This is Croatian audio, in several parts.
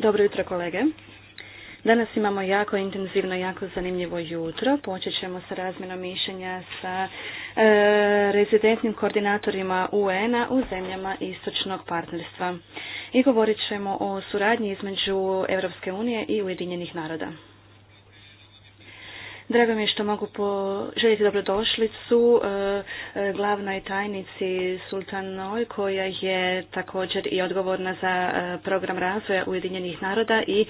Dobro jutro, kolege. Danas imamo jako intenzivno, jako zanimljivo jutro. Počet ćemo sa razmjenom mišljenja sa e, rezidentnim koordinatorima UN-a u zemljama istočnog partnerstva. I govorit ćemo o suradnji između Europske unije i Ujedinjenih naroda. Drago mi je što mogu poželjeti dobrodošlicu e, e, glavnoj tajnici Sultanoj koja je također i odgovorna za e, program razvoja Ujedinjenih naroda i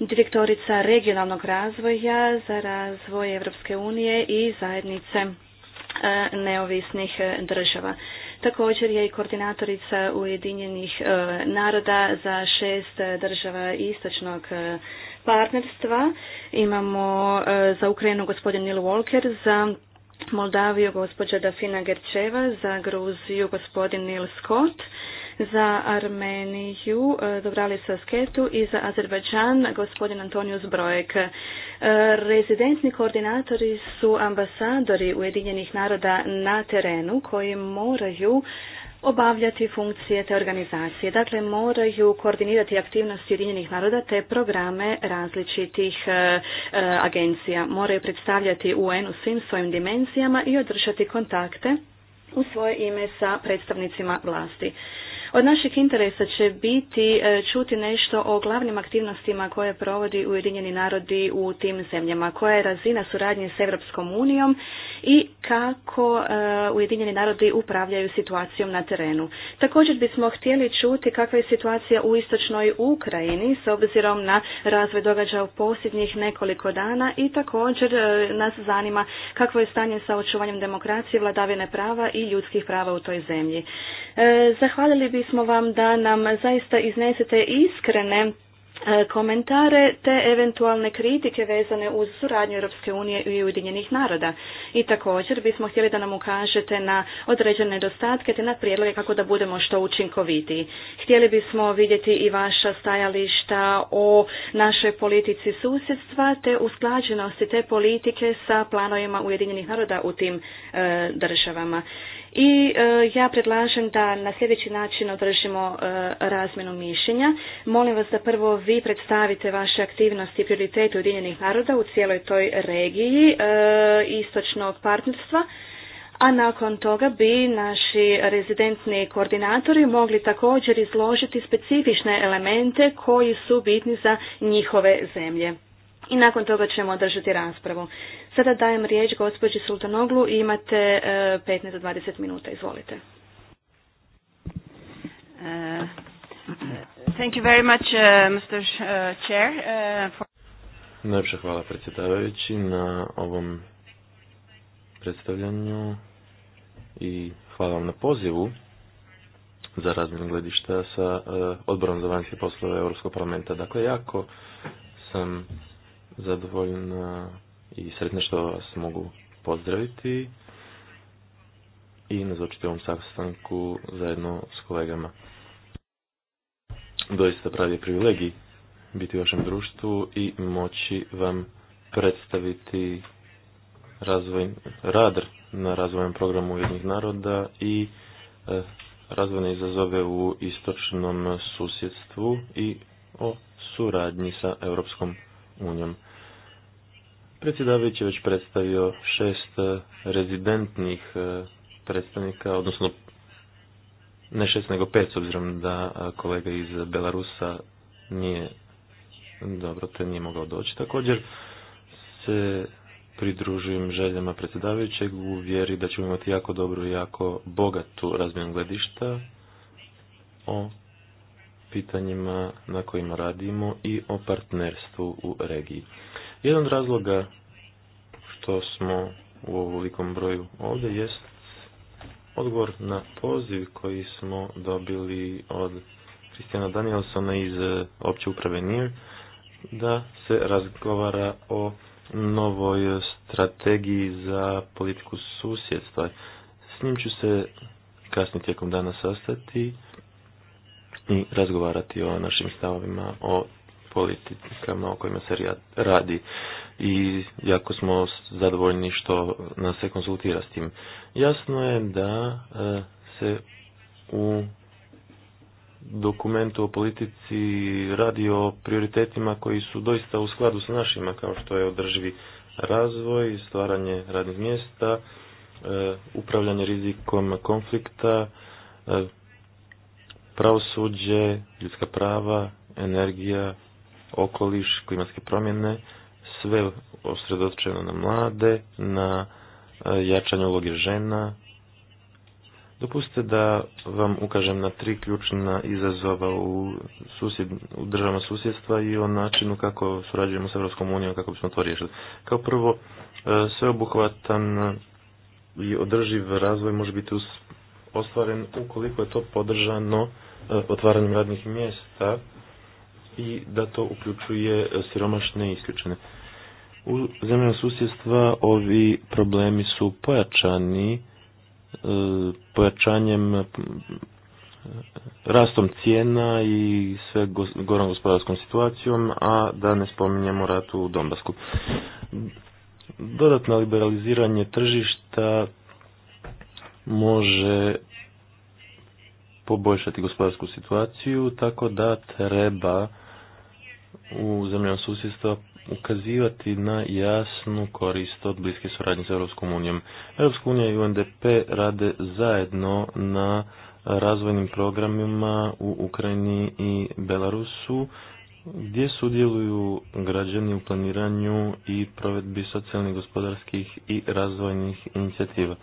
direktorica regionalnog razvoja za razvoj Evropske unije i zajednice neovisnih država. Također je i koordinatorica Ujedinjenih naroda za šest država istočnog partnerstva. Imamo e, za Ukrajinu gospodin Neil Walker, za Moldaviju gospođa Dafina Gerčeva, za Gruziju gospodin Neil Scott, za Armeniju e, dobrali sa Sketu i za Azerbajdžan gospodin Antonius Brojek. E, rezidentni koordinatori su ambasadori Ujedinjenih naroda na terenu koji moraju obavljati funkcije te organizacije. Dakle, moraju koordinirati aktivnosti Ujedinjenih naroda te programe različitih e, e, agencija. Moraju predstavljati UN u svim svojim dimenzijama i održati kontakte u svoje ime sa predstavnicima vlasti. Od našeg interesa će biti e, čuti nešto o glavnim aktivnostima koje provodi Ujedinjeni narodi u tim zemljama, koja je razina suradnje s Europskom unijom i kako e, Ujedinjeni narodi upravljaju situacijom na terenu. Također bismo htjeli čuti kakva je situacija u istočnoj Ukrajini s obzirom na razvoj događaja u posljednjih nekoliko dana i također e, nas zanima kakvo je stanje sa očuvanjem demokracije, vladavine prava i ljudskih prava u toj zemlji. Zahvaljali bi smo vam da nam zaista iznesete iskrene e, komentare te eventualne kritike vezane uz suradnju Europske unije i Ujedinjenih naroda. I također bismo htjeli da nam ukažete na određene nedostatke te na prijedloge kako da budemo što učinkovitiji. Htjeli bismo vidjeti i vaša stajališta o našoj politici susjedstva te usklađenosti te politike sa planovima Ujedinjenih naroda u tim e, državama i e, ja predlažem da na sljedeći način održimo e, razmjenu mišljenja. Molim vas da prvo vi predstavite vaše aktivnosti i prioritete Ujedinjenih naroda u cijeloj toj regiji e, istočnog partnerstva a nakon toga bi naši rezidentni koordinatori mogli također izložiti specifične elemente koji su bitni za njihove zemlje i nakon toga ćemo održati raspravu. Sada dajem riječ gospođi Sultanoglu i imate 15 e, do 20 minuta. Izvolite. Uh, very much, uh, uh, Najpša hvala predsjedavajući na ovom predstavljanju i hvala vam na pozivu za razmjenu gledišta sa odborom za vanjske poslove Europskog parlamenta. Dakle, jako sam zadovoljna i sretna što vas mogu pozdraviti i nazočiti ovom sastanku zajedno s kolegama. Doista pravi je privilegij biti u vašem društvu i moći vam predstaviti razvoj, rad na razvojnom programu jednih naroda i e, razvojne izazove u istočnom susjedstvu i o suradnji sa Europskom njom. Predsjedavajući je već predstavio šest e, rezidentnih e, predstavnika, odnosno ne šest nego pet, s obzirom da e, kolega iz Belarusa nije dobro, te nije mogao doći. Također se pridružujem željama predsjedavajućeg u vjeri da ćemo imati jako dobru i jako bogatu razmjenu gledišta o pitanjima na kojima radimo i o partnerstvu u regiji. Jedan od razloga što smo u ovolikom broju ovdje jest odgovor na poziv koji smo dobili od Kristijana Danielsona iz e, opće uprave NIR da se razgovara o novoj strategiji za politiku susjedstva. S njim ću se kasnije tijekom dana sastati i razgovarati o našim stavovima, o politikama o kojima se radi i jako smo zadovoljni što nas se konsultira s tim. Jasno je da e, se u dokumentu o politici radi o prioritetima koji su doista u skladu sa našima kao što je održivi razvoj, stvaranje radnih mjesta, e, upravljanje rizikom konflikta, e, pravosuđe, ljudska prava, energija, okoliš, klimatske promjene, sve osredotočeno na mlade, na e, jačanje uloge žena. Dopustite da vam ukažem na tri ključna izazova u, susjed, u državama susjedstva i o načinu kako surađujemo s Europskom unijom, kako bismo to riješili. Kao prvo, e, sveobuhvatan i održiv razvoj može biti ostvaren ukoliko je to podržano E, otvaranjem radnih mjesta i da to uključuje e, siromašne isključene. U zemljama susjedstva ovi problemi su pojačani e, pojačanjem rastom cijena i sve gorom gospodarskom situacijom, a da ne spominjemo ratu u Donbasku. Dodatno liberaliziranje tržišta može poboljšati gospodarsku situaciju, tako da treba u zemljama susjedstva ukazivati na jasnu korist od bliske suradnje s Europskom unijom. Europska unija i UNDP rade zajedno na razvojnim programima u Ukrajini i Belarusu gdje sudjeluju građani u planiranju i provedbi socijalnih, gospodarskih i razvojnih inicijativa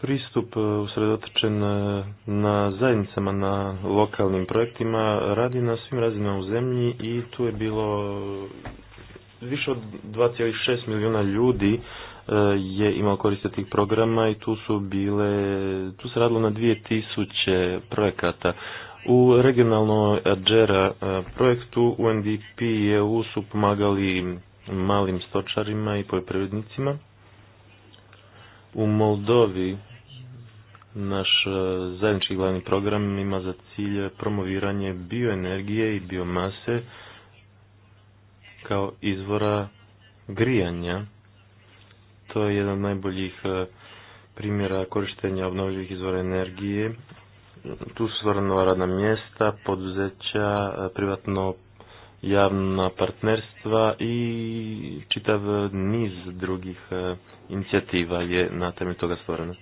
pristup e, usredotočen e, na zajednicama, na lokalnim projektima, radi na svim razinama u zemlji i tu je bilo više od 2,6 milijuna ljudi e, je imao koriste tih programa i tu su bile, tu se radilo na 2000 projekata. U regionalno Adjera projektu UNDP i EU su pomagali malim stočarima i poljoprivrednicima. U Moldovi naš e, zajednički glavni program ima za cilj promoviranje bioenergije i biomase kao izvora grijanja. To je jedan od najboljih e, primjera korištenja obnovljivih izvora energije. Tu su stvarno radna mjesta, poduzeća, e, privatno javna partnerstva i čitav niz drugih inicijativa je na temelju toga stvoreno.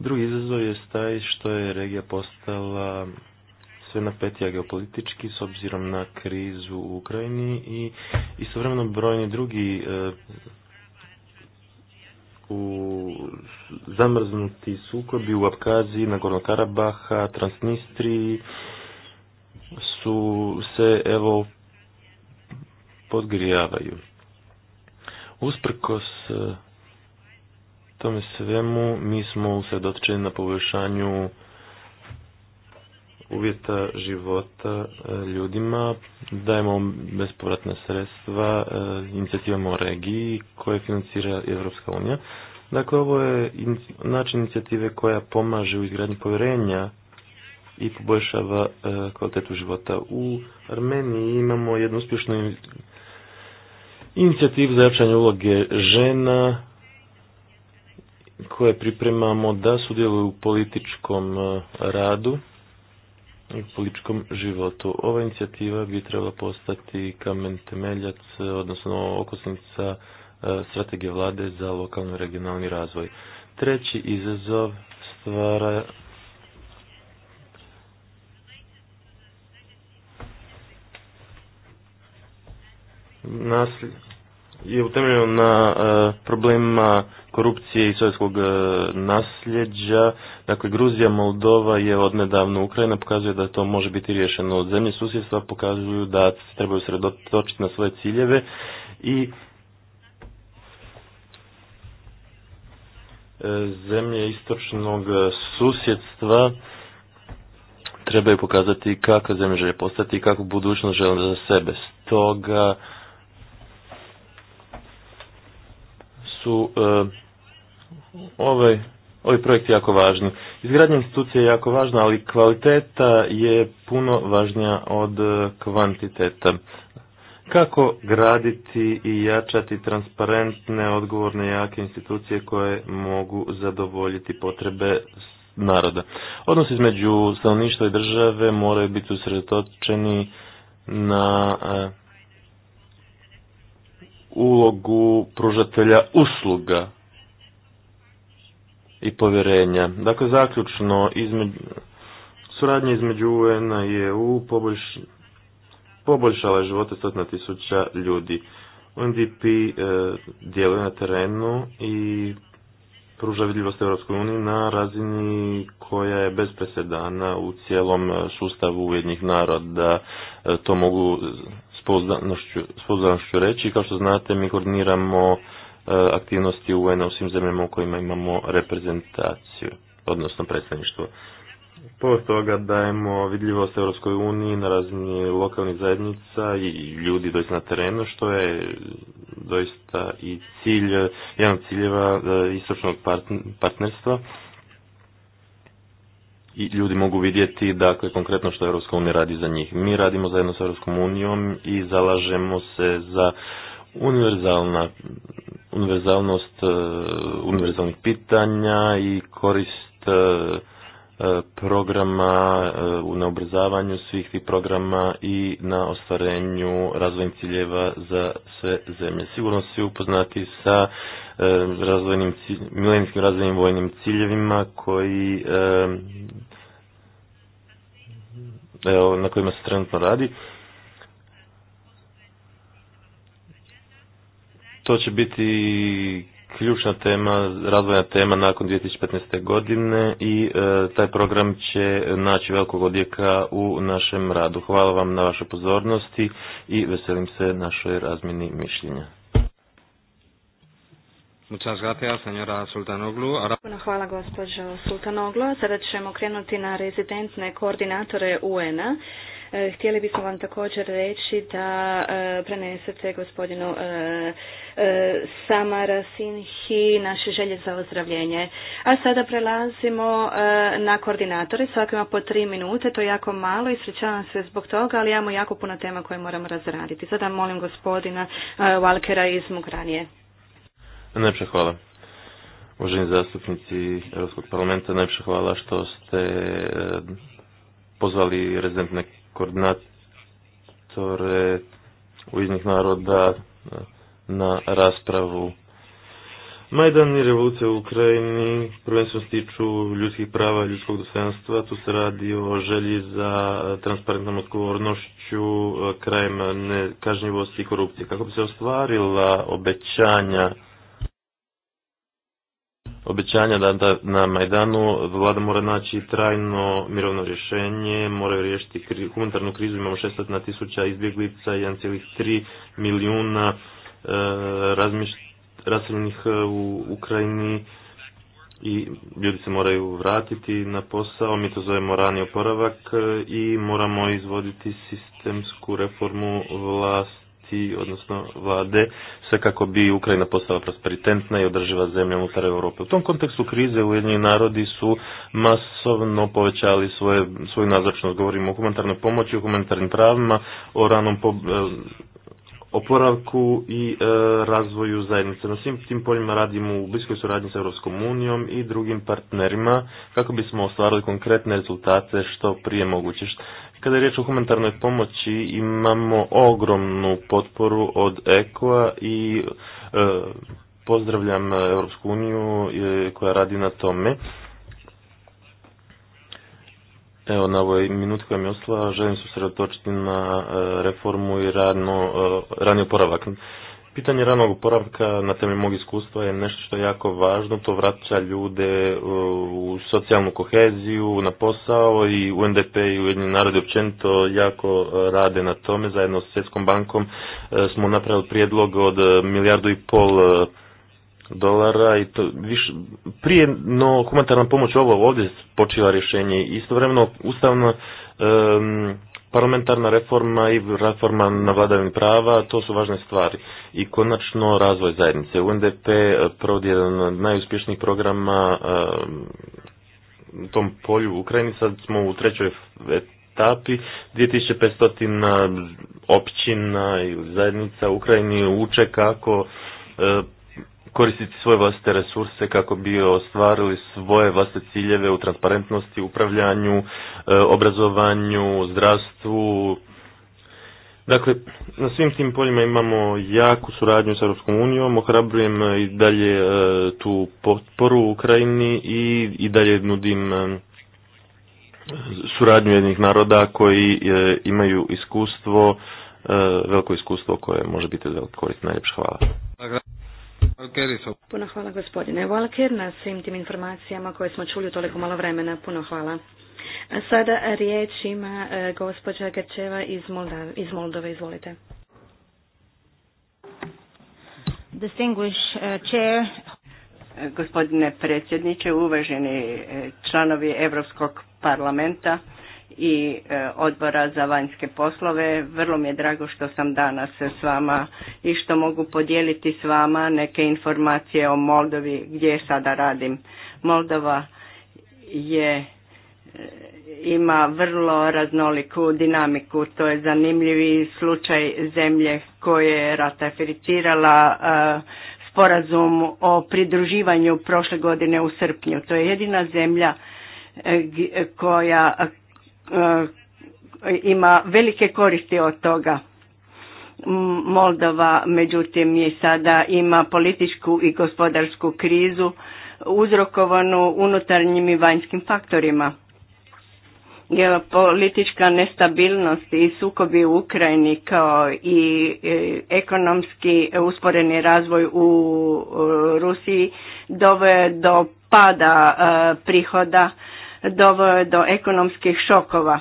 Drugi izazov je taj što je regija postala sve napetija geopolitički s obzirom na krizu u Ukrajini i istovremeno brojni drugi e, zamrznuti sukobi u Abkaziji, na Karabaha, Transnistriji su se evo podgrijavaju. Usprkos e, tome svemu mi smo usredotočeni na poboljšanju uvjeta života e, ljudima, dajemo bespovratna sredstva e, inicijativama o regiji koje financira Evropska unija. Dakle, ovo je način inicijative koja pomaže u izgradnji povjerenja i poboljšava e, kvalitetu života. U Armeniji imamo jednu uspješnu inicijativu za jačanje uloge žena koje pripremamo da sudjeluju u političkom e, radu i političkom životu. Ova inicijativa bi trebala postati kamen temeljac, e, odnosno okosnica e, strategije vlade za lokalno i regionalni razvoj. Treći izazov stvara je utemljeno na problemima korupcije i sovjetskog e, nasljeđa. Dakle, Gruzija, Moldova je odnedavno Ukrajina, pokazuje da to može biti riješeno od zemlje susjedstva, pokazuju da trebaju sredotočiti na svoje ciljeve i e, zemlje istočnog susjedstva trebaju pokazati kako zemlje žele postati i kako budućnost žele za sebe. Stoga su e, ovaj, ovi projekti jako važni. Izgradnja institucija je jako važna, ali kvaliteta je puno važnija od e, kvantiteta. Kako graditi i jačati transparentne, odgovorne, jake institucije koje mogu zadovoljiti potrebe naroda. Odnos između stanovništva i države moraju biti usredotočeni na e, ulogu pružatelja usluga i povjerenja. Dakle, zaključno, suradnje suradnje između UN-a i EU poboljš, poboljšala je živote stotna tisuća ljudi. UNDP e, djeluje na terenu i pruža vidljivost Europskoj uniji na razini koja je bez presedana u cijelom sustavu ujednih naroda. Da e, to mogu pouzdanošću reći. Kao što znate, mi koordiniramo e, aktivnosti un u svim zemljama u kojima imamo reprezentaciju, odnosno predstavništvo. Pored toga dajemo vidljivost Europskoj uniji na razini lokalnih zajednica i ljudi doista na terenu, što je doista i cilj, jedan od ciljeva e, istočnog partnerstva i ljudi mogu vidjeti dakle konkretno što Europska unija radi za njih. Mi radimo zajedno sa Europskom unijom i zalažemo se za univerzalna univerzalnost eh, univerzalnih pitanja i korist eh, E, programa, e, na ubrzavanju svih tih programa i na ostvarenju razvojnih ciljeva za sve zemlje. Sigurno su upoznati sa e, razvojnim, milenijskim razvojnim vojnim ciljevima koji na kojima se trenutno radi. To će biti ključna tema, razvojna tema nakon 2015. godine i e, taj program će naći velikog odjeka u našem radu. Hvala vam na vašoj pozornosti i veselim se našoj razmjeni mišljenja. Hvala gospođo Sultanoglu. Sada ćemo krenuti na rezidentne koordinatore UN-a. E, htjeli bismo vam također reći da e, prenesete gospodinu e, Samara Sinhi naše želje za ozdravljenje. A sada prelazimo na koordinatore. svakima ima po tri minute. To je jako malo. i srećavam se zbog toga, ali imamo jako puno tema koje moramo razraditi. Sada molim gospodina Walkera iz Mugranije. Najpše hvala. Uvaženi zastupnici Europskog parlamenta, najpše hvala što ste pozvali rezidentne koordinatore iznih naroda na raspravu. Majdan i revolucija u Ukrajini prvenstveno stiču ljudskih prava, i ljudskog dostojanstva. Tu se radi o želji za transparentnom odgovornošću krajem nekažnjivosti i korupcije. Kako bi se ostvarila obećanja obećanja da, da na Majdanu vlada mora naći trajno mirovno rješenje, moraju riješiti kri, humanitarnu krizu, imamo 600 tisuća izbjeglica, 1,3 milijuna e, raseljenih e, u Ukrajini i ljudi se moraju vratiti na posao, mi to zovemo rani oporavak e, i moramo izvoditi sistemsku reformu vlast odnosno vlade, sve kako bi Ukrajina postala prosperitentna i održiva zemlja unutar Europe. U tom kontekstu krize Ujedinjeni narodi su masovno povećali svoje, svoju nazočnost. Govorimo o humanitarnoj pomoći, o humanitarnim pravima, o ranom e, oporavku i e, razvoju zajednice. Na svim tim poljima radimo u bliskoj suradnji sa Europskom unijom i drugim partnerima kako bismo ostvarili konkretne rezultate što prije moguće. Kada je riječ o humanitarnoj pomoći, imamo ogromnu potporu od EKOA i e, pozdravljam Europsku uniju e, koja radi na tome. Evo, na ovoj minut koja mi ostala, želim se sredotočiti na e, reformu i rani oporavak. Pitanje ranog oporavka na temelju mog iskustva je nešto što je jako važno, to vraća ljude uh, u socijalnu koheziju, na posao i UNDP i Ujedinjeni narodi općenito jako uh, rade na tome. Zajedno s Svjetskom bankom uh, smo napravili prijedlog od milijardu i pol dolara i to više, prije no humanitarna pomoć ovo ovdje počiva rješenje istovremeno ustavno um, Parlamentarna reforma i reforma na vladavini prava, to su važne stvari. I konačno razvoj zajednice. UNDP eh, provodi jedan od najuspješnijih programa eh, u tom polju u Ukrajini. Sad smo u trećoj etapi. 2500 općina i zajednica u Ukrajini uče kako eh, koristiti svoje vlastite resurse kako bi ostvarili svoje vlastite ciljeve u transparentnosti, upravljanju, e, obrazovanju, zdravstvu. Dakle, na svim tim poljima imamo jaku suradnju s Europskom unijom, ohrabrujem i dalje e, tu potporu Ukrajini i, i dalje nudim e, suradnju jednih naroda koji imaju iskustvo, veliko iskustvo koje može biti korisno. hvala. Puno hvala gospodine Walker na svim tim informacijama koje smo čuli u toliko malo vremena. Puno hvala. sada riječ ima e, gospođa Grčeva iz, iz Moldove. Izvolite. Distinguished e, e, Gospodine predsjedniče, uvaženi članovi Europskog parlamenta, i e, odbora za vanjske poslove. Vrlo mi je drago što sam danas s vama i što mogu podijeliti s vama neke informacije o Moldovi gdje sada radim. Moldova je e, ima vrlo raznoliku dinamiku. To je zanimljivi slučaj zemlje koje je ratificirala e, sporazum o pridruživanju prošle godine u srpnju. To je jedina zemlja koja E, ima velike koristi od toga. Moldova, međutim, je sada ima političku i gospodarsku krizu uzrokovanu unutarnjim i vanjskim faktorima. je politička nestabilnost i sukobi u Ukrajini kao i e, ekonomski usporeni razvoj u Rusiji dove do pada e, prihoda doveo do ekonomskih šokova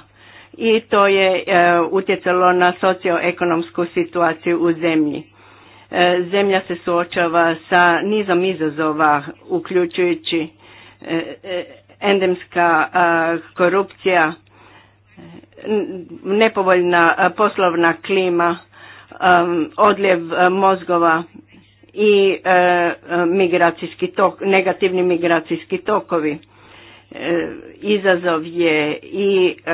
i to je e, utjecalo na socioekonomsku situaciju u zemlji. E, zemlja se suočava sa nizom izazova uključujući e, endemska korupcija, nepovoljna poslovna klima, odljev mozgova i migracijski tok, negativni migracijski tokovi izazov je i e,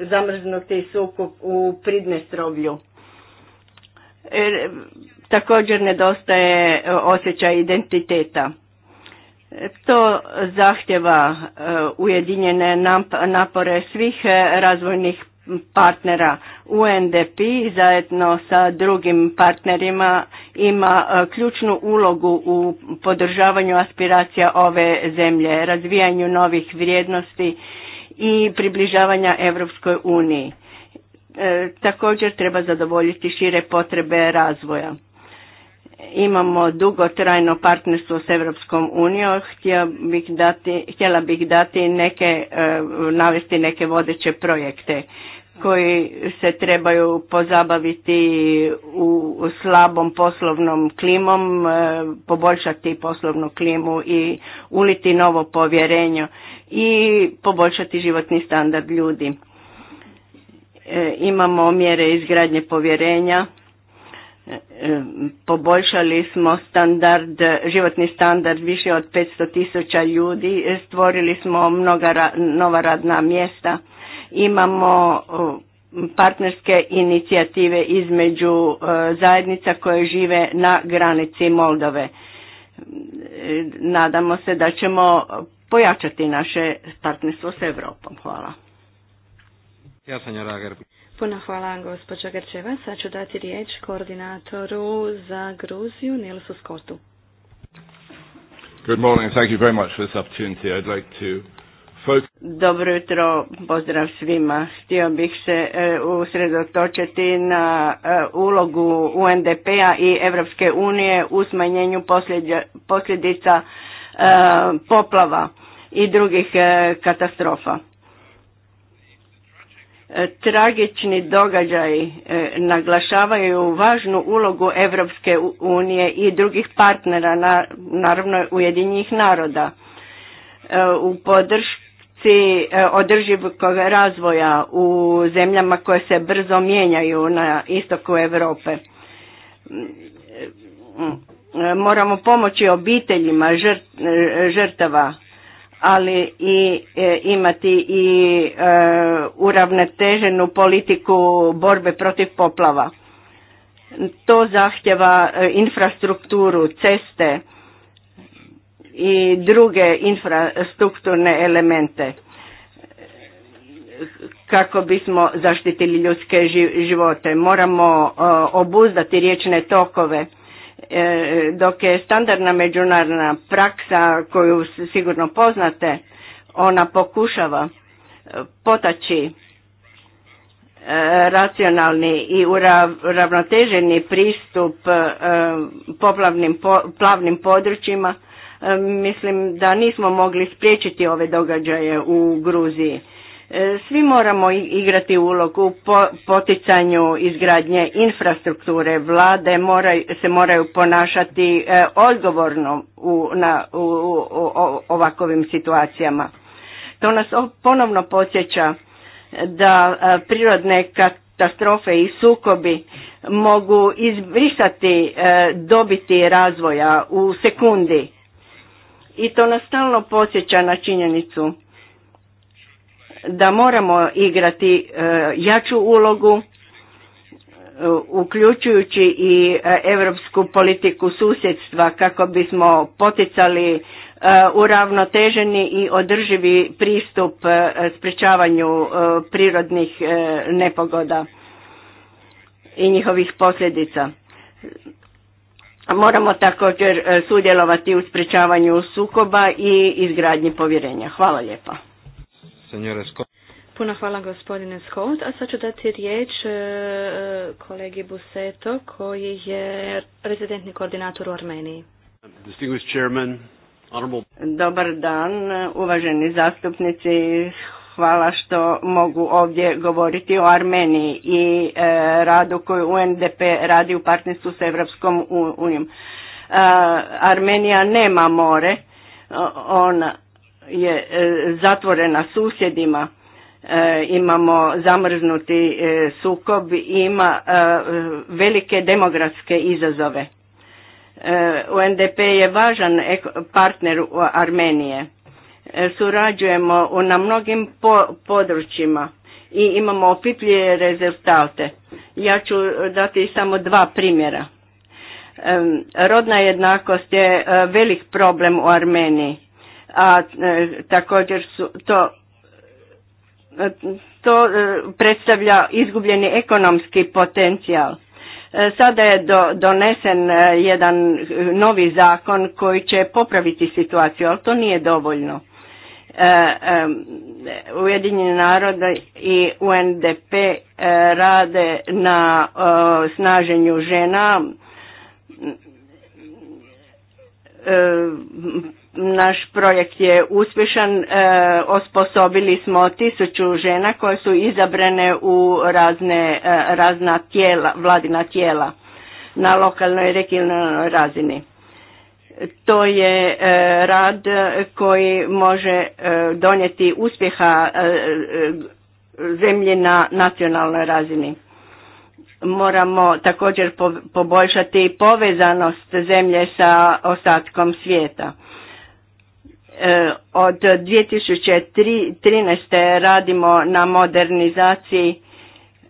e, zamrznuti sukup u Pridnestrovlju. E, također nedostaje osjećaj identiteta. To zahtjeva ujedinjene napore svih razvojnih partnera. UNDP zajedno sa drugim partnerima ima e, ključnu ulogu u podržavanju aspiracija ove zemlje, razvijanju novih vrijednosti i približavanja Europskoj uniji. E, također treba zadovoljiti šire potrebe razvoja. Imamo dugotrajno partnerstvo s Europskom unijom, htjela bih dati neke, e, navesti neke vodeće projekte koji se trebaju pozabaviti u slabom poslovnom klimom, e, poboljšati poslovnu klimu i uliti novo povjerenje i poboljšati životni standard ljudi. E, imamo mjere izgradnje povjerenja, e, poboljšali smo standard, životni standard više od 500 tisuća ljudi, stvorili smo mnoga nova radna mjesta, Imamo e, partnerske inicijative između e, zajednica koje žive na granici Moldove. E, nadamo se da ćemo pojačati naše partnerstvo s Evropom. Hvala. Ja sam Puno hvala gospođa Grčeva. Sad ću dati riječ koordinatoru za Gruziju Nilsu Skotu. Good morning. Thank you very much for this opportunity. I'd like to dobro jutro, pozdrav svima. Htio bih se e, usredotočiti na e, ulogu UNDP-a i Europske unije u smanjenju posljedica e, poplava i drugih katastrofa. Tragični događaji naglašavaju važnu ulogu Europske unije i drugih partnera, naravno Ujedinjenih naroda, u podršku politici e, održivog razvoja u zemljama koje se brzo mijenjaju na istoku Europe. Mm, e, moramo pomoći obiteljima e, žrtava, ali i imati i uravnoteženu politiku borbe protiv poplava. To zahtjeva infrastrukturu, ceste, i druge infrastrukturne elemente kako bismo zaštitili ljudske živote. Moramo e, obuzdati riječne tokove e, dok je standardna međunarodna praksa koju sigurno poznate, ona pokušava e, potaći racionalni i uravnoteženi pristup poplavnim plavnim područjima Mislim da nismo mogli spriječiti ove događaje u Gruziji. E, svi moramo igrati ulogu u poticanju izgradnje infrastrukture. Vlade se moraju ponašati e, odgovorno u, na, ovakovim situacijama. To nas ponovno podsjeća da e, prirodne katastrofe i sukobi mogu izbrisati dobiti razvoja u sekundi i to nas stalno podsjeća na činjenicu da moramo igrati e, jaču ulogu e, uključujući i europsku politiku susjedstva kako bismo poticali e, uravnoteženi i održivi pristup sprečavanju prirodnih nepogoda i njihovih posljedica. Moramo također e, sudjelovati u sprečavanju sukoba i izgradnji povjerenja. Hvala lijepa. Puno hvala gospodine Scott. A sad ću dati riječ e, kolegi Buseto koji je rezidentni koordinator u Armeniji. Dobar dan, uvaženi zastupnici. Hvala što mogu ovdje govoriti o Armeniji i e, radu koju UNDP radi u partnerstvu s Evropskom unijom. E, Armenija nema more, ona je e, zatvorena susjedima, imamo zamrznuti sukob i ima velike demografske izazove. UNDP je važan partner u Armenije E, surađujemo na mnogim područjima i imamo opipljive rezultate. Ja ću dati samo dva primjera. E, rodna jednakost je e, velik problem u Armeniji, a također su to to predstavlja izgubljeni ekonomski potencijal. Sada je do, donesen jedan novi zakon koji će popraviti situaciju, ali to nije dovoljno. E, e, Ujedinjeni narod i UNDP e, rade na snaženju žena. Naš projekt je uspješan, osposobili smo tisuću žena koje su izabrane u razne, razna tijela, vladina tijela na lokalnoj i regionalnoj razini. To je e, rad koji može e, donijeti uspjeha e, zemlje na nacionalnoj razini. Moramo također poboljšati povezanost zemlje sa ostatkom svijeta. Od 2013. radimo na modernizaciji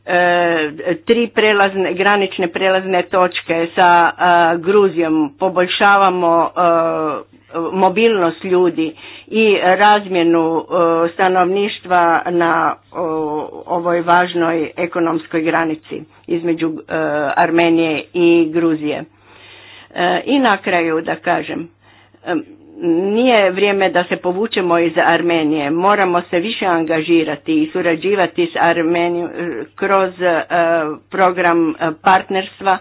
E, tri prelazne, granične prelazne točke sa e, Gruzijom, poboljšavamo e, mobilnost ljudi i razmjenu stanovništva na ovoj važnoj ekonomskoj granici između Armenije i Gruzije. I na kraju da kažem, nije vrijeme da se povučemo iz Armenije. Moramo se više angažirati i surađivati s Armenijom eh, kroz eh, program eh, partnerstva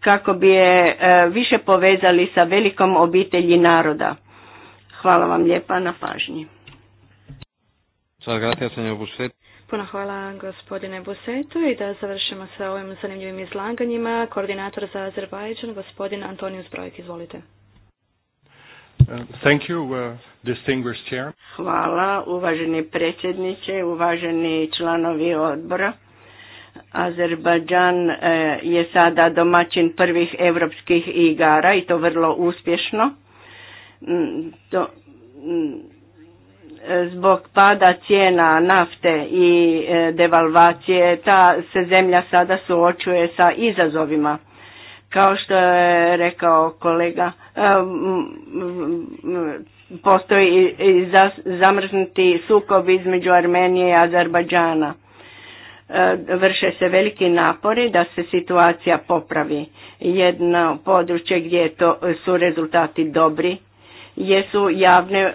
kako bi je više povezali sa velikom obitelji naroda. Hvala vam lijepa na pažnji. Puno hvala gospodine Busetu i da završimo sa ovim zanimljivim izlaganjima. Koordinator za Azerbajdžan, gospodin Antonijus Brojk, izvolite. Uh, Hvala, uvaženi predsjedniče, uvaženi članovi odbora. Azerbajdžan e, je sada domaćin prvih evropskih igara i to vrlo uspješno. Mm, mm, zbog pada cijena nafte i e, devalvacije ta se zemlja sada suočuje sa izazovima kao što je rekao kolega, e, postoji i zamrznuti sukob između Armenije i Azerbajdžana. E, vrše se veliki napori da se situacija popravi. Jedno područje gdje to, su rezultati dobri jesu javne e,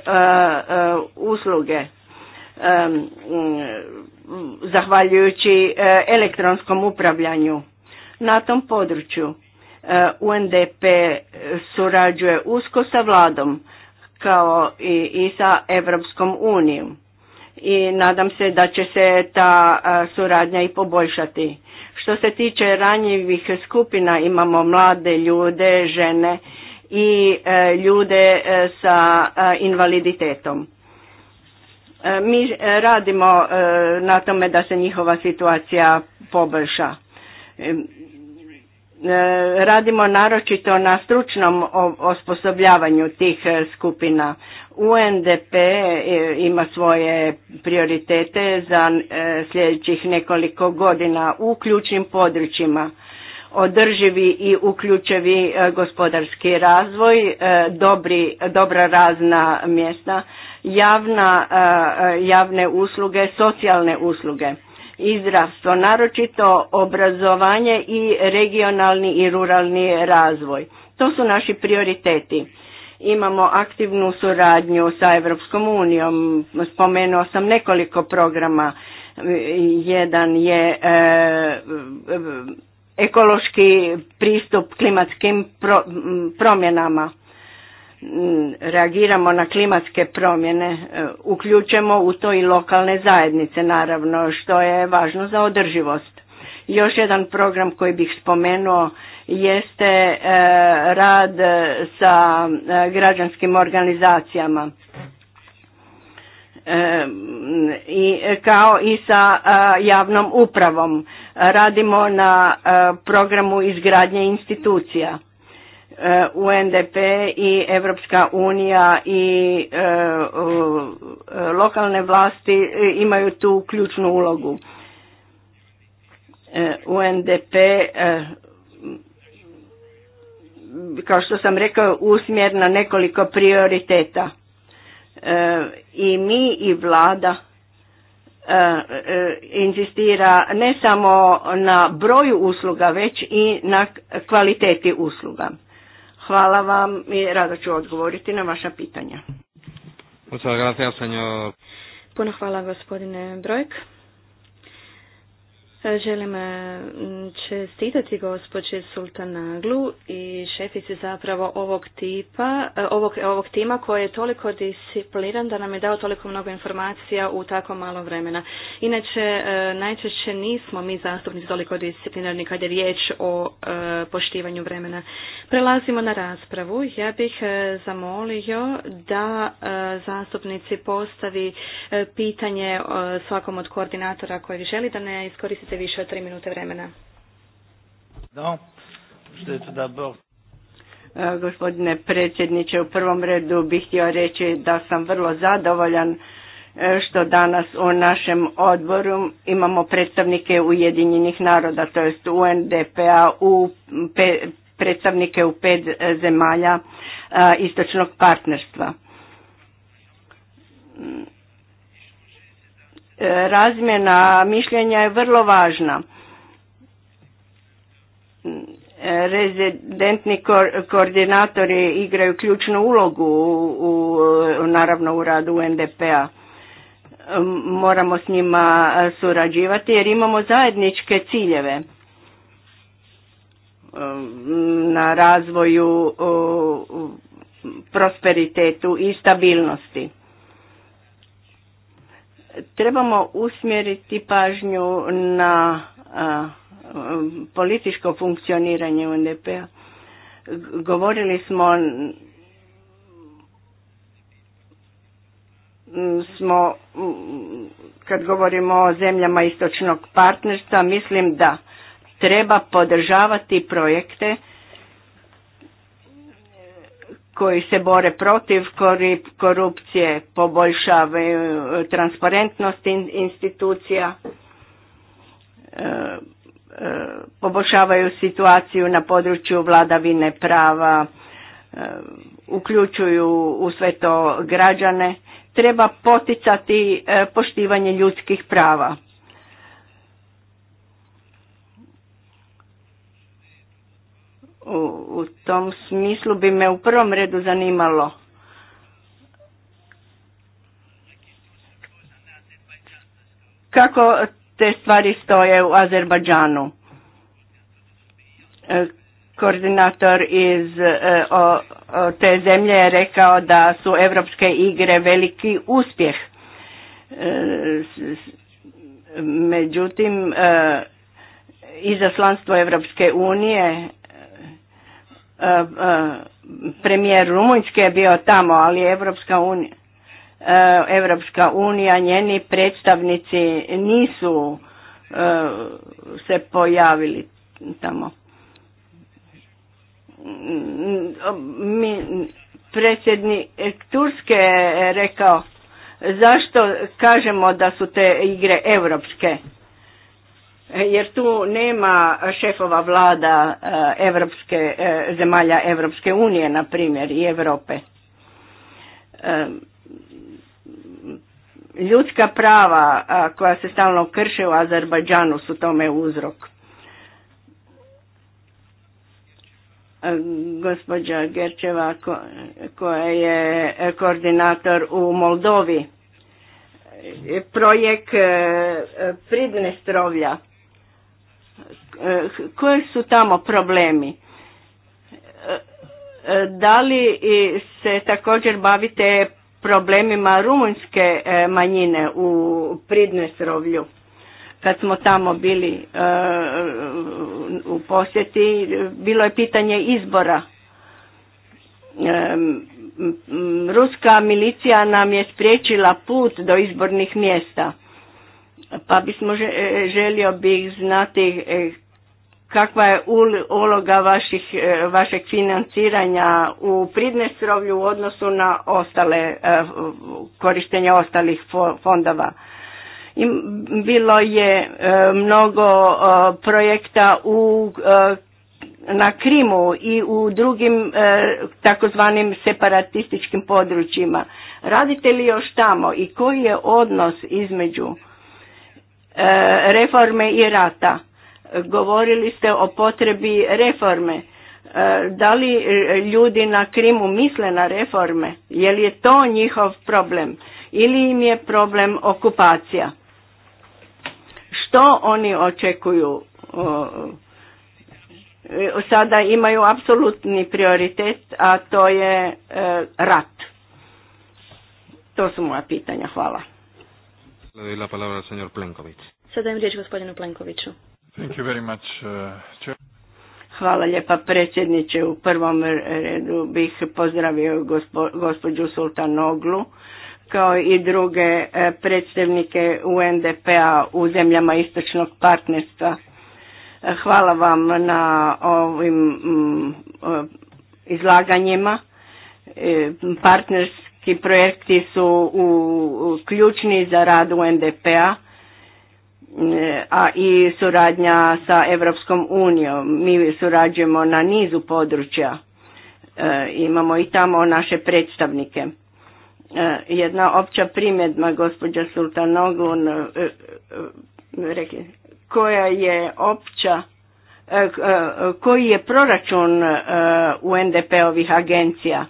usluge. zahvaljujući elektronskom upravljanju. Na tom području Eh, UNDP surađuje usko sa vladom kao i, sa Evropskom unijom i nadam se da će se ta eh, suradnja i poboljšati. Što se tiče ranjivih skupina imamo mlade ljude, žene i eh, ljude sa invaliditetom. Mi radimo na tome da se njihova situacija poboljša. E, radimo naročito na stručnom osposobljavanju tih e, skupina. UNDP e, ima svoje prioritete za sljedećih nekoliko godina u ključnim područjima. Održivi i uključevi gospodarski razvoj, dobri, dobra razna mjesta, javna, javne usluge, socijalne usluge i zdravstvo, naročito obrazovanje i regionalni i ruralni razvoj. To su naši prioriteti. Imamo aktivnu suradnju sa Europskom unijom, spomenuo sam nekoliko programa, jedan je e, e, ekološki pristup klimatskim promjenama reagiramo na klimatske promjene, e, uključujemo u to i lokalne zajednice naravno, što je važno za održivost. Još jedan program koji bih spomenuo jeste e, rad e, sa građanskim organizacijama i kao i sa javnom upravom. Radimo na programu izgradnje institucija UNDP i Evropska unija i e, e, lokalne vlasti e, imaju tu ključnu ulogu. UNDP kao što sam rekao usmjer na nekoliko prioriteta i mi i vlada inzistira ne samo na broju usluga već i na kvaliteti usluga Hvala vam i rado ću odgovoriti na vaša pitanja. Puno hvala gospodine Brojk. Želim e, čestitati gospođe Sultanaglu i šefici zapravo ovog tipa, e, ovog, ovog tima koji je toliko discipliran da nam je dao toliko mnogo informacija u tako malo vremena. Inače, e, najčešće nismo mi zastupnici toliko disciplinarni kad je riječ o poštivanju vremena. Prelazimo na raspravu. Ja bih zamolio da zastupnici postavi pitanje svakom od koordinatora koji želi da ne iskoristite više od tri minute vremena. E, gospodine predsjedniče, u prvom redu bih htio reći da sam vrlo zadovoljan e, što danas u našem odboru imamo predstavnike Ujedinjenih naroda, to jest UNDP-a, u p-a, predstavnike u pet zemalja e, istočnog partnerstva E, razmjena mišljenja je vrlo važna. E, rezidentni koordinatori igraju ključnu ulogu u, naravno u radu UNDP-a. E, moramo s njima surađivati jer imamo zajedničke ciljeve na razvoju prosperitetu i stabilnosti. Trebamo usmjeriti pažnju na političko funkcioniranje UNDP-a. Govorili smo smo kad govorimo o zemljama istočnog partnerstva mislim da treba podržavati projekte koji se bore protiv korupcije, poboljšavaju e, transparentnost institucija, e, e, poboljšavaju situaciju na području vladavine prava, uključuju u sve to građane, treba poticati poštivanje ljudskih prava. U, u tom smislu bi me u prvom redu zanimalo kako te stvari stoje u Azerbajdžanu. E, koordinator iz e, o, o, te zemlje je rekao da su evropske igre veliki uspjeh. E, međutim, izaslanstvo Evropske unije E, e, premijer Rumunjske je bio tamo, ali Evropska unija, e, Evropska unija njeni predstavnici nisu se pojavili tamo. Mi, predsjednik Turske je rekao zašto kažemo da su te igre europske jer tu nema šefova vlada eh, evropske, eh, zemalja Evropske unije, na primjer, i Europe. Eh, ljudska prava koja se stalno krše u Azerbajdžanu su tome uzrok. Gospođa Gerčeva koja je koordinator u Moldovi, projekt strovlja. Koji su tamo problemi? Da li se također bavite problemima rumunjske e, manjine u Pridnesrovlju? Kad smo tamo bili e, u posjeti, bilo je pitanje izbora. E, ruska milicija nam je spriječila put do izbornih mjesta pa bismo e, e, želio bih znati e, kakva je uloga vaših, vašeg financiranja u Pridnestrovlju u odnosu na ostale korištenje ostalih fondova. Bilo je mnogo projekta u na Krimu i u drugim takozvanim separatističkim područjima. Radite li još tamo i koji je odnos između E, reforme i rata. Govorili ste o potrebi reforme. E, da li e, ljudi na Krimu misle na reforme? Je li je to njihov problem? Ili im je problem okupacija? Što oni očekuju? Sada imaju apsolutni prioritet, a to je rat. To su moja pitanja. Hvala. Sada im riječ gospodinu Plenkoviću. Uh, Hvala lijepa predsjedniče. U prvom redu bih pozdravio gospođu gospođu Sultanoglu kao i druge uh, predstavnike UNDP-a u zemljama istočnog partnerstva. Hvala vam na ovim mm, uh, izlaganjima. E, partners, i projekti su u, ključni za rad UNDP-a a i suradnja sa Evropskom unijom. Mi surađujemo na nizu područja. E, imamo i tamo naše predstavnike. E, jedna opća primjedba gospođa Sultanogun, e, koja je opća koji je proračun UNDP-ovih agencija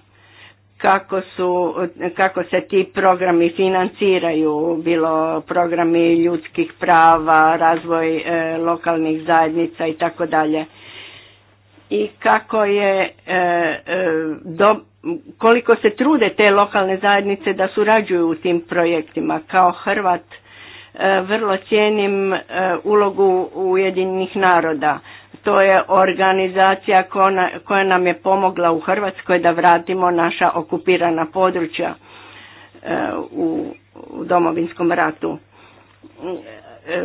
kako, su, kako se ti programi financiraju, bilo programi ljudskih prava, razvoj e, lokalnih zajednica i tako dalje. I kako je, e, e, koliko se trude te lokalne zajednice da surađuju u tim projektima. Kao Hrvat vrlo cijenim ulogu Ujedinjenih naroda to je organizacija koja nam je pomogla u Hrvatskoj da vratimo naša okupirana područja e, u domovinskom ratu. E,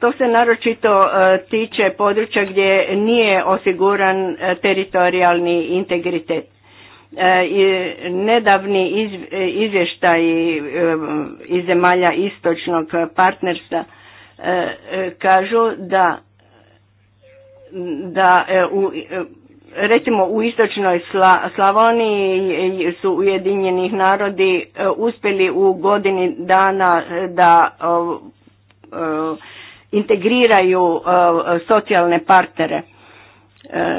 to se naročito e, tiče područja gdje nije osiguran teritorijalni integritet. Nedavni izvještaj iz zemalja istočnog partnerstva kažu da da e, u, e, recimo u istočnoj Slavoniji su Ujedinjenih narodi e, uspjeli u godini dana da integriraju socijalne partnere.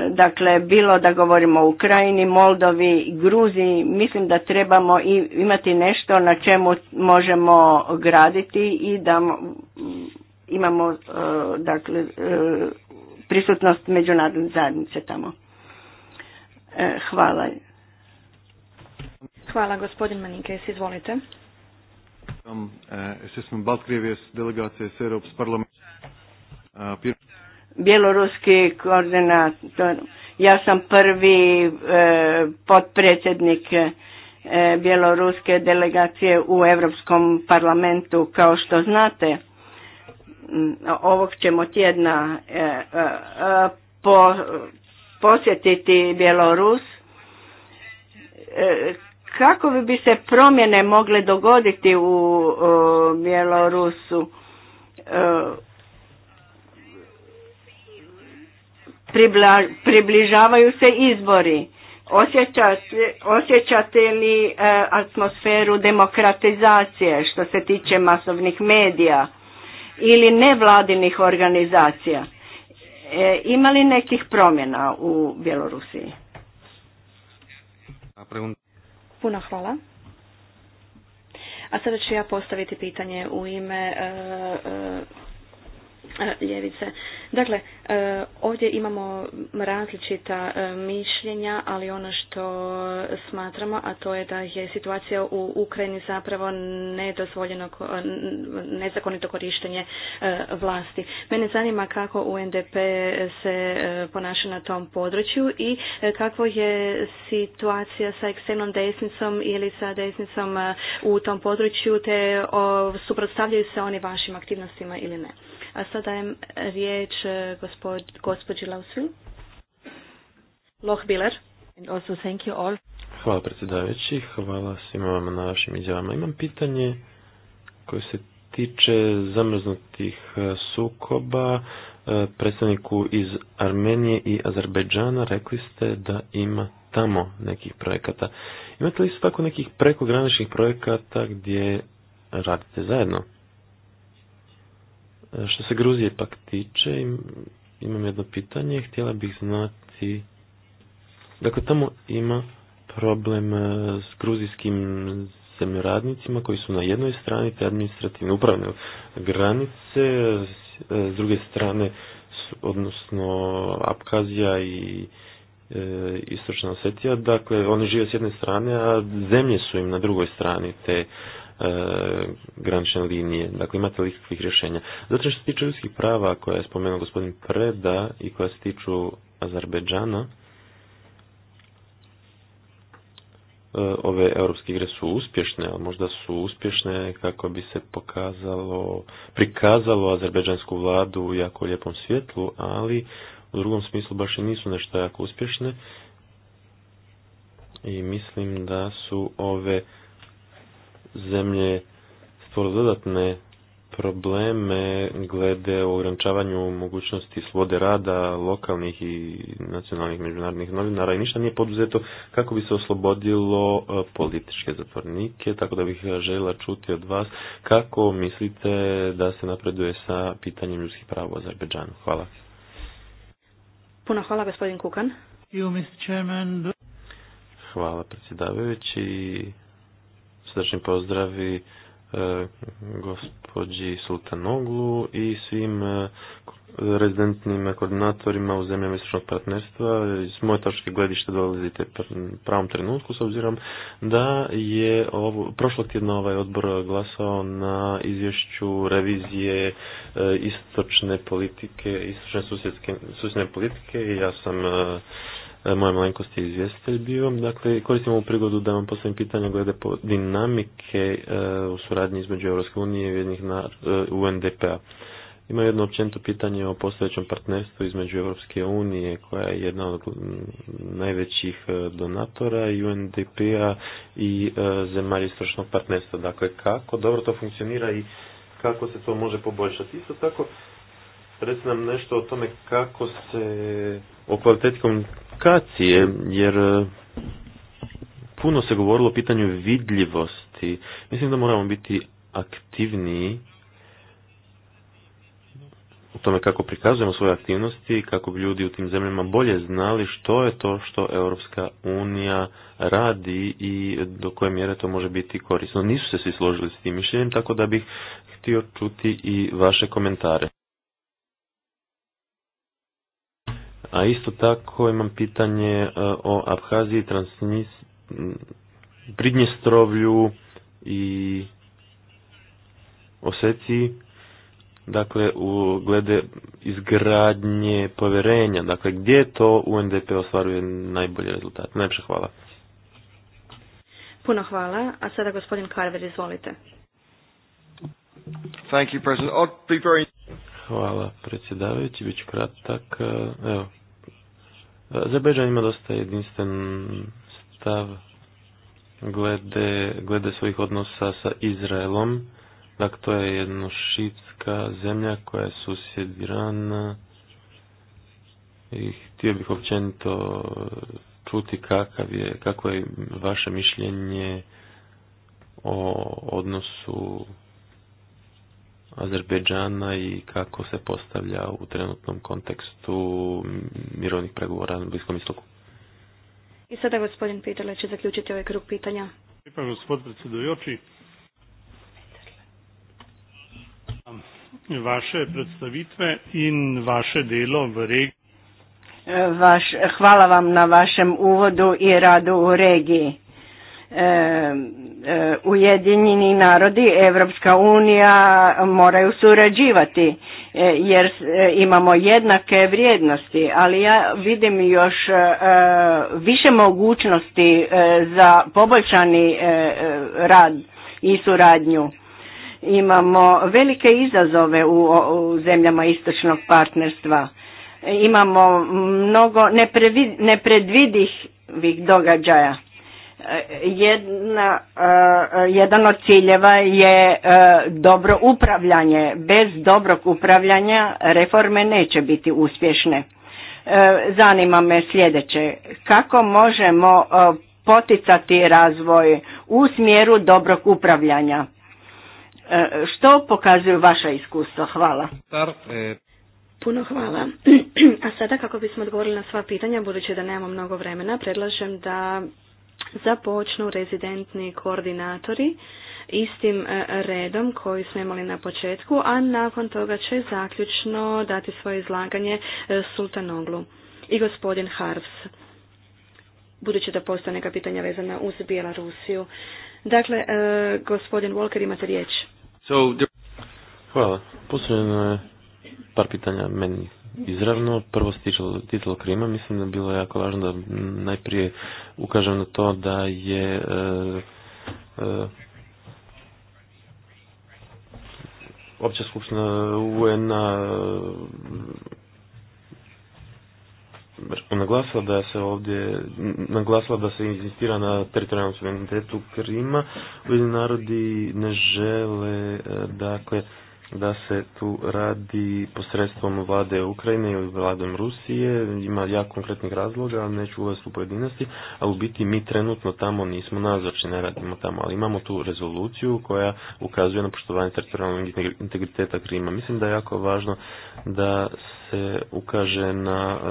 Dakle, bilo da govorimo o Ukrajini, Moldovi, Gruziji, mislim da trebamo imati nešto na čemu možemo graditi i da imamo dakle prisutnost međunarodne zajednice tamo. E, hvala. Hvala, gospodin Manikes, izvolite. E, e, Bjeloruski koordinator. Ja sam prvi e, potpredsjednik bjeloruske delegacije u Europskom parlamentu, kao što znate. Mm, ovog ćemo tjedna e, e, e, posjetiti Bjelorus kako bi se promjene mogle dogoditi u Bjelorusu približavaju se izbori osjećate li atmosferu demokratizacije što se tiče masovnih medija ili nevladinih organizacija. E, ima li nekih promjena u Bjelorusiji? Puno hvala. A sada ću ja postaviti pitanje u ime e, e E, ljevice. Dakle, e, ovdje imamo različita e, mišljenja, ali ono što smatramo, a to je da je situacija u Ukrajini zapravo nedozvoljeno, nezakonito korištenje vlasti. Mene zanima kako UNDP se ponaša na tom području i kako je situacija sa ekstremnom desnicom ili sa desnicom u tom području, te suprotstavljaju se oni vašim aktivnostima ili ne. A sada dajem riječ eh, gospođi Loh Hvala predsjedavajući, hvala svima vama na vašim izjavama. Imam pitanje koje se tiče zamrznutih eh, sukoba. Eh, predstavniku iz Armenije i Azerbejdžana rekli ste da ima tamo nekih projekata. Imate li isto tako nekih prekograničnih projekata gdje radite zajedno? Što se Gruzije pak tiče, imam jedno pitanje, htjela bih znati, dakle tamo ima problem e, s gruzijskim zemljoradnicima koji su na jednoj strani te administrativne upravne granice, e, s druge strane odnosno Apkazija i e, Istočna Osetija, dakle oni žive s jedne strane, a zemlje su im na drugoj strani te E, granične linije. Dakle, imate li ikakvih rješenja? Zato što se tiče ljudskih prava koja je spomenuo gospodin Preda i koja se tiču Azerbeđana, e, ove europske igre su uspješne, ali možda su uspješne kako bi se pokazalo, prikazalo azerbeđansku vladu u jako lijepom svjetlu, ali u drugom smislu baš i nisu nešto jako uspješne i mislim da su ove zemlje stvore dodatne probleme glede u ograničavanju mogućnosti slobode rada lokalnih i nacionalnih međunarodnih novinara i ništa nije poduzeto kako bi se oslobodilo e, političke zatvornike, tako da bih e, željela čuti od vas kako mislite da se napreduje sa pitanjem ljudskih prava u Azerbeđanu. Hvala. Puno hvala gospodin Kukan. Hvala predsjedavajući srdačni pozdravi e, gospođi Sultanoglu i svim e, rezidentnim koordinatorima u zemljama istočnog partnerstva. Iz moje točke gledište dolazite pravom trenutku s obzirom da je ovo, prošlog tjedna ovaj odbor glasao na izvješću revizije e, istočne politike, istočne susjedske, susjedne politike i ja sam E, moja malenkost je izvjestitelj bio. Dakle, koristim ovu prigodu da vam postavim pitanje glede po dinamike e, u suradnji između Europske unije i jednih na e, UNDP-a. Ima jedno općenito pitanje o postojećem partnerstvu između Europske unije koja je jedna od najvećih donatora i UNDP-a i zemalja istočnog partnerstva. Dakle, kako dobro to funkcionira i kako se to može poboljšati. Isto tako, Reci nam nešto o tome kako se o kvaliteti komunikacije, jer e, puno se govorilo o pitanju vidljivosti. Mislim da moramo biti aktivniji u tome kako prikazujemo svoje aktivnosti, kako bi ljudi u tim zemljama bolje znali što je to što Europska unija radi i do koje mjere to može biti korisno. Nisu se svi složili s tim mišljenjem, tako da bih htio čuti i vaše komentare. A isto tako imam pitanje e, o Abhaziji, Transnis, Pridnjestrovlju i Oseciji. Dakle, u glede izgradnje povjerenja, dakle gdje to UNDP ostvaruje najbolji rezultat? Najpše hvala. Puno hvala. A sada gospodin Karver, izvolite. Thank you, Hvala predsjedavajući, Biću kratak. E, evo, Azerbejdžan ima dosta jedinstven stav glede, glede svojih odnosa sa Izraelom. Dakle, to je jednošitska zemlja koja je susjed Irana. I htio bih općenito čuti kakav je, kako je vaše mišljenje o odnosu Azerbejdžana i kako se postavlja u trenutnom kontekstu mirovnih pregovora na Bliskom istoku. I sada gospodin Peterle će zaključiti ovaj krug pitanja. Hvala gospod Vaše predstavitve in vaše delo v regiji. Vaš, hvala vam na vašem uvodu i radu u regiji. Ujedinjeni narodi, Evropska unija moraju surađivati e, jer e, imamo jednake vrijednosti, ali ja vidim još e, više mogućnosti za poboljšani rad i suradnju. Imamo velike izazove u zemljama istočnog partnerstva. Imamo mnogo nepredvidivih događaja jedna, eh, jedan od ciljeva je eh, dobro upravljanje. Bez dobrog upravljanja reforme neće biti uspješne. Eh, zanima me sljedeće. Kako možemo poticati razvoj u smjeru dobrog upravljanja? Što pokazuju vaša iskustva? Hvala. Puno hvala. A sada kako bismo odgovorili na sva pitanja, budući da nemamo mnogo vremena, predlažem da započnu rezidentni koordinatori istim e, redom koji smo imali na početku, a nakon toga će zaključno dati svoje izlaganje e, Sultanoglu i gospodin Harvs, budući da postoje neka pitanja vezana uz Bjelarusiju. Dakle, e, gospodin Walker, imate riječ. Hvala. Posljedno je par pitanja meni izravno. Prvo se titlo Krima, mislim da je bilo jako važno da najprije ukažem na to da je e, e, opća skupština un e, naglasila da se ovdje naglasila da se inzistira na teritorijalnom suverenitetu Krima. Ujedinjeni narodi ne žele dakle da se tu radi posredstvom vlade Ukrajine ili vladom Rusije. Ima jako konkretnih razloga, ali neću uvesti u pojedinosti, ali u biti mi trenutno tamo nismo nazočni, ne radimo tamo, ali imamo tu rezoluciju koja ukazuje na poštovanje teritorijalnog integriteta Krima. Mislim da je jako važno da se ukaže na e,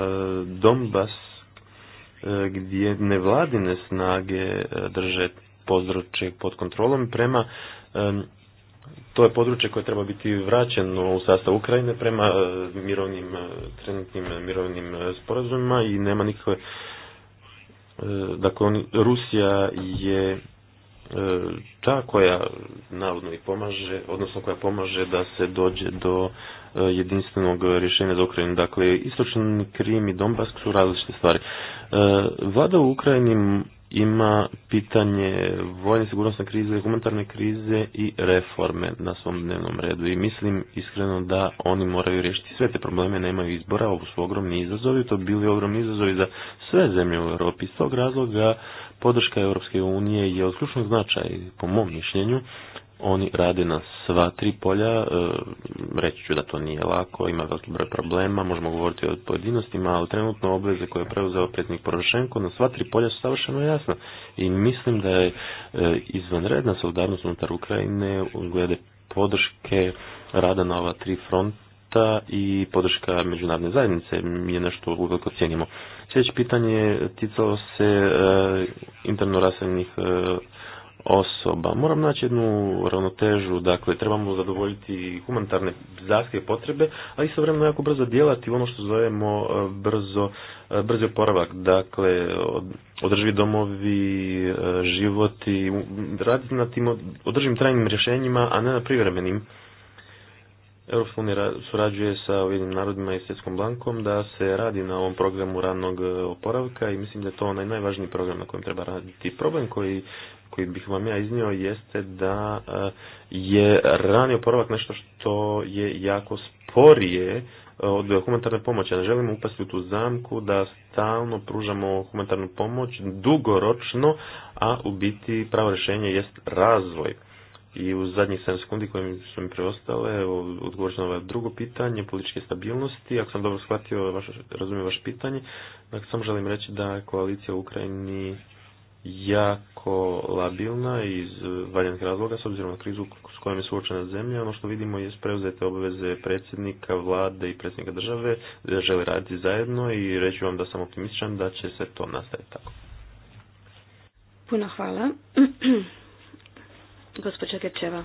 Donbas e, gdje nevladine snage e, drže područje pod kontrolom prema to je područje koje treba biti vraćeno u sastav Ukrajine prema e, mirovnim, e, trenutnim mirovnim e, sporazumima i nema nikakve dakle Rusija je ta koja navodno i pomaže, odnosno koja pomaže da se dođe do jedinstvenog rješenja za Ukrajinu. Dakle, istočni Krim i Donbass su različite stvari. Vlada u Ukrajini ima pitanje vojne sigurnosne krize, humanitarne krize i reforme na svom dnevnom redu. I mislim iskreno da oni moraju riješiti sve te probleme, nemaju izbora, ovo su ogromni izazovi, to bili ogromni izazovi za sve zemlje u Europi. Iz tog razloga podrška Europske unije je od ključnog značaja, po mom mišljenju, oni rade na sva tri polja, e, reći ću da to nije lako, ima veliki broj problema, možemo govoriti o pojedinostima, ali trenutno obveze koje je preuzeo predsjednik Porošenko na sva tri polja su savršeno jasna i mislim da je e, izvanredna solidarnost unutar Ukrajine glede podrške rada na ova tri fronta i podrška međunarodne zajednice je nešto uveliko cijenimo. Sljedeće pitanje ticalo se e, interno raselnih osoba. Moram naći jednu ravnotežu, dakle trebamo zadovoljiti humanitarne zahtjeve potrebe, a istovremeno jako brzo djelati ono što zovemo e, brzo, e, brzi oporavak, dakle održivi domovi, e, život i raditi na tim održivim trajnim rješenjima, a ne na privremenim. Europska unija surađuje sa Ujedinim narodima i Svjetskom bankom da se radi na ovom programu ranog oporavka i mislim da je to onaj najvažniji program na kojem treba raditi. Problem koji koji bih vam ja iznio jeste da e, je rani oporavak nešto što je jako sporije e, od humanitarne pomoći. Ne želimo upasti u tu zamku da stalno pružamo humanitarnu pomoć dugoročno, a u biti pravo rješenje jest razvoj. I u zadnjih 7 sekundi koje su mi preostale, odgovorit na ovo drugo pitanje, političke stabilnosti. Ako sam dobro shvatio, vaš, razumijem vaše pitanje, dakle, samo želim reći da koalicija u Ukrajini jako labilna iz valjanih razloga s obzirom na krizu s kojom je suočena zemlja. Ono što vidimo je preuzete obveze predsjednika vlade i predsjednika države da žele raditi zajedno i reći vam da sam optimističan da će se to nastaviti tako. Puno hvala. Gospođa Kečeva.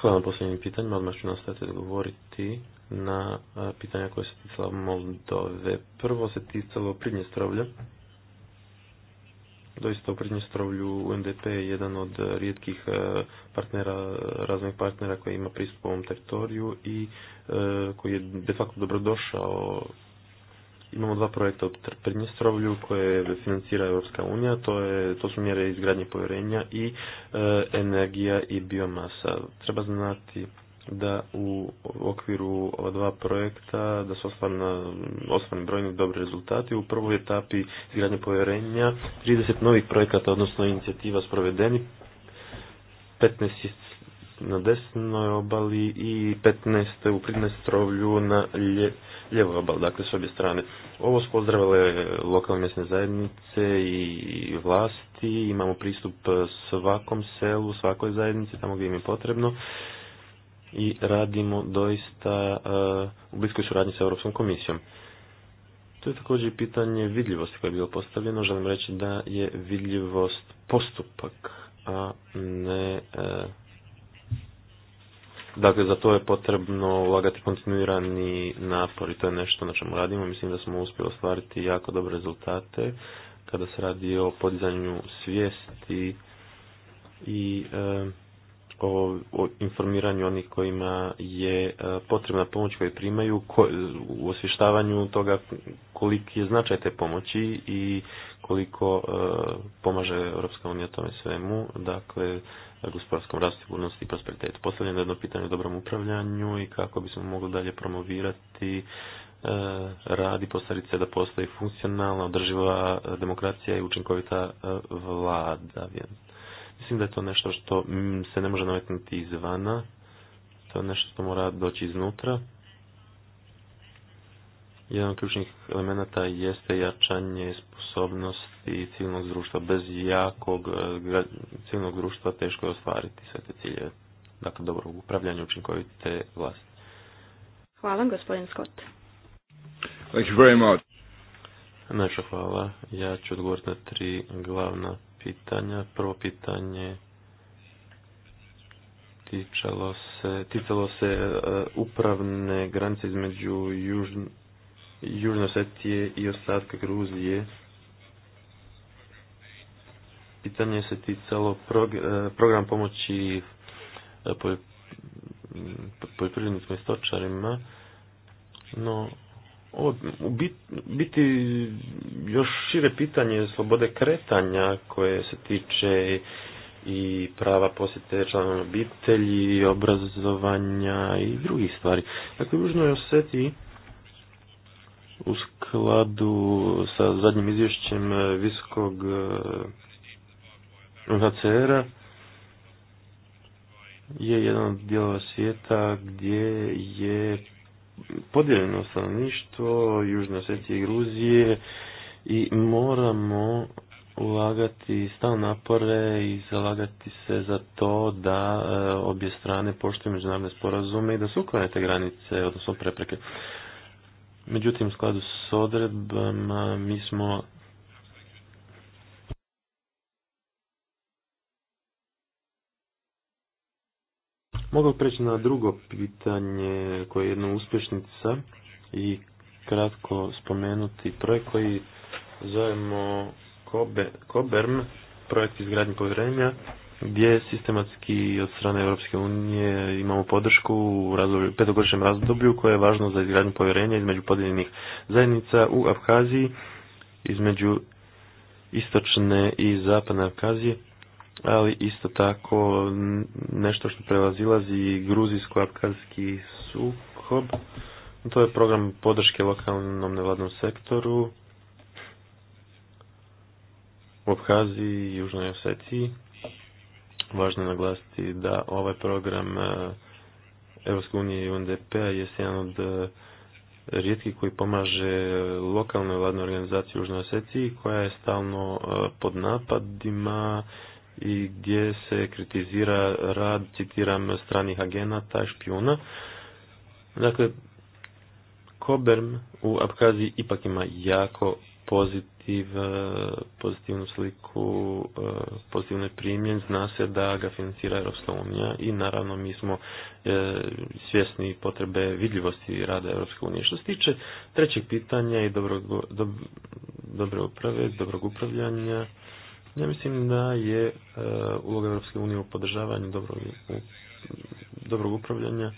Hvala na posljednjim pitanjima. Odmah ću nastaviti odgovoriti na pitanja koje se ticala Moldove. Prvo se ticalo strovlja, doista u Pridnjestrovlju UNDP je jedan od rijetkih e, partnera, raznih partnera koji ima pristup ovom teritoriju i e, koji je de facto dobrodošao Imamo dva projekta u Prednjestrovlju koje financira Europska unija, to, su mjere izgradnje povjerenja i e, energija i biomasa. Treba znati da u okviru ova dva projekta da su osvani brojni dobri rezultati. U prvoj etapi izgradnje povjerenja 30 novih projekata, odnosno inicijativa sprovedeni, 15 na desnoj obali i 15 u Pridnestrovlju na ljevoj obali, dakle s obje strane. Ovo su pozdravile lokalne mjesne zajednice i vlasti, imamo pristup svakom selu, svakoj zajednici, tamo gdje im je potrebno i radimo doista eh, u bliskoj suradnji sa Europskom komisijom. To je također pitanje vidljivosti koje je bilo postavljeno. Želim reći da je vidljivost postupak, a ne... Eh, dakle, za to je potrebno ulagati kontinuirani napor i to je nešto na čemu radimo. Mislim da smo uspjeli ostvariti jako dobre rezultate kada se radi o podizanju svijesti i eh, o, o informiranju onih kojima je e, potrebna pomoć koju primaju, ko, u osvještavanju toga koliki je značaj te pomoći i koliko e, pomaže Europska unija tome svemu, dakle gospodarskom rastu, sigurnosti i prosperitetu. postavljam jedno pitanje o dobrom upravljanju i kako bismo mogli dalje promovirati e, radi postarice da postoji funkcionalna, održiva demokracija i učinkovita vlada. Mislim da je to nešto što mm, se ne može nametnuti izvana, to je nešto što mora doći iznutra. Jedan od ključnih elemenata jeste jačanje sposobnosti civilnog društva. Bez jakog e, civilnog društva teško je ostvariti sve te ciljeve. Dakle, dobro upravljanje učinkovite vlasti. Hvala, gospodin Scott. Thank you very much. hvala. Ja ću odgovoriti na tri glavna pitanja. Prvo pitanje ticalo se, se upravne granice između Južne Osetije i ostatka Gruzije. Pitanje se ticalo e, program pomoći e, poljoprivrednicima i stočarima, no ovo, bit, biti još šire pitanje slobode kretanja koje se tiče i prava posjete članom obitelji, obrazovanja i drugih stvari. Dakle, u je osjeti u skladu sa zadnjim izvješćem eh, visokog eh, hcr a je jedan od dijelova svijeta gdje je podijeljeno stanovništvo Južne Osetije i Gruzije i moramo ulagati stav napore i zalagati se za to da e, obje strane poštuju međunarodne sporazume i da su te granice, odnosno prepreke. Međutim, u skladu s odredbama mi smo Mogu preći na drugo pitanje koje je jedna uspješnica i kratko spomenuti projekt koji zovemo Koberm, projekt izgradnje povjerenja, gdje sistematski od strane Europske unije imamo podršku u razdoblju, petogodišnjem razdoblju koje je važno za izgradnju povjerenja između podijeljenih zajednica u Abhaziji, između istočne i zapadne Afkazije ali isto tako nešto što prelazilazi gruzijsko-apkanski sukob. To je program podrške lokalnom nevladnom sektoru u Abhaziji i Južnoj Oseciji. Važno je naglasiti da ovaj program e, EU i undp je jedan od e, rijetkih koji pomaže e, lokalnoj vladnoj organizaciji Južnoj Oseciji koja je stalno pod napadima i gdje se kritizira rad, citiram, stranih agenata, špijuna. Dakle, Koberm u Abkaziji ipak ima jako pozitiv, e, pozitivnu sliku, e, pozitivne primjen. Zna se da ga financira Europska unija i naravno mi smo e, svjesni potrebe vidljivosti rada Europske unije. Što se tiče trećeg pitanja i dobrog, dobre uprave, dobrog upravljanja, ja mislim da je e, uloga Europske unije u podržavanju dobrog, dobrog upravljanja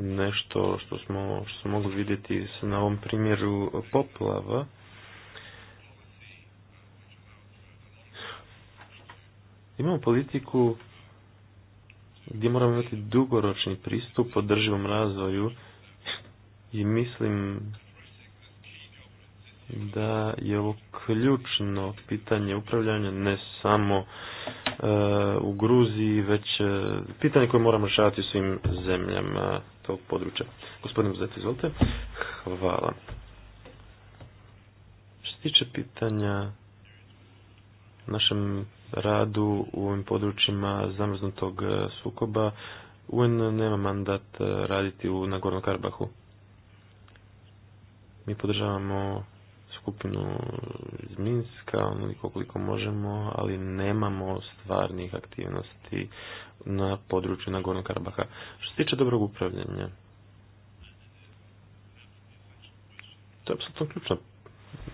nešto što smo, što smo mogli vidjeti na ovom primjeru poplava. Imamo politiku gdje moramo imati dugoročni pristup održivom razvoju i mislim da je ovo ključno pitanje upravljanja ne samo e, u Gruziji, već e, pitanje koje moramo rješavati u svim zemljama tog područja. Gospodin Buzet, izvolite. Hvala. Što se tiče pitanja našem radu u ovim područjima zamrznutog e, sukoba, UN nema mandat raditi u nagorno Karbahu. Mi podržavamo skupinu iz Minska, onoliko koliko možemo, ali nemamo stvarnih aktivnosti na području Nagornog Karabaha. Što se tiče dobrog upravljanja, to je apsolutno ključno.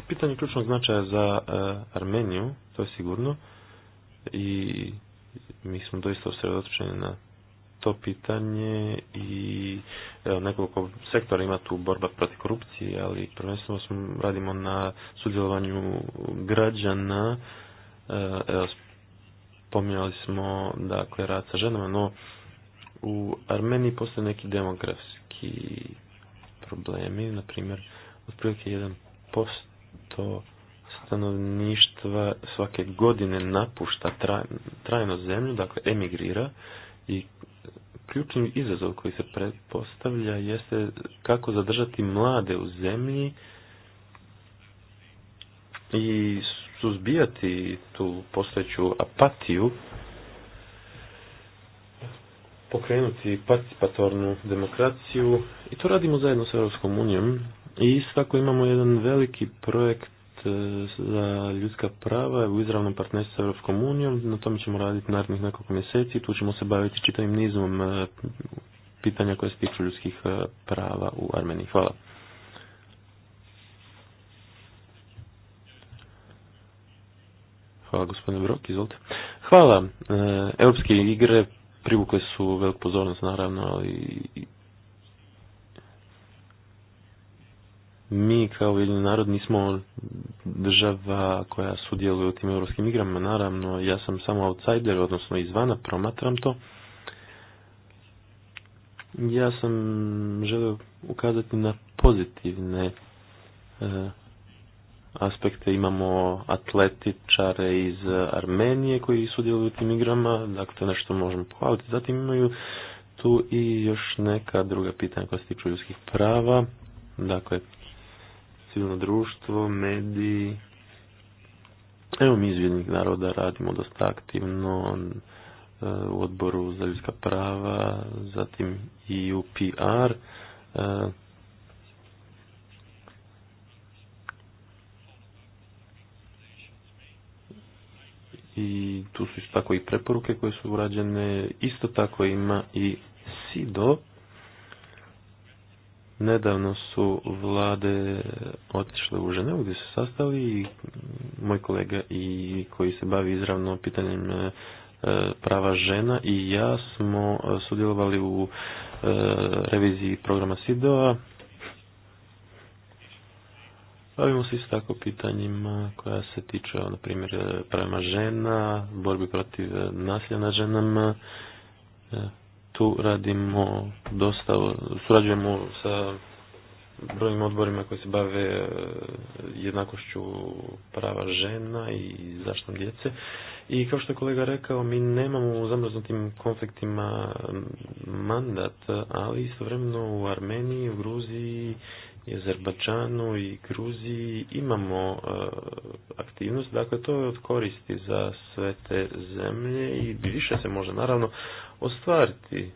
Pitanje ključnog značaja za eh, Armeniju, to je sigurno, i mi smo doista osredotočeni na to pitanje i evo, nekoliko sektora ima tu borba protiv korupcije, ali prvenstveno smo, radimo na sudjelovanju građana. E, evo, spominjali smo dakle, rad sa ženama, no u Armeniji postoje neki demografski problemi, na primjer, otprilike 1% stanovništva svake godine napušta trajno zemlju, dakle emigrira i ključni izazov koji se predpostavlja jeste kako zadržati mlade u zemlji i suzbijati tu postojeću apatiju, pokrenuti participatornu demokraciju i to radimo zajedno s Europskom unijom i svako imamo jedan veliki projekt E, za ljudska prava u izravnom partnerstvu s Europskom unijom. Na tome ćemo raditi narednih nekoliko mjeseci. Tu ćemo se baviti čitavim nizom e, pitanja koje se tiču ljudskih e, prava u Armeniji. Hvala. Hvala gospodine Brok, izvolite. Hvala. Europske igre privukle su veliku pozornost naravno i mi kao jedini narod nismo država koja sudjeluje u tim europskim igrama. Naravno, ja sam samo outsider, odnosno izvana, promatram to. Ja sam želio ukazati na pozitivne e, aspekte. Imamo atletičare iz Armenije koji sudjeluju u tim igrama, dakle to nešto možemo pohvaliti. Zatim imaju tu i još neka druga pitanja koja se tiču ljudskih prava. Dakle, civilno društvo, mediji. Evo mi iz naroda radimo dosta aktivno e, u odboru za ljudska prava, zatim i PR. E, I tu su isto tako i preporuke koje su urađene. Isto tako ima i SIDO, Nedavno su vlade otišle u Ženevu gdje su sastali i moj kolega i koji se bavi izravno pitanjem e, e, prava žena i ja smo e, sudjelovali u reviziji programa SIDO-a. Bavimo se isto tako pitanjima koja se tiče, ono, na primjer, prema žena, borbi protiv nasilja na ženama, tu radimo dosta, surađujemo sa brojnim odborima koji se bave e, jednakošću prava žena i zaštom djece. I kao što je kolega rekao, mi nemamo u zamrznutim konfliktima mandat, ali istovremeno u Armeniji, u Gruziji, i Azerbačanu i Gruziji imamo e, aktivnost, dakle to je od koristi za sve te zemlje i više se može naravno, ostvariti.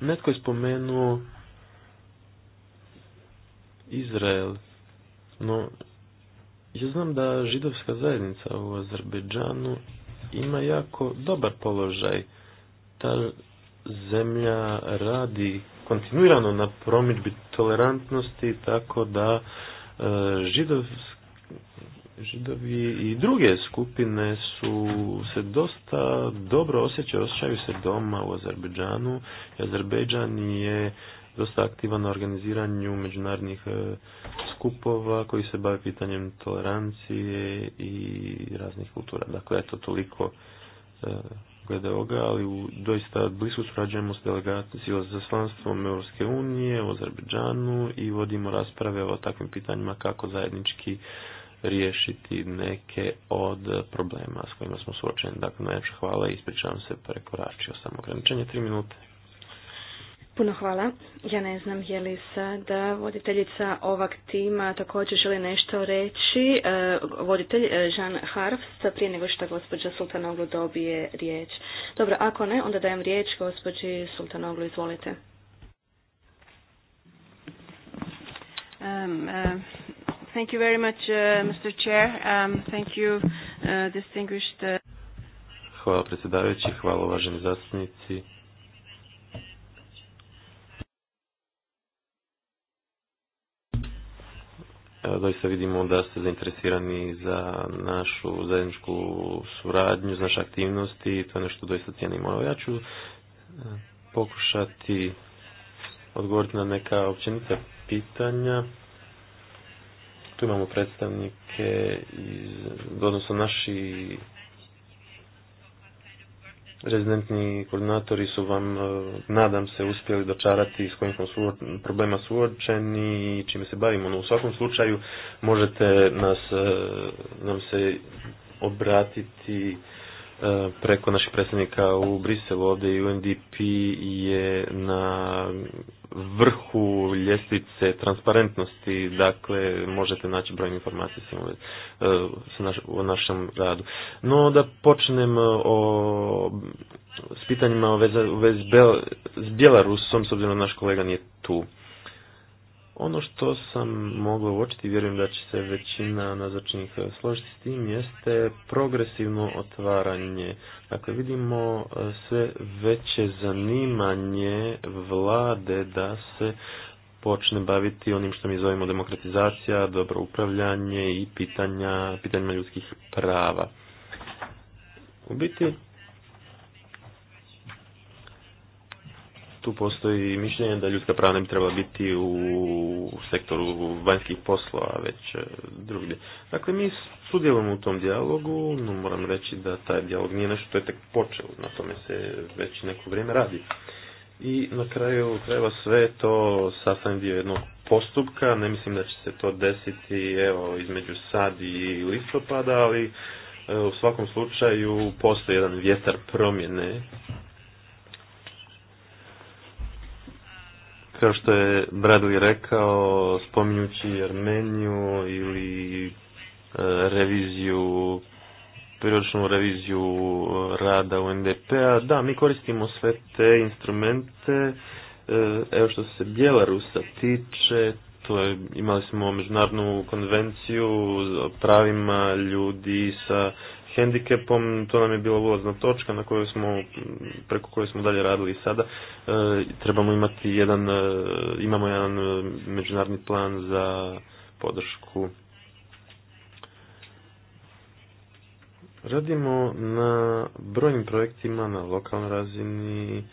Netko je spomenuo Izrael, no ja znam da židovska zajednica u Azerbejdžanu ima jako dobar položaj. Ta zemlja radi kontinuirano na promidžbi tolerantnosti tako da e, Židovi i druge skupine su se dosta dobro osjećaju, osjećaju se doma u Azerbeđanu. Azerbejdžan je dosta aktivan na organiziranju međunarodnih e, skupova koji se bave pitanjem tolerancije i raznih kultura. Dakle, to toliko e, glede ovoga, ali u, doista blisko surađujemo s delegacijom za slanstvom Europske unije u Azerbejdžanu i vodimo rasprave o takvim pitanjima kako zajednički riješiti neke od problema s kojima smo suočeni. Dakle, najljepša hvala i ispričavam se prekoračio sam ograničenje tri minute. Puno hvala. Ja ne znam je li sada voditeljica ovak tima također želi nešto reći. E, voditelj e, Jean Harfs prije nego što gospođa Sultanoglu dobije riječ. Dobro, ako ne, onda dajem riječ gospođi Sultanoglu, izvolite. Um, e, Thank you very much, uh, Mr. Chair. Um, thank you, uh, distinguished... Uh, hvala predsjedavajući, hvala uvaženi zastupnici. Evo doista vidimo da ste zainteresirani za našu zajedničku suradnju, za naše aktivnosti i to je nešto doista cijenimo. ja ću e, pokušati odgovoriti na neka općenita pitanja. Tu imamo predstavnike iz, odnosno naši rezidentni koordinatori su vam, e, nadam se, uspjeli dočarati s kojim smo problema suočeni i čime se bavimo. No, u svakom slučaju možete nas, e, nam se obratiti E, preko naših predstavnika u Briselu, ovdje UNDP je na vrhu ljestvice transparentnosti, dakle možete naći brojne informacije o e, našem radu. No da počnem e, o, s pitanjima u vezi s Bjelarusom, s obzirom da naš kolega nije tu. Ono što sam mogla uočiti, vjerujem da će se većina nazočnih složiti s tim, jeste progresivno otvaranje. Dakle, vidimo e, sve veće zanimanje vlade da se počne baviti onim što mi zovemo demokratizacija, dobro upravljanje i pitanja, pitanjima ljudskih prava. U biti, tu postoji mišljenje da ljudska prava ne bi trebala biti u sektoru vanjskih poslova, već e, drugdje. Dakle, mi sudjelujemo u tom dijalogu, no moram reći da taj dijalog nije nešto što je tek počeo, na tome se već neko vrijeme radi. I na kraju treba sve to sastavni dio jednog postupka, ne mislim da će se to desiti evo, između sad i listopada, ali e, u svakom slučaju postoji jedan vjetar promjene kao što je Bradley rekao, spominjući Armeniju ili e, reviziju, periodnu reviziju e, rada u NDP-a. Da, mi koristimo sve te instrumente. E, evo što se Bjelarusa tiče, to je, imali smo međunarodnu konvenciju o pravima ljudi sa hendikepom, to nam je bila ulazna točka na kojoj smo, preko koje smo dalje radili i sada. E, trebamo imati jedan, e, imamo jedan e, međunarodni plan za podršku. Radimo na brojnim projektima na lokalnoj razini,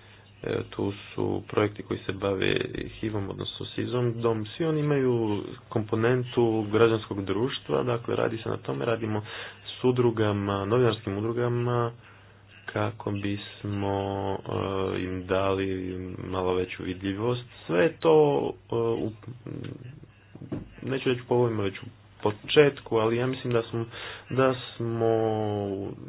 tu su projekti koji se bave HIV-om, odnosno SIZ-om, dom, svi oni imaju komponentu građanskog društva, dakle radi se na tome, radimo s udrugama, novinarskim udrugama kako bismo eh, im dali malo veću vidljivost. Sve je to, eh, neću reći po ovim već u početku, ali ja mislim da smo, da smo,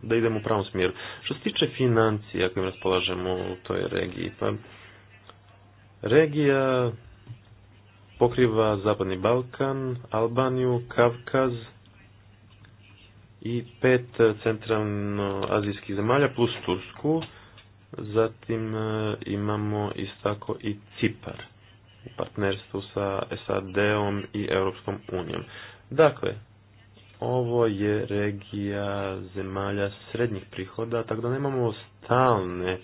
da idemo u pravom smjeru. Što se tiče financija kojim raspolažemo u toj regiji, pa regija pokriva Zapadni Balkan, Albaniju, Kavkaz, i pet e, centralnoazijskih zemalja plus Tursku. Zatim e, imamo tako i Cipar u partnerstvu sa SAD-om i Europskom unijom. Dakle, ovo je regija zemalja srednjih prihoda, tako da nemamo stalne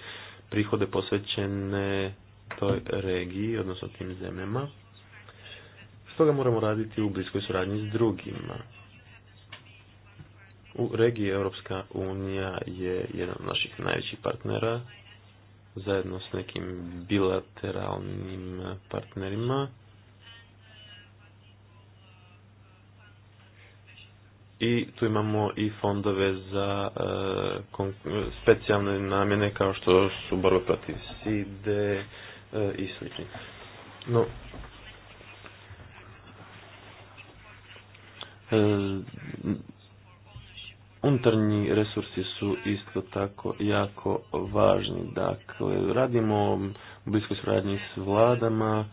prihode posvećene toj regiji, odnosno tim zemljama. Stoga moramo raditi u bliskoj suradnji s drugima. U regiji Europska unija je jedan od naših najvećih partnera zajedno s nekim bilateralnim partnerima. I tu imamo i fondove za e, specijalne namjene kao što su borbe protiv side e, i sl. No, e, unutarnji resursi su isto tako jako važni. Dakle, radimo u bliskoj suradnji s vladama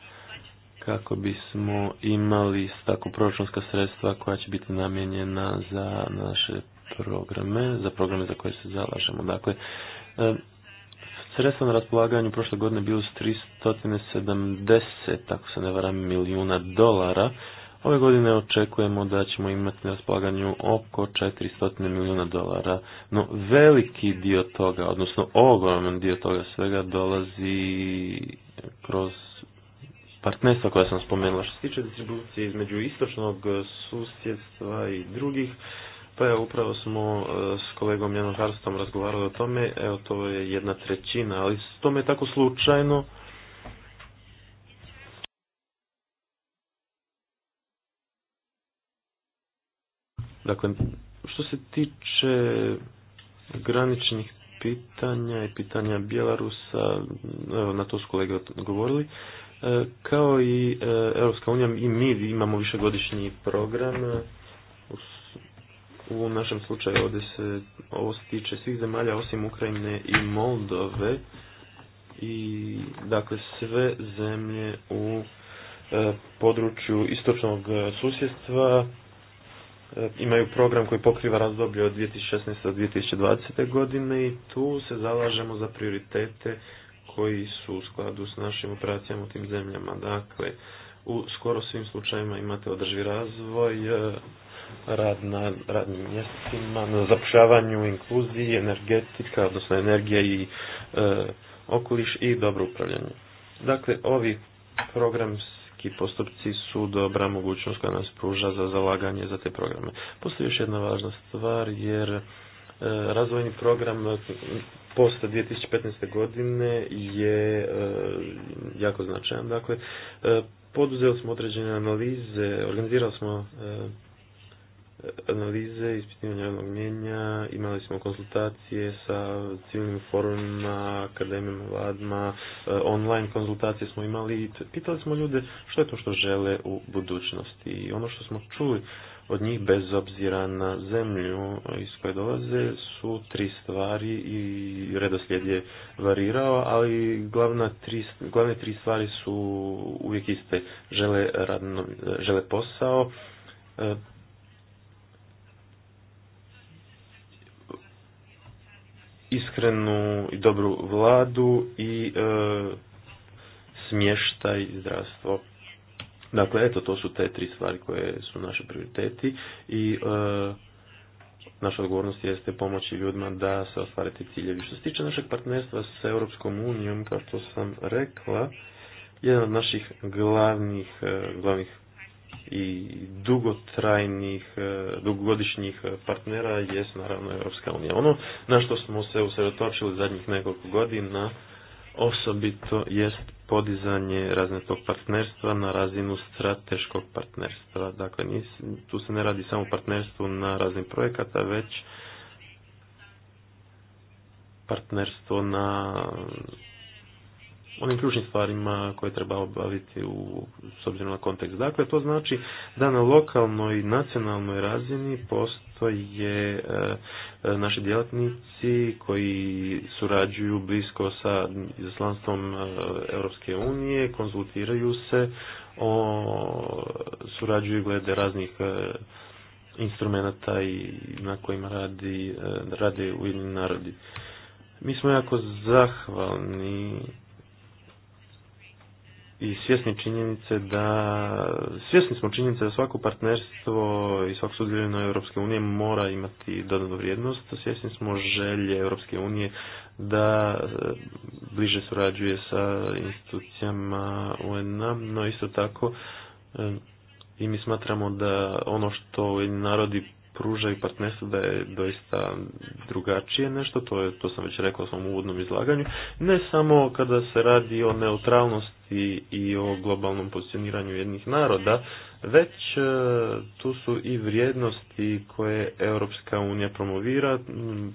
kako bismo imali tako proračunska sredstva koja će biti namijenjena za naše programe, za programe za koje se zalažemo. Dakle, e, sredstva na raspolaganju prošle godine bilo su 370, tako se ne varam, milijuna dolara Ove godine očekujemo da ćemo imati na raspolaganju oko 400 milijuna dolara, no veliki dio toga, odnosno ogroman dio toga svega dolazi kroz partnerstva koja sam spomenula. Što se tiče distribucije između istočnog susjedstva i drugih, pa evo, upravo smo e, s kolegom Janom Harstom razgovarali o tome, evo to je jedna trećina, ali s tome je tako slučajno, Dakle, što se tiče graničnih pitanja i pitanja Bjelarusa, evo, na to su kolege govorili, e, kao i e, Europska unija i mi imamo višegodišnji program u našem slučaju ovdje se ovo se tiče svih zemalja osim Ukrajine i Moldove i dakle sve zemlje u e, području istočnog susjedstva E, imaju program koji pokriva razdoblje od 2016. do 2020. godine i tu se zalažemo za prioritete koji su u skladu s našim operacijama u tim zemljama. Dakle, u skoro svim slučajima imate održivi razvoj, e, rad na radnim mjestima, na zapošljavanju, inkluziji, energetika, odnosno energija i e, okoliš i dobro upravljanje. Dakle, ovi program i postupci su dobra mogućnost koja nas pruža za zalaganje za te programe. Postoji još jedna važna stvar jer e, razvojni program posta 2015. godine je e, jako značajan. Dakle, e, poduzeli smo određene analize, organizirali smo analize, ispitivanja javnog mjenja, imali smo konsultacije sa civilnim forumima, akademijama, vladima, e, online konsultacije smo imali i pitali smo ljude što je to što žele u budućnosti. I ono što smo čuli od njih bez obzira na zemlju iz koje dolaze su tri stvari i redoslijed je varirao, ali glavna tri, glavne tri stvari su uvijek iste. Žele, radno, žele posao, e, iskrenu i dobru vladu i e, smještaj zdravstvo. Dakle, eto, to su te tri stvari koje su naše prioriteti i e, naša odgovornost jeste pomoći ljudima da se ostvare ciljevi. Što se tiče našeg partnerstva s Europskom unijom, kao što sam rekla, jedan od naših glavnih, e, glavnih i dugotrajnih, e, dugogodišnjih partnera jest naravno Europska unija. Ono na što smo se usredotočili zadnjih nekoliko godina osobito jest podizanje raznetog partnerstva na razinu strateškog partnerstva. Dakle, nis, tu se ne radi samo partnerstvo partnerstvu na raznim projekata, već partnerstvo na onim ključnim stvarima koje treba obaviti u, s obzirom na kontekst. Dakle, to znači da na lokalnoj i nacionalnoj razini postoje e, e naši djelatnici koji surađuju blisko sa izaslanstvom e, Europske unije, konzultiraju se, o, surađuju glede raznih e, instrumenta i na kojima radi, u e, Ujedinjeni narodi. Mi smo jako zahvalni i svjesni činjenice da svjesni smo činjenice da svako partnerstvo i svako sudjelovanje Europske unije mora imati dodanu vrijednost. Svjesni smo želje Europske unije da e, bliže surađuje sa institucijama UN-a, no isto tako e, i mi smatramo da ono što narodi pružaju partnerstvo da je doista drugačije nešto, to, je, to sam već rekao u svom uvodnom izlaganju, ne samo kada se radi o neutralnosti i o globalnom pozicioniranju jednih naroda, već e, tu su i vrijednosti koje Europska unija promovira, mm,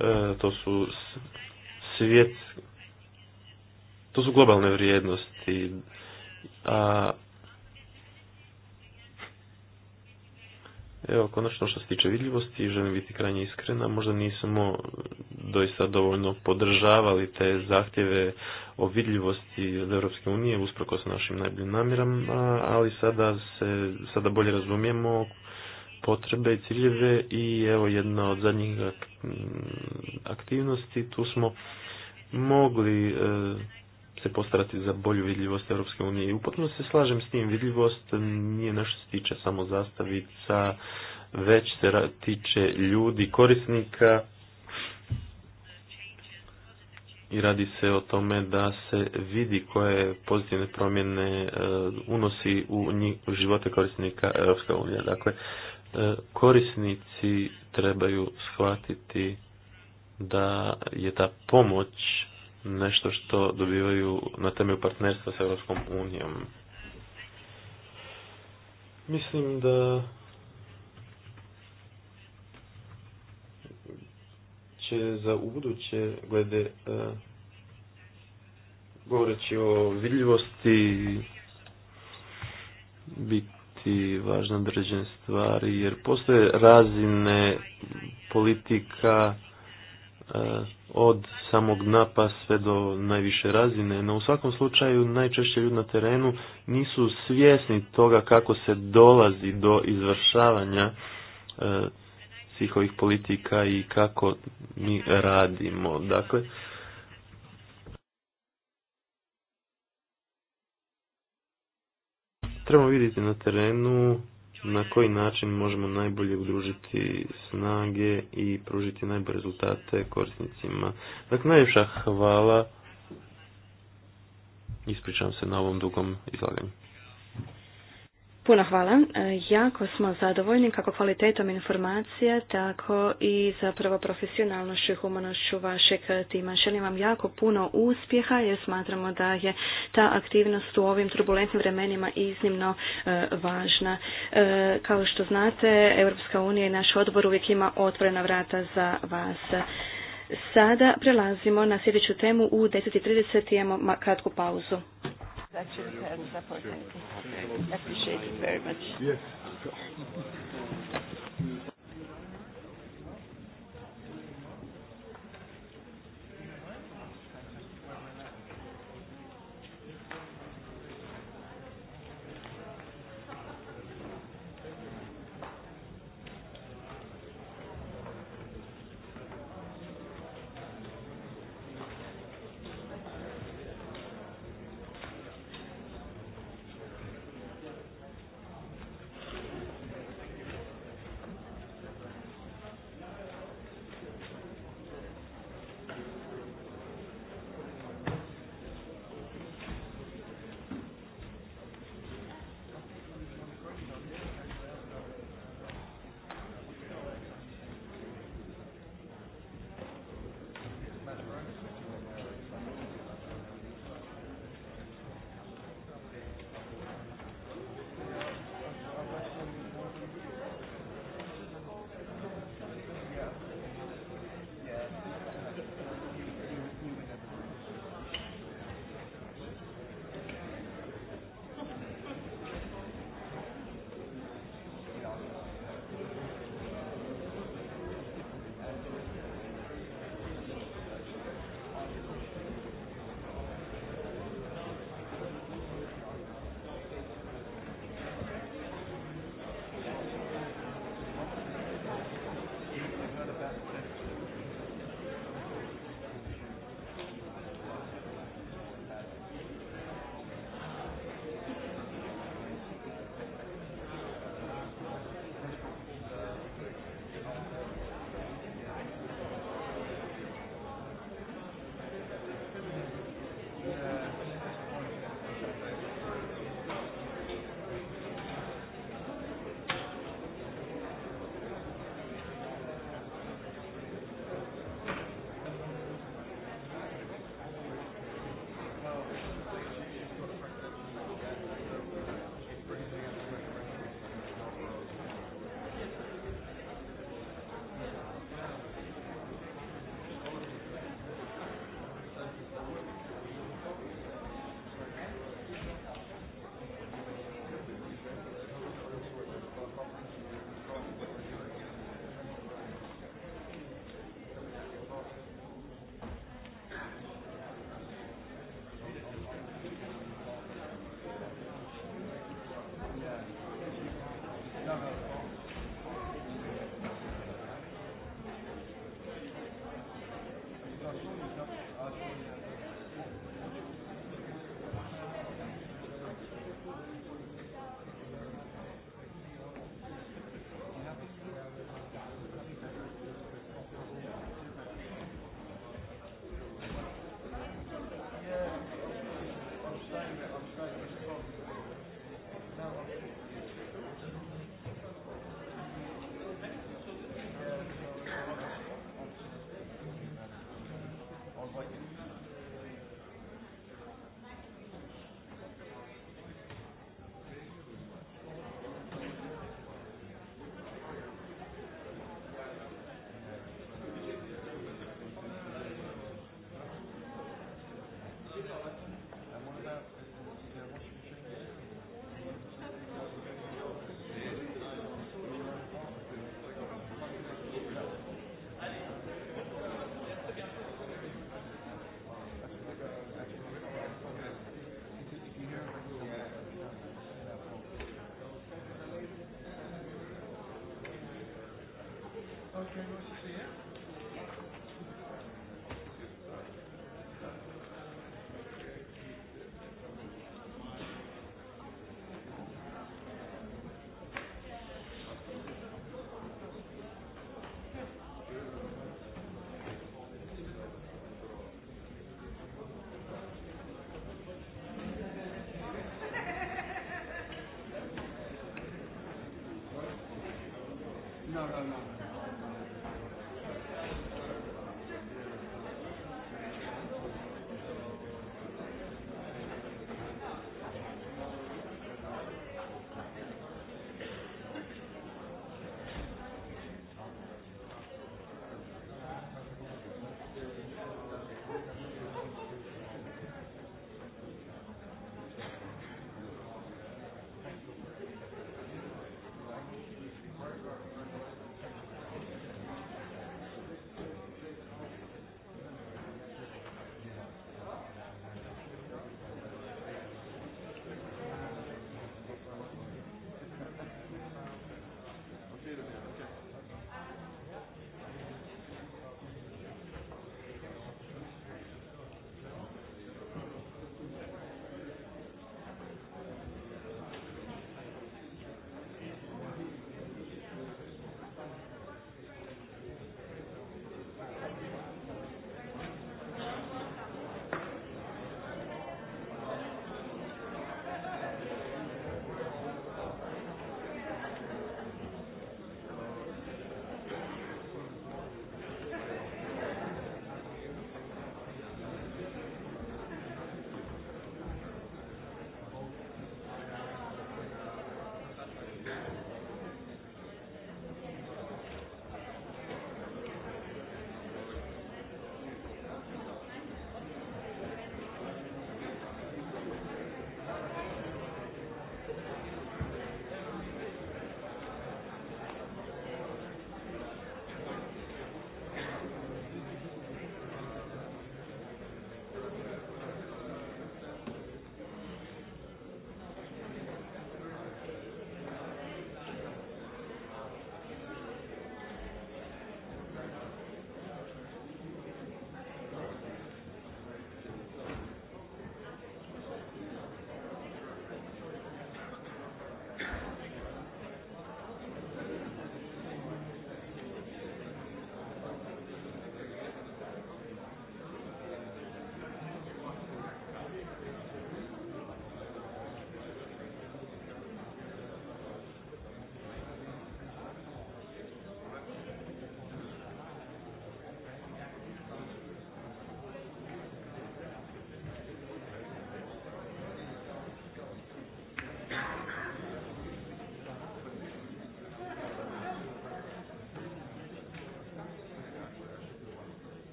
e, to su svijet, to su globalne vrijednosti, a Evo, konačno što se tiče vidljivosti, želim biti krajnje iskrena, možda nismo doista dovoljno podržavali te zahtjeve o vidljivosti od Europske unije, usproko sa našim najboljim namjerama, ali sada se, sada bolje razumijemo potrebe i ciljeve i evo jedna od zadnjih aktivnosti, tu smo mogli e, se postarati za bolju vidljivost Europske unije. I upotno se slažem s tim, vidljivost nije nešto se tiče samo zastavica, već se tiče ljudi, korisnika i radi se o tome da se vidi koje pozitivne promjene e, unosi u njih, živote korisnika Europska unija. Dakle, e, korisnici trebaju shvatiti da je ta pomoć nešto što dobivaju na temelju partnerstva s Europskom unijom. Mislim da će za ubuduće glede e, govoreći o vidljivosti biti važna određene stvari jer postoje razine politika Eh, od samog napa sve do najviše razine. No u svakom slučaju najčešće ljudi na terenu nisu svjesni toga kako se dolazi do izvršavanja eh, svih ovih politika i kako mi radimo. Dakle, trebamo vidjeti na terenu na koji način možemo najbolje udružiti snage i pružiti najbolje rezultate korisnicima. Dakle, najljepša hvala. Ispričavam se na ovom dugom izlaganju. Puno hvala. E, jako smo zadovoljni kako kvalitetom informacija, tako i zapravo profesionalnošću i humanošću vašeg tima. Želim vam jako puno uspjeha jer smatramo da je ta aktivnost u ovim turbulentnim vremenima iznimno e, važna. E, kao što znate, Europska unija i naš odbor uvijek ima otvorena vrata za vas. Sada prelazimo na sljedeću temu u 10.30 imamo kratku pauzu. That should have support. Thank you. Appreciate it very much. Yes. no, no, no.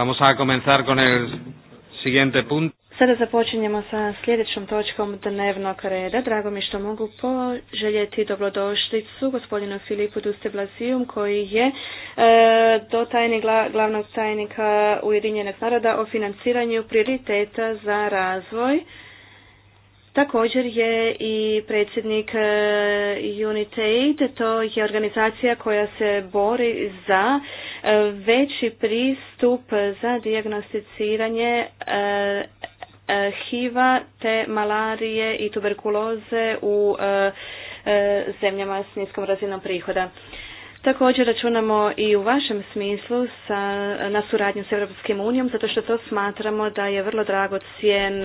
Vamos a comenzar con el Sada započinjemo sa sljedećom točkom dnevnog reda. Drago mi što mogu poželjeti dobrodošlicu gospodinu Filipu Duste Blasijum koji je e, do tajni, glavnog tajnika Ujedinjenog naroda o financiranju prioriteta za razvoj. Također je i predsjednik e, UNITAID, to je organizacija koja se bori za e, veći pris stup za dijagnosticiranje e, e, HIV-a te malarije i tuberkuloze u e, zemljama s niskom razinom prihoda. Također računamo i u vašem smislu sa, na suradnju s Europskim unijom, zato što to smatramo da je vrlo dragocjen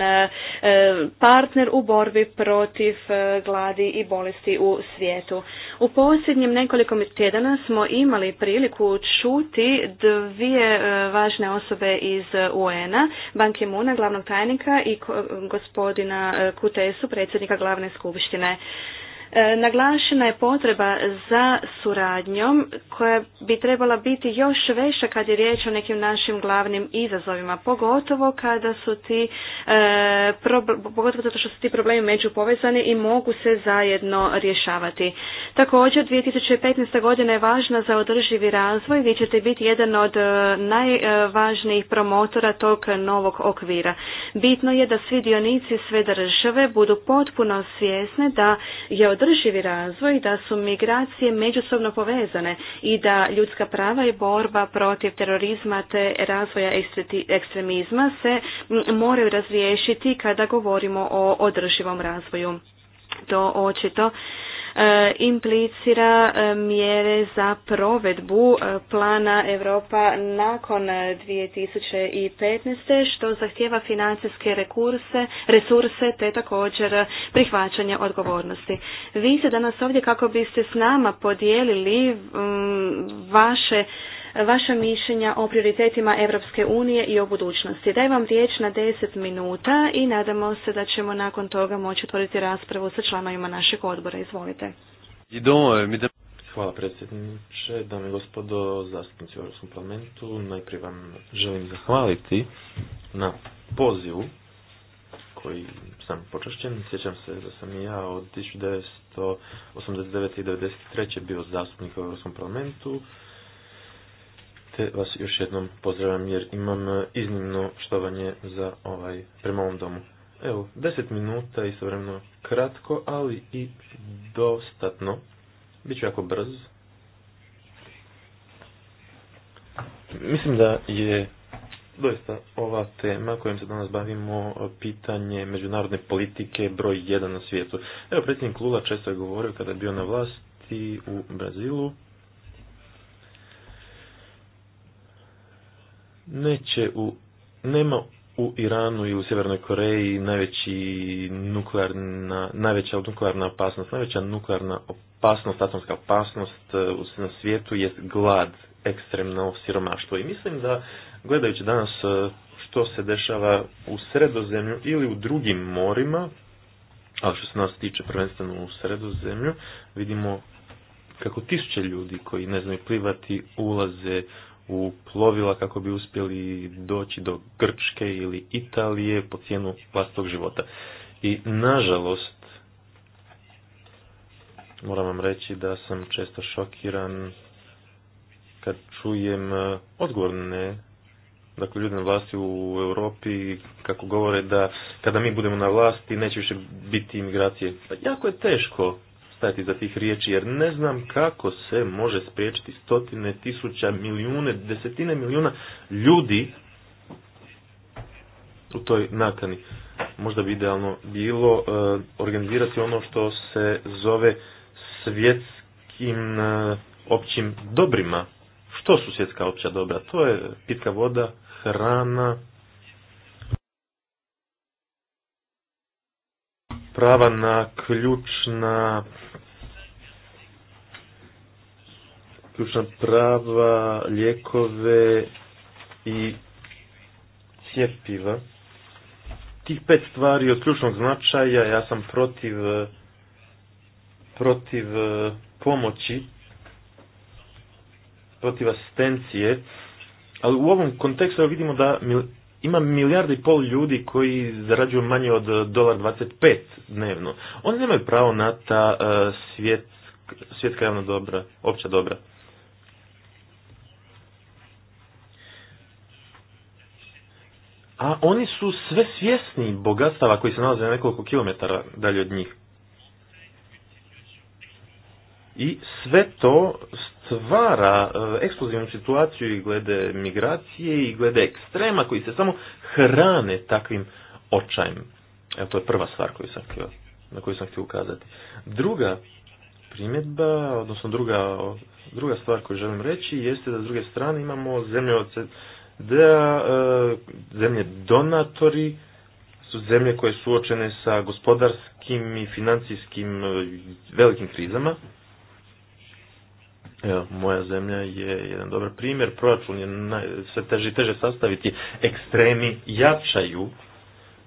partner u borbi protiv gladi i bolesti u svijetu. U posljednjim nekoliko tjedana smo imali priliku čuti dvije e, važne osobe iz UN-a, Banke Muna, glavnog tajnika i gospodina e, Kutesu, predsjednika glavne skupštine. E, naglašena je potreba za suradnjom koja bi trebala biti još veća kad je riječ o nekim našim glavnim izazovima, pogotovo kada su ti, e, pogotovo zato što su ti problemi međupovezani i mogu se zajedno rješavati. Također 2015. godina je važna za održivi razvoj, vi ćete biti jedan od e, najvažnijih promotora tog novog okvira. Bitno je da svi dionici sve države budu potpuno svjesne da je održivi održivi razvoj, da su migracije međusobno povezane i da ljudska prava i borba protiv terorizma te razvoja ekstremizma se moraju razriješiti kada govorimo o održivom razvoju. To očito E, implicira e, mjere za provedbu e, plana Europa nakon 2015. što zahtjeva financijske resurse te također prihvaćanje odgovornosti. Vi ste danas ovdje kako biste s nama podijelili vaše vaša mišljenja o prioritetima Europske unije i o budućnosti. Daj vam riječ na 10 minuta i nadamo se da ćemo nakon toga moći otvoriti raspravu sa članovima našeg odbora. Izvolite. Hvala predsjedniče, dame i gospodo zastupnici u Europskom parlamentu. Najprije vam želim zahvaliti na pozivu koji sam počašćen. Sjećam se da sam i ja od 1989. i 1993. bio zastupnik u Europskom parlamentu te vas još jednom pozdravljam jer imam e, iznimno štovanje za ovaj, prema ovom domu. Evo, deset minuta istovremeno kratko, ali i dostatno. Biću jako brz. Mislim da je doista ova tema kojom se danas bavimo pitanje međunarodne politike broj jedan na svijetu. Evo, predsjednik Lula često je govorio kada je bio na vlasti u Brazilu neće u, nema u Iranu i u Sjevernoj Koreji najveći nuklearna, najveća nuklearna opasnost, najveća nuklearna opasnost, atomska opasnost e, na svijetu je glad, ekstremno siromaštvo. I mislim da, gledajući danas e, što se dešava u sredozemlju ili u drugim morima, ali što se nas tiče prvenstveno u sredozemlju, vidimo kako tisuće ljudi koji ne znaju plivati ulaze u plovila kako bi uspjeli doći do Grčke ili Italije po cijenu vlastog života. I nažalost, moram vam reći da sam često šokiran kad čujem e, odgovorne dakle ljudi na vlasti u Europi kako govore da kada mi budemo na vlasti neće više biti imigracije. Pa jako je teško stajati za tih riječi, jer ne znam kako se može spriječiti stotine, tisuća, milijune, desetine milijuna ljudi u toj nakani. Možda bi idealno bilo e, organizirati ono što se zove svjetskim e, općim dobrima. Što su svjetska opća dobra? To je pitka voda, hrana, prava na ključna ključna prava, lijekove i cjepiva. Tih pet stvari od ključnog značaja, ja sam protiv protiv e, pomoći, protiv asistencije, ali u ovom kontekstu vidimo da ima milijardu i pol ljudi koji zarađuju manje od dolar 25 dnevno. Oni nemaju pravo na ta e, svijet, svjetska javna dobra, opća dobra. A oni su sve svjesni bogatstava koji se nalaze na nekoliko kilometara dalje od njih. I sve to stvara e, eksplozivnu situaciju i glede migracije i glede ekstrema koji se samo hrane takvim očajem. Evo to je prva stvar koju sam htio, na koju sam htio ukazati. Druga primjedba, odnosno druga, druga stvar koju želim reći jeste da s druge strane imamo zemlje od da e, zemlje donatori su zemlje koje su uočene sa gospodarskim i financijskim e, velikim krizama Evo, moja zemlja je jedan dobar primjer, proračun je naj, sve teže i teže sastaviti, ekstremi jačaju,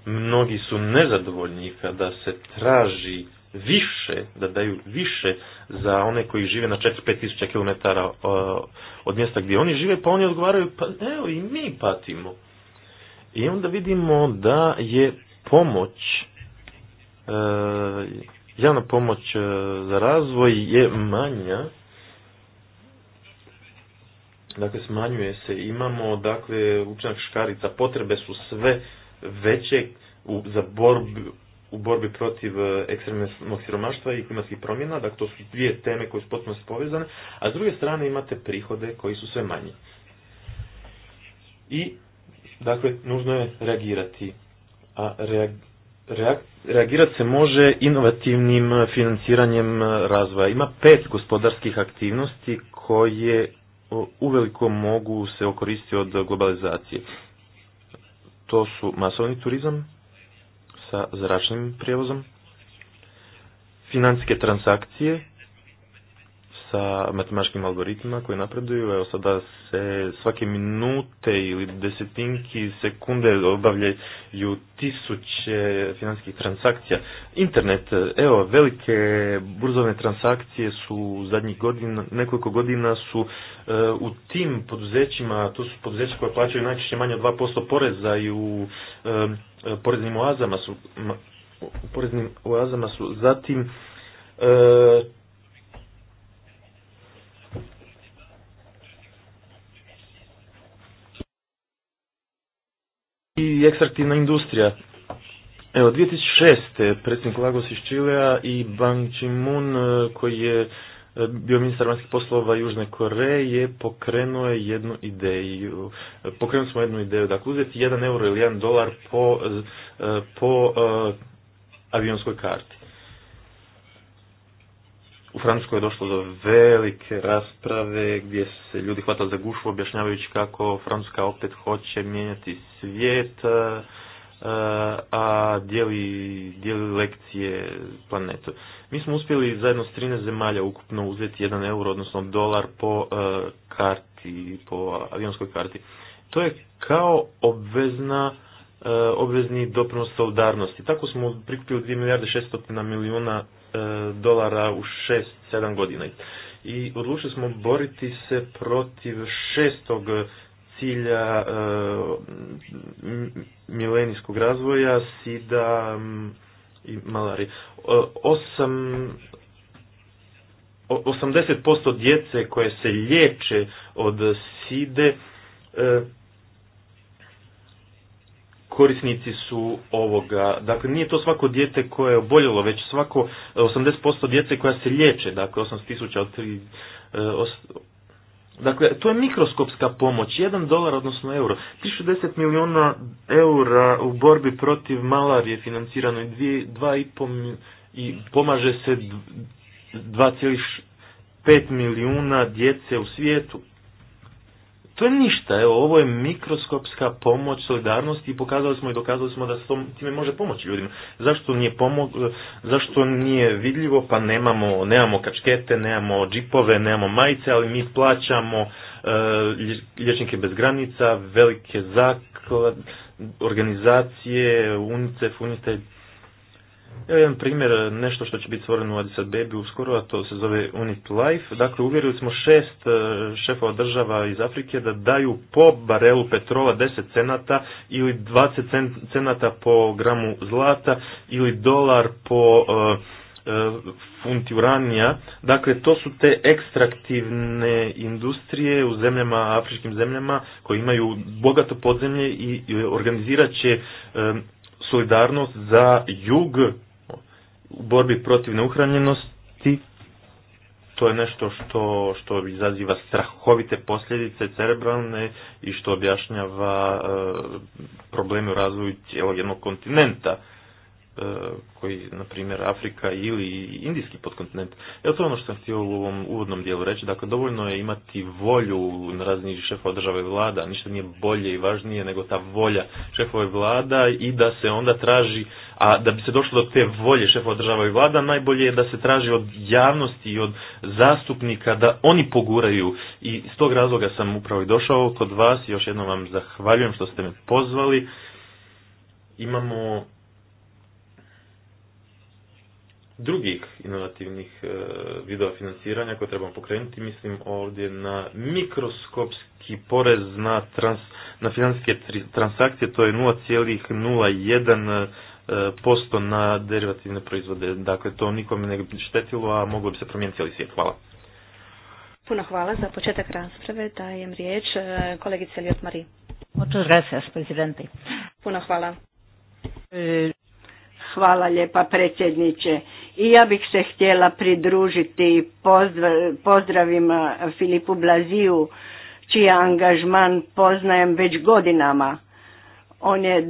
mnogi su nezadovoljni kada se traži više, da daju više za one koji žive na 4-5 tisuća kilometara od mjesta gdje oni žive, pa oni odgovaraju, pa evo i mi patimo. I onda vidimo da je pomoć, e, javna pomoć e, za razvoj je manja Dakle, smanjuje se. Imamo, dakle, učinak škarica. Potrebe su sve veće u, za borbu, u borbi protiv e, ekstremnog siromaštva i klimatskih promjena. Dakle, to su dvije teme koje su potpuno povezane. A s druge strane imate prihode koji su sve manji. I, dakle, nužno je reagirati. A reagirati se može inovativnim e, financiranjem e, razvoja. Ima pet gospodarskih aktivnosti koje uveliko mogu se okoristiti od globalizacije. To su masovni turizam sa zračnim prijevozom, financijske transakcije sa matematičkim algoritmima koji napreduju. Evo sada se svake minute ili desetinki sekunde obavljaju tisuće financijskih transakcija. Internet, evo, velike burzovne transakcije su zadnjih godina, nekoliko godina su e, u tim poduzećima, to su poduzeća koja plaćaju najčešće manje od 2% poreza i u e, poreznim oazama su u poreznim oazama su zatim e, i ekstraktivna industrija. Evo, 2006. predsjednik Lagos iz Čilea i Bang Ki-moon, e, koji je e, bio ministar vanjskih poslova Južne Koreje, pokrenuo je jednu ideju. E, pokrenuli smo jednu ideju, dakle uzeti jedan euro ili jedan dolar po, po avionskoj karti u Francuskoj je došlo do velike rasprave gdje se ljudi hvata za gušu objašnjavajući kako Francuska opet hoće mijenjati svijet, e, e, a dijeli, dijeli lekcije planetu. Mi smo uspjeli zajedno s 13 zemalja ukupno uzeti 1 euro, odnosno dolar po e, karti, po avionskoj karti. To je kao obvezna obvezni doprinos solidarnosti. Tako smo prikupili 2 milijarde 600 milijuna E, dolara u 6-7 godina. I odlučili smo boriti se protiv šestog cilja e, milenijskog razvoja, sida i malari. Osam posto djece koje se liječe od side e, korisnici su ovoga. Dakle, nije to svako dijete koje je oboljelo, već svako 80% e, djece koja se liječe, dakle tisuća od e, Dakle, to je mikroskopska pomoć, 1 dolar, odnosno euro. 1060 milijuna eura u borbi protiv malarije financirano i 2,5 i pomaže se 2,5 milijuna djece u svijetu to je ništa, evo, ovo je mikroskopska pomoć solidarnosti i pokazali smo i dokazali smo da se time može pomoći ljudima. Zašto nije pomog, zašto nije vidljivo, pa nemamo, nemamo kačkete, nemamo džipove, nemamo majice, ali mi plaćamo e, lječnike bez granica, velike zaklade, organizacije, UNICEF, UNICEF, Evo jedan primjer, nešto što će biti stvoreno u Addis Baby uskoro, a to se zove Unit Life. Dakle, uvjerili smo šest e, šefova država iz Afrike da daju po barelu petrola 10 cenata ili 20 cenata po gramu zlata ili dolar po e, e, funti uranija. Dakle, to su te ekstraktivne industrije u zemljama, afričkim zemljama koje imaju bogato podzemlje i organizirat će solidarnost za jug u borbi protiv neuhranjenosti, to je nešto što, što izaziva strahovite posljedice cerebralne i što objašnjava e, probleme u razvoju cijelog jednog kontinenta. E, koji, na primjer, Afrika ili indijski podkontinent. Evo to je ono što sam htio u ovom uvodnom dijelu reći. Dakle, dovoljno je imati volju na razini šefa države vlada. Ništa nije bolje i važnije nego ta volja šefova vlada i da se onda traži, a da bi se došlo do te volje šefova država i vlada, najbolje je da se traži od javnosti i od zastupnika da oni poguraju. I s tog razloga sam upravo i došao kod vas i još jednom vam zahvaljujem što ste me pozvali. Imamo drugih inovativnih e, vidova financiranja koje trebamo pokrenuti. Mislim ovdje na mikroskopski porez na, trans, na financijske transakcije, to je 0,01% e, posto na derivativne proizvode. Dakle, to nikome ne bi štetilo, a moglo bi se promijeniti cijeli svijet. Hvala. Puno hvala. Za početak rasprave dajem riječ kolegice Lijot Mari. Puno hvala. E, hvala lijepa predsjedniče. I ja bih se htjela pridružiti pozdravima Filipu Blaziju, čiji angažman poznajem već godinama. On je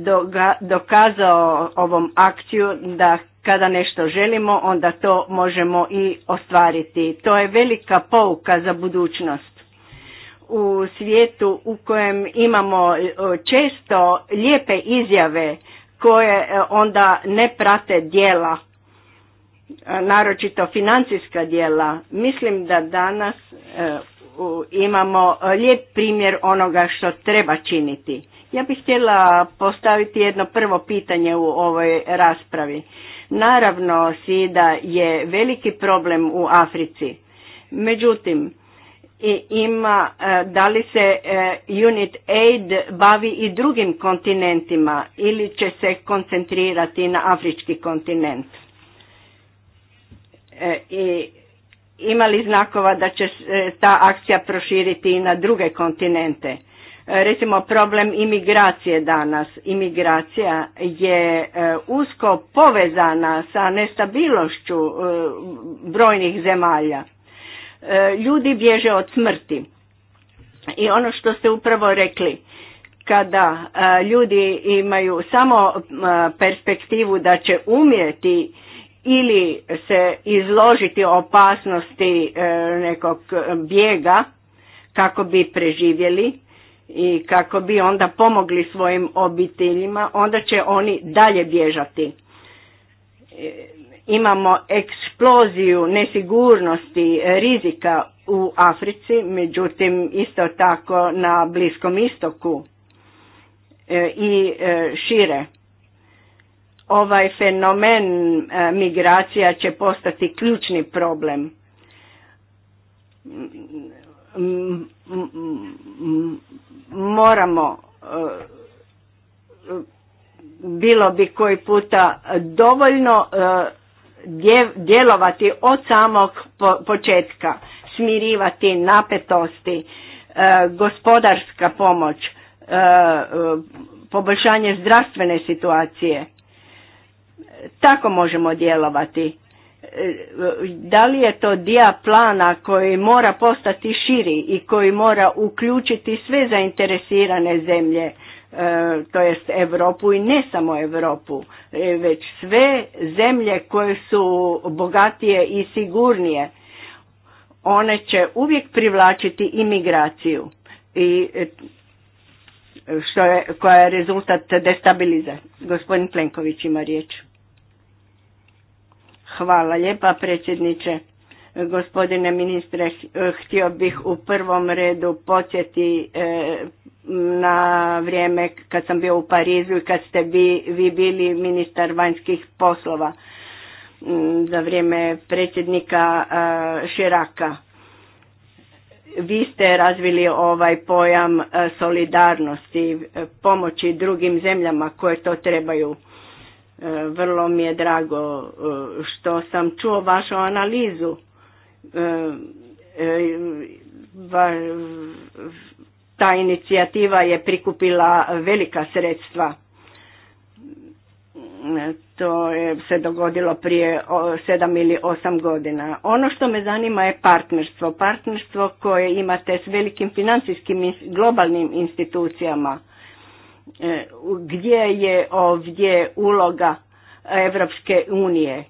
dokazao ovom akciju da kada nešto želimo, onda to možemo i ostvariti. To je velika pouka za budućnost. U svijetu u kojem imamo e, često lijepe izjave koje e, onda ne prate dijela, naročito financijska dijela, mislim da danas e, imamo lijep primjer onoga što treba činiti. Ja bih htjela postaviti jedno prvo pitanje u ovoj raspravi. Naravno, sida je veliki problem u Africi. Međutim, ima, e, da li se e, Unit Aid bavi i drugim kontinentima ili će se koncentrirati na afrički kontinent? E, i imali znakova da će e, ta akcija proširiti i na druge kontinente. E, recimo problem imigracije danas. Imigracija je usko povezana sa nestabilnošću brojnih zemalja. Ljudi bježe od smrti. I ono što ste upravo rekli, kada ljudi imaju samo perspektivu da će umjeti ili se izložiti opasnosti e, nekog bijega kako bi preživjeli i kako bi onda pomogli svojim obiteljima, onda će oni dalje bježati. E, imamo eksploziju nesigurnosti, rizika u Africi, međutim isto tako na Bliskom istoku e, i šire ovaj fenomen e, migracija će postati ključni problem. Moramo e, bilo bi koji puta dovoljno e, djelovati od samog početka, smirivati napetosti, gospodarska pomoć, poboljšanje zdravstvene situacije tako možemo djelovati. E, da li je to dio plana koji mora postati širi i koji mora uključiti sve zainteresirane zemlje, e, to jest Europu i ne samo Europu, e, već sve zemlje koje su bogatije i sigurnije, one će uvijek privlačiti imigraciju i što je, koja je rezultat destabilizacije. Gospodin Plenković ima riječ. Hvala lijepa predsjedniče. Gospodine ministre, htio bih u prvom redu početi e, na vrijeme kad sam bio u Parizu i kad ste vi, vi bili ministar vanjskih poslova za vrijeme predsjednika e, Širaka. Vi ste razvili ovaj pojam e, solidarnosti, pomoći drugim zemljama koje to trebaju E, vrlo mi je drago e, što sam čuo vašu analizu. E, ta inicijativa je prikupila velika sredstva. To je se dogodilo prije sedam ili osam godina. Ono što me zanima je partnerstvo. Partnerstvo koje imate s velikim financijskim globalnim institucijama E, gdje je ovdje uloga Evropske unije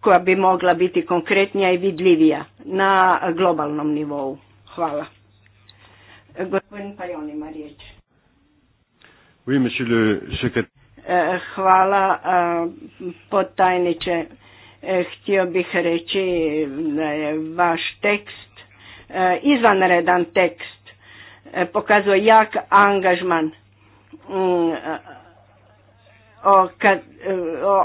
koja bi mogla biti konkretnija i vidljivija na globalnom nivou. Hvala. E, gospodin Pajon ima riječ. E, hvala podtajniče. Htio bih reći da je vaš tekst izvanredan tekst. Pokazuje jak angažman Mm, o, kad, e,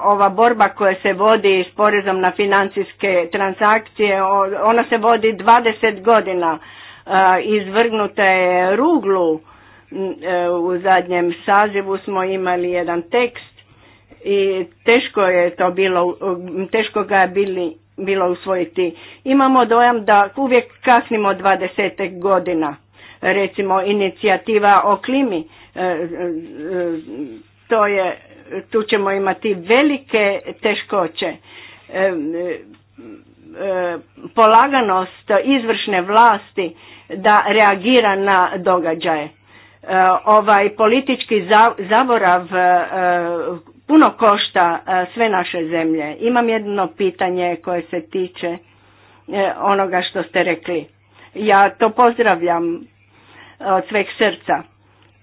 ova borba koja se vodi s porezom na financijske transakcije, ona se vodi 20 godina. E, izvrgnuta je ruglu. Mm, e, u zadnjem sazivu smo imali jedan tekst i teško je to bilo, teško ga je bili, bilo usvojiti. Imamo dojam da uvijek kasnimo 20 godina. Recimo inicijativa o klimi E, e, to je, tu ćemo imati velike teškoće. E, polaganost izvršne vlasti da reagira na događaje. Ovaj politički zaborav puno košta sve naše zemlje. Imam jedno pitanje koje se tiče onoga što ste rekli. Ja to pozdravljam od sveg srca.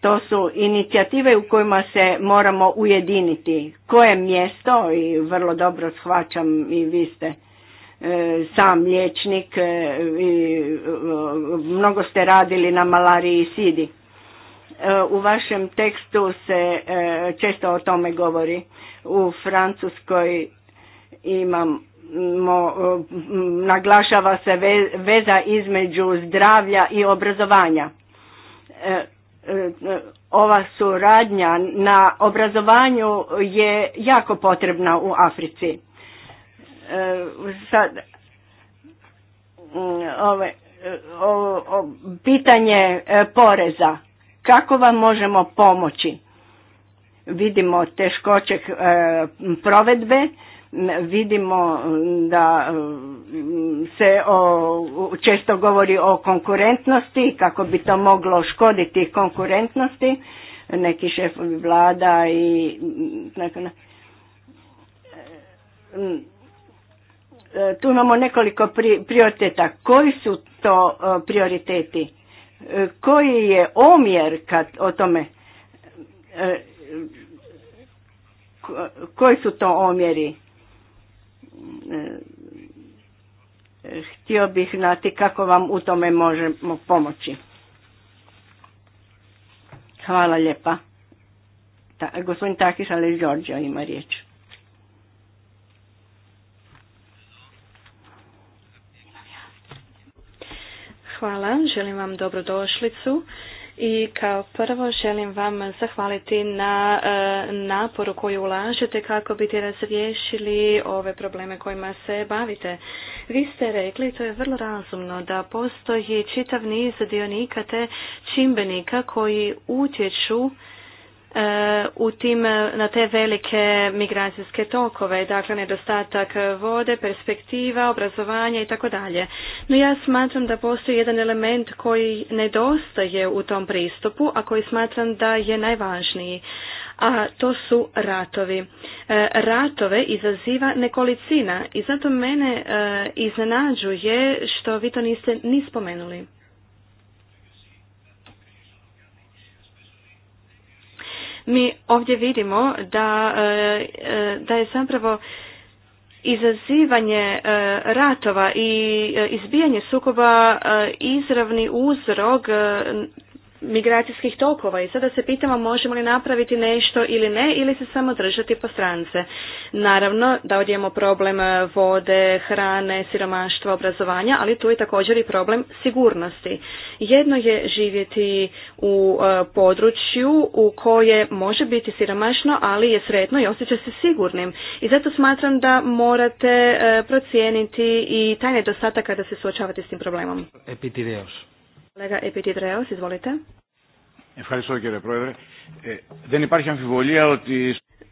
To su inicijative u kojima se moramo ujediniti. Koje mjesto, i vrlo dobro shvaćam i vi ste e, sam liječnik e, i e, mnogo ste radili na malariji i sidi. U vašem tekstu se često o tome govori. U Francuskoj naglašava se veza između zdravlja i obrazovanja ova suradnja na obrazovanju je jako potrebna u Africi. E, sad, mm, ove, o, pitanje e, poreza. Kako vam možemo pomoći? Vidimo teškoće e, provedbe vidimo mm, da mm, se često govori o konkurentnosti, kako bi to moglo škoditi konkurentnosti, neki šefovi vlada i mm, e, e, tu imamo nekoliko prioriteta. Koji su to e, prioriteti? Koji je omjer kad o tome koji su to omjeri? htio bih znati kako vam u tome možemo pomoći. Hvala lijepa. Ta, gospodin Takis, ali Đorđeo ima riječ. Hvala, želim vam dobrodošlicu i kao prvo želim vam zahvaliti na e, naporu koji ulažete kako biste razriješili ove probleme kojima se bavite. Vi ste rekli, to je vrlo razumno, da postoji čitav niz dionika te čimbenika koji utječu u tim, na te velike migracijske tokove, dakle nedostatak vode, perspektiva, obrazovanja i tako dalje. No ja smatram da postoji jedan element koji nedostaje u tom pristupu, a koji smatram da je najvažniji a to su ratovi. E, ratove izaziva nekolicina i zato mene e, iznenađuje što vi to niste ni spomenuli. mi ovdje vidimo da, e, e, da je zapravo izazivanje e, ratova i izbijanje sukoba izravni uzrok migracijskih tokova i sada se pitamo možemo li napraviti nešto ili ne ili se samo držati po strance. Naravno da ovdje problem e, vode, hrane, siromaštva, obrazovanja, ali tu je također i problem sigurnosti. Jedno je živjeti u e, području u koje može biti siromašno, ali je sretno i osjeća se sigurnim. I zato smatram da morate e, procijeniti i taj nedostatak kada se suočavate s tim problemom. Kolega izvolite.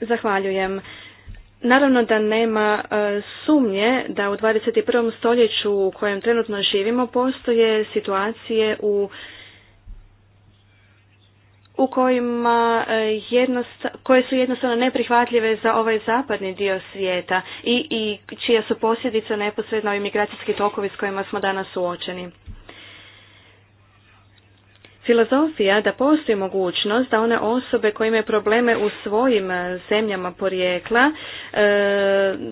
Zahvaljujem. Naravno da nema e, sumnje da u 21. stoljeću u kojem trenutno živimo postoje situacije u u kojima e, koje su jednostavno neprihvatljive za ovaj zapadni dio svijeta i, i čija su posljedica neposredno ovi migracijski tokovi s kojima smo danas suočeni filozofija da postoji mogućnost da one osobe koje imaju probleme u svojim e, zemljama porijekla, e,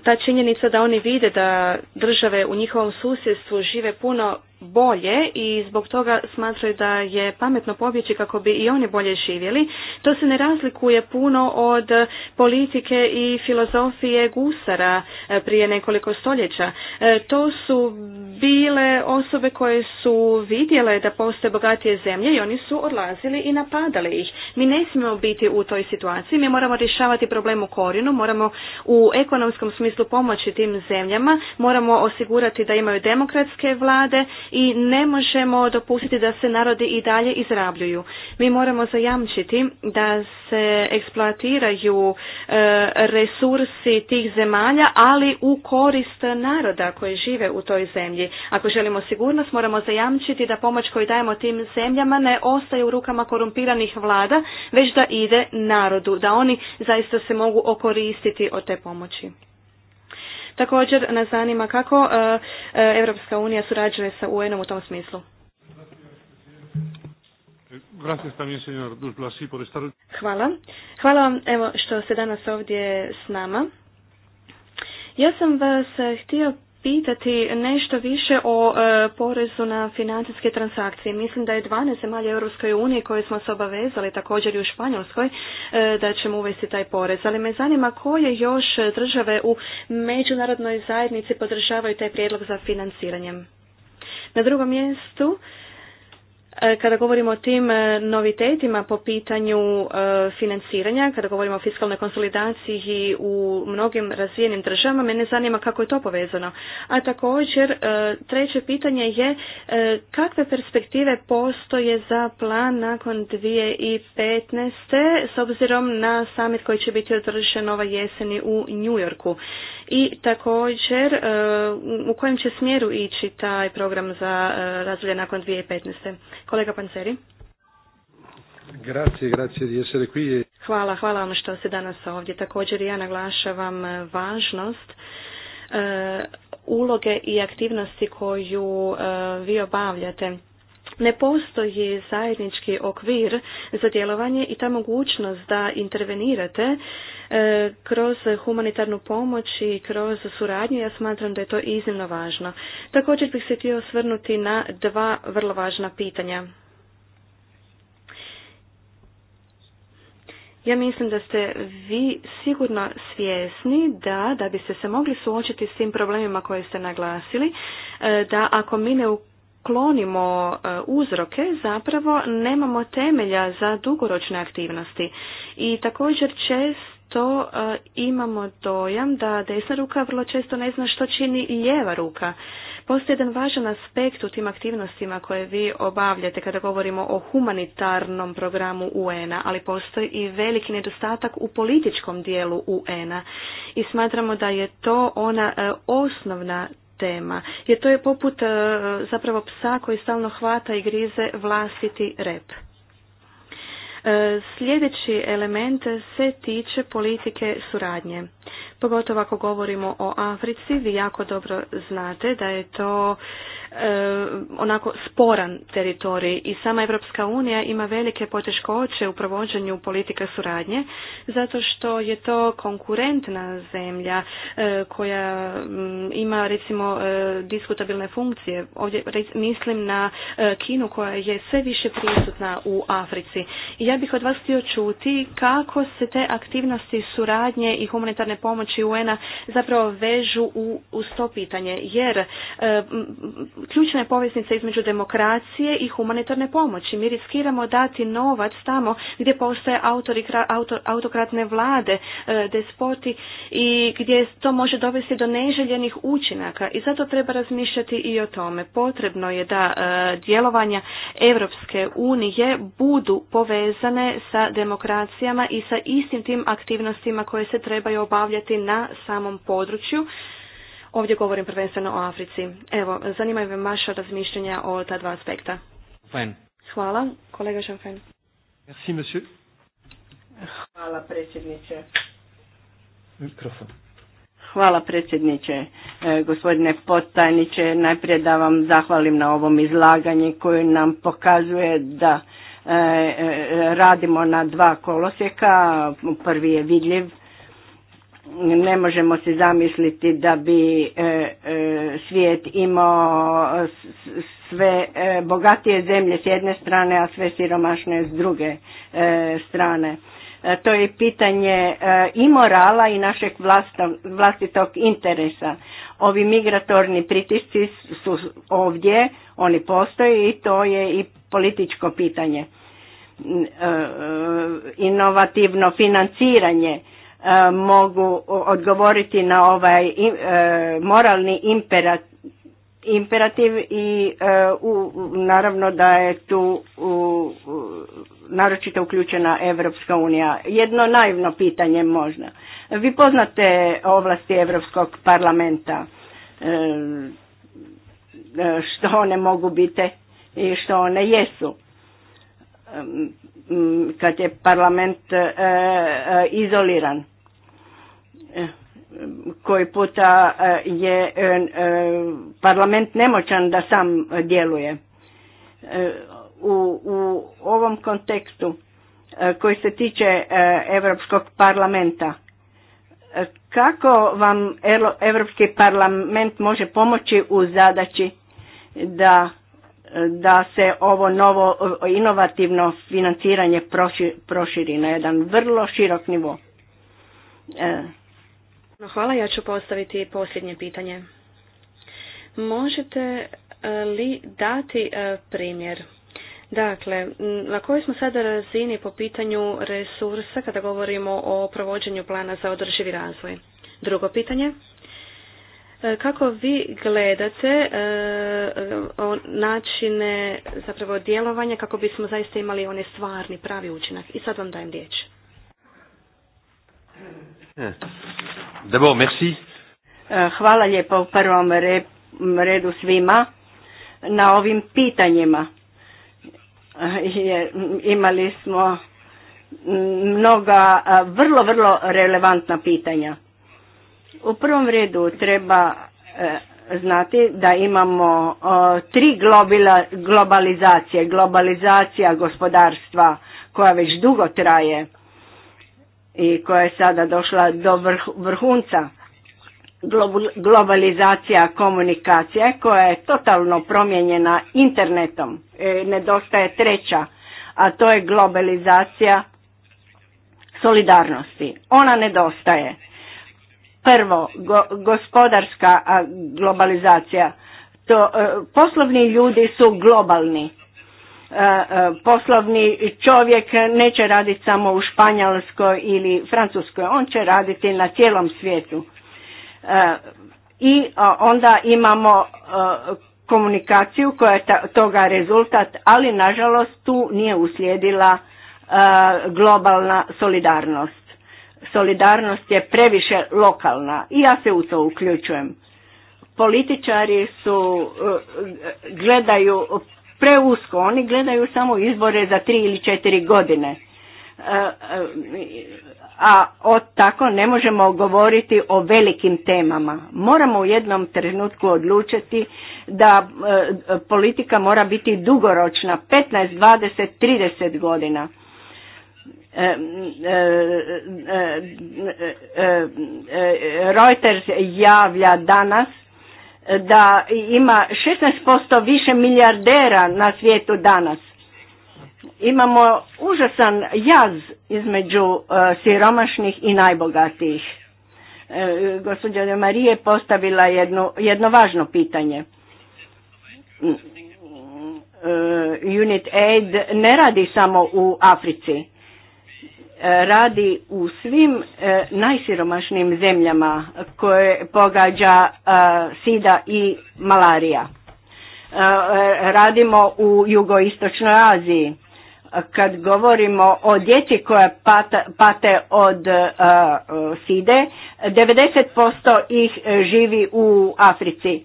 ta činjenica da oni vide da države u njihovom susjedstvu žive puno bolje i zbog toga smatraju da je pametno pobjeći kako bi i oni bolje živjeli. To se ne razlikuje puno od politike i filozofije gusara e, prije nekoliko stoljeća. E, to su bile osobe koje su vidjele da postoje bogatije zemlje i oni su odlazili i napadali ih. Mi ne smijemo biti u toj situaciji, mi moramo rješavati problem u korinu. moramo u ekonomskom smislu pomoći tim zemljama, moramo osigurati da imaju demokratske vlade i ne možemo dopustiti da se narodi i dalje izrabljuju. Mi moramo zajamčiti da se eksploatiraju e, resursi tih zemalja, ali u korist naroda koji žive u toj zemlji. Ako želimo sigurnost, moramo zajamčiti da pomoć koju dajemo tim zemljama ne ostaje u rukama korumpiranih vlada, već da ide narodu, da oni zaista se mogu okoristiti od te pomoći. Također nas zanima kako Europska e, unija surađuje sa UN-om u tom smislu. Hvala. Hvala vam evo, što ste danas ovdje s nama. Ja sam vas htio pitati nešto više o e, porezu na financijske transakcije. Mislim da je 12 zemalja Europskoj unije koje smo se obavezali također i u Španjolskoj e, da ćemo uvesti taj porez. Ali me zanima koje još države u međunarodnoj zajednici podržavaju taj prijedlog za financiranjem. Na drugom mjestu E, kada govorimo o tim e, novitetima po pitanju e, financiranja, kada govorimo o fiskalnoj konsolidaciji u mnogim razvijenim državama, mene zanima kako je to povezano. A također, treće pitanje je kakve perspektive postoje za plan nakon 2015. s obzirom na summit koji će biti održan ova jeseni u Yorku i također e, u kojem će smjeru ići taj program za e, razdoblje nakon 2015. Kolega Panceri. Grazie, e- Hvala, hvala vam što ste danas ovdje. Također ja naglašavam važnost uloge i aktivnosti koju vi obavljate. Ne postoji zajednički okvir za djelovanje i ta mogućnost da intervenirate E, kroz humanitarnu pomoć i kroz suradnju. Ja smatram da je to iznimno važno. Također bih se htio osvrnuti na dva vrlo važna pitanja. Ja mislim da ste vi sigurno svjesni da, da biste se mogli suočiti s tim problemima koje ste naglasili, e, da ako mi ne uklonimo e, uzroke, zapravo nemamo temelja za dugoročne aktivnosti. I također čest to e, imamo dojam da desna ruka vrlo često ne zna što čini i lijeva ruka. Postoji jedan važan aspekt u tim aktivnostima koje vi obavljate kada govorimo o humanitarnom programu UN-a, ali postoji i veliki nedostatak u političkom dijelu UN-a i smatramo da je to ona e, osnovna tema, jer to je poput e, zapravo psa koji stalno hvata i grize vlastiti rep. E, sljedeći element se tiče politike suradnje. Pogotovo ako govorimo o Africi, vi jako dobro znate da je to E, onako sporan teritorij i sama Europska unija ima velike poteškoće u provođenju politika suradnje zato što je to konkurentna zemlja e, koja ima recimo e, diskutabilne funkcije. Ovdje mislim na Kinu koja je sve više prisutna u Africi. I ja bih od vas htio čuti kako se te aktivnosti suradnje i humanitarne pomoći UN-a zapravo vežu u, uz to pitanje jer ključna je poveznica između demokracije i humanitarne pomoći. Mi riskiramo dati novac tamo gdje postoje autokratne vlade, e, despoti i gdje to može dovesti do neželjenih učinaka i zato treba razmišljati i o tome. Potrebno je da e, djelovanja Europske unije budu povezane sa demokracijama i sa istim tim aktivnostima koje se trebaju obavljati na samom području Ovdje govorim prvenstveno o Africi. Evo, zanimaju me vaša razmišljenja o ta dva aspekta. Hvala, kolega Šanfen. Merci, monsieur. Hvala, predsjedniče. Mikrofon. Hvala predsjedniče, e, gospodine potajniče, Najprije da vam zahvalim na ovom izlaganju koji nam pokazuje da e, e, radimo na dva kolosjeka. Prvi je vidljiv, ne možemo si zamisliti da bi e, e, svijet imao sve e, bogatije zemlje s jedne strane, a sve siromašne s druge strane. To je pitanje i morala i našeg vlastitog interesa. Ovi migratorni pritisci su ovdje, oni postoje i to je i političko pitanje. Inovativno financiranje E, mogu odgovoriti na ovaj e, moralni imperativ i e, naravno da je tu naročito uključena Evropska unija. Jedno naivno pitanje možda. Vi poznate ovlasti Europskog parlamenta, što one mogu biti i što one jesu. kad je parlament izoliran koji puta e, je e, e, parlament nemoćan da sam djeluje. U, u ovom kontekstu koji se tiče Europskog parlamenta, kako vam Europski parlament može pomoći u zadaći da, da se ovo novo inovativno financiranje proširi na jedan vrlo širok nivo? hvala, ja ću postaviti posljednje pitanje. Možete e, li dati e, primjer? Dakle, na kojoj smo sada razini po pitanju resursa kada govorimo o provođenju plana za održivi razvoj? Drugo pitanje. E, kako vi gledate načine zapravo djelovanja kako bismo zaista imali onaj stvarni pravi učinak? I sad vam dajem riječ. Eh. Debo, merci. Eh, hvala lijepo u prvom redu svima na ovim pitanjima. Eh, imali smo mnoga vrlo, vrlo relevantna pitanja. U prvom redu treba znati da imamo tri globalizacije. Globalizacija gospodarstva koja već dugo traje i koja je sada došla do vrhunca globalizacija komunikacije koja je totalno promijenjena internetom. E, nedostaje treća, a to je globalizacija solidarnosti. Ona nedostaje. Prvo, gospodarska globalizacija. To, e, poslovni ljudi su globalni poslovni čovjek neće raditi samo u Španjolskoj ili Francuskoj, on će raditi na cijelom svijetu. E, I onda imamo e, komunikaciju koja je toga rezultat, ali nažalost tu nije uslijedila e, globalna solidarnost. Solidarnost je previše lokalna i ja se u to uključujem. Političari su gledaju preusko. Oni gledaju samo izbore za tri ili četiri godine. E, e, a od tako ne možemo govoriti o velikim temama. Moramo u jednom trenutku odlučiti da e, politika mora biti dugoročna, 15, 20, 30 godina. Reuters javlja danas da ima 16% više milijardera na svijetu danas. Imamo užasan jaz između e, siromašnih i najbogatijih. E, gospođa Marije postavila jedno, jedno važno pitanje. Mm, e, unit Aid ne radi samo u Africi radi u svim e, najsiromašnijim zemljama koje pogađa e, sida i malarija. E, radimo u jugoistočnoj Aziji. Kad govorimo o djeci koja pate od side, 90% ih živi u Africi.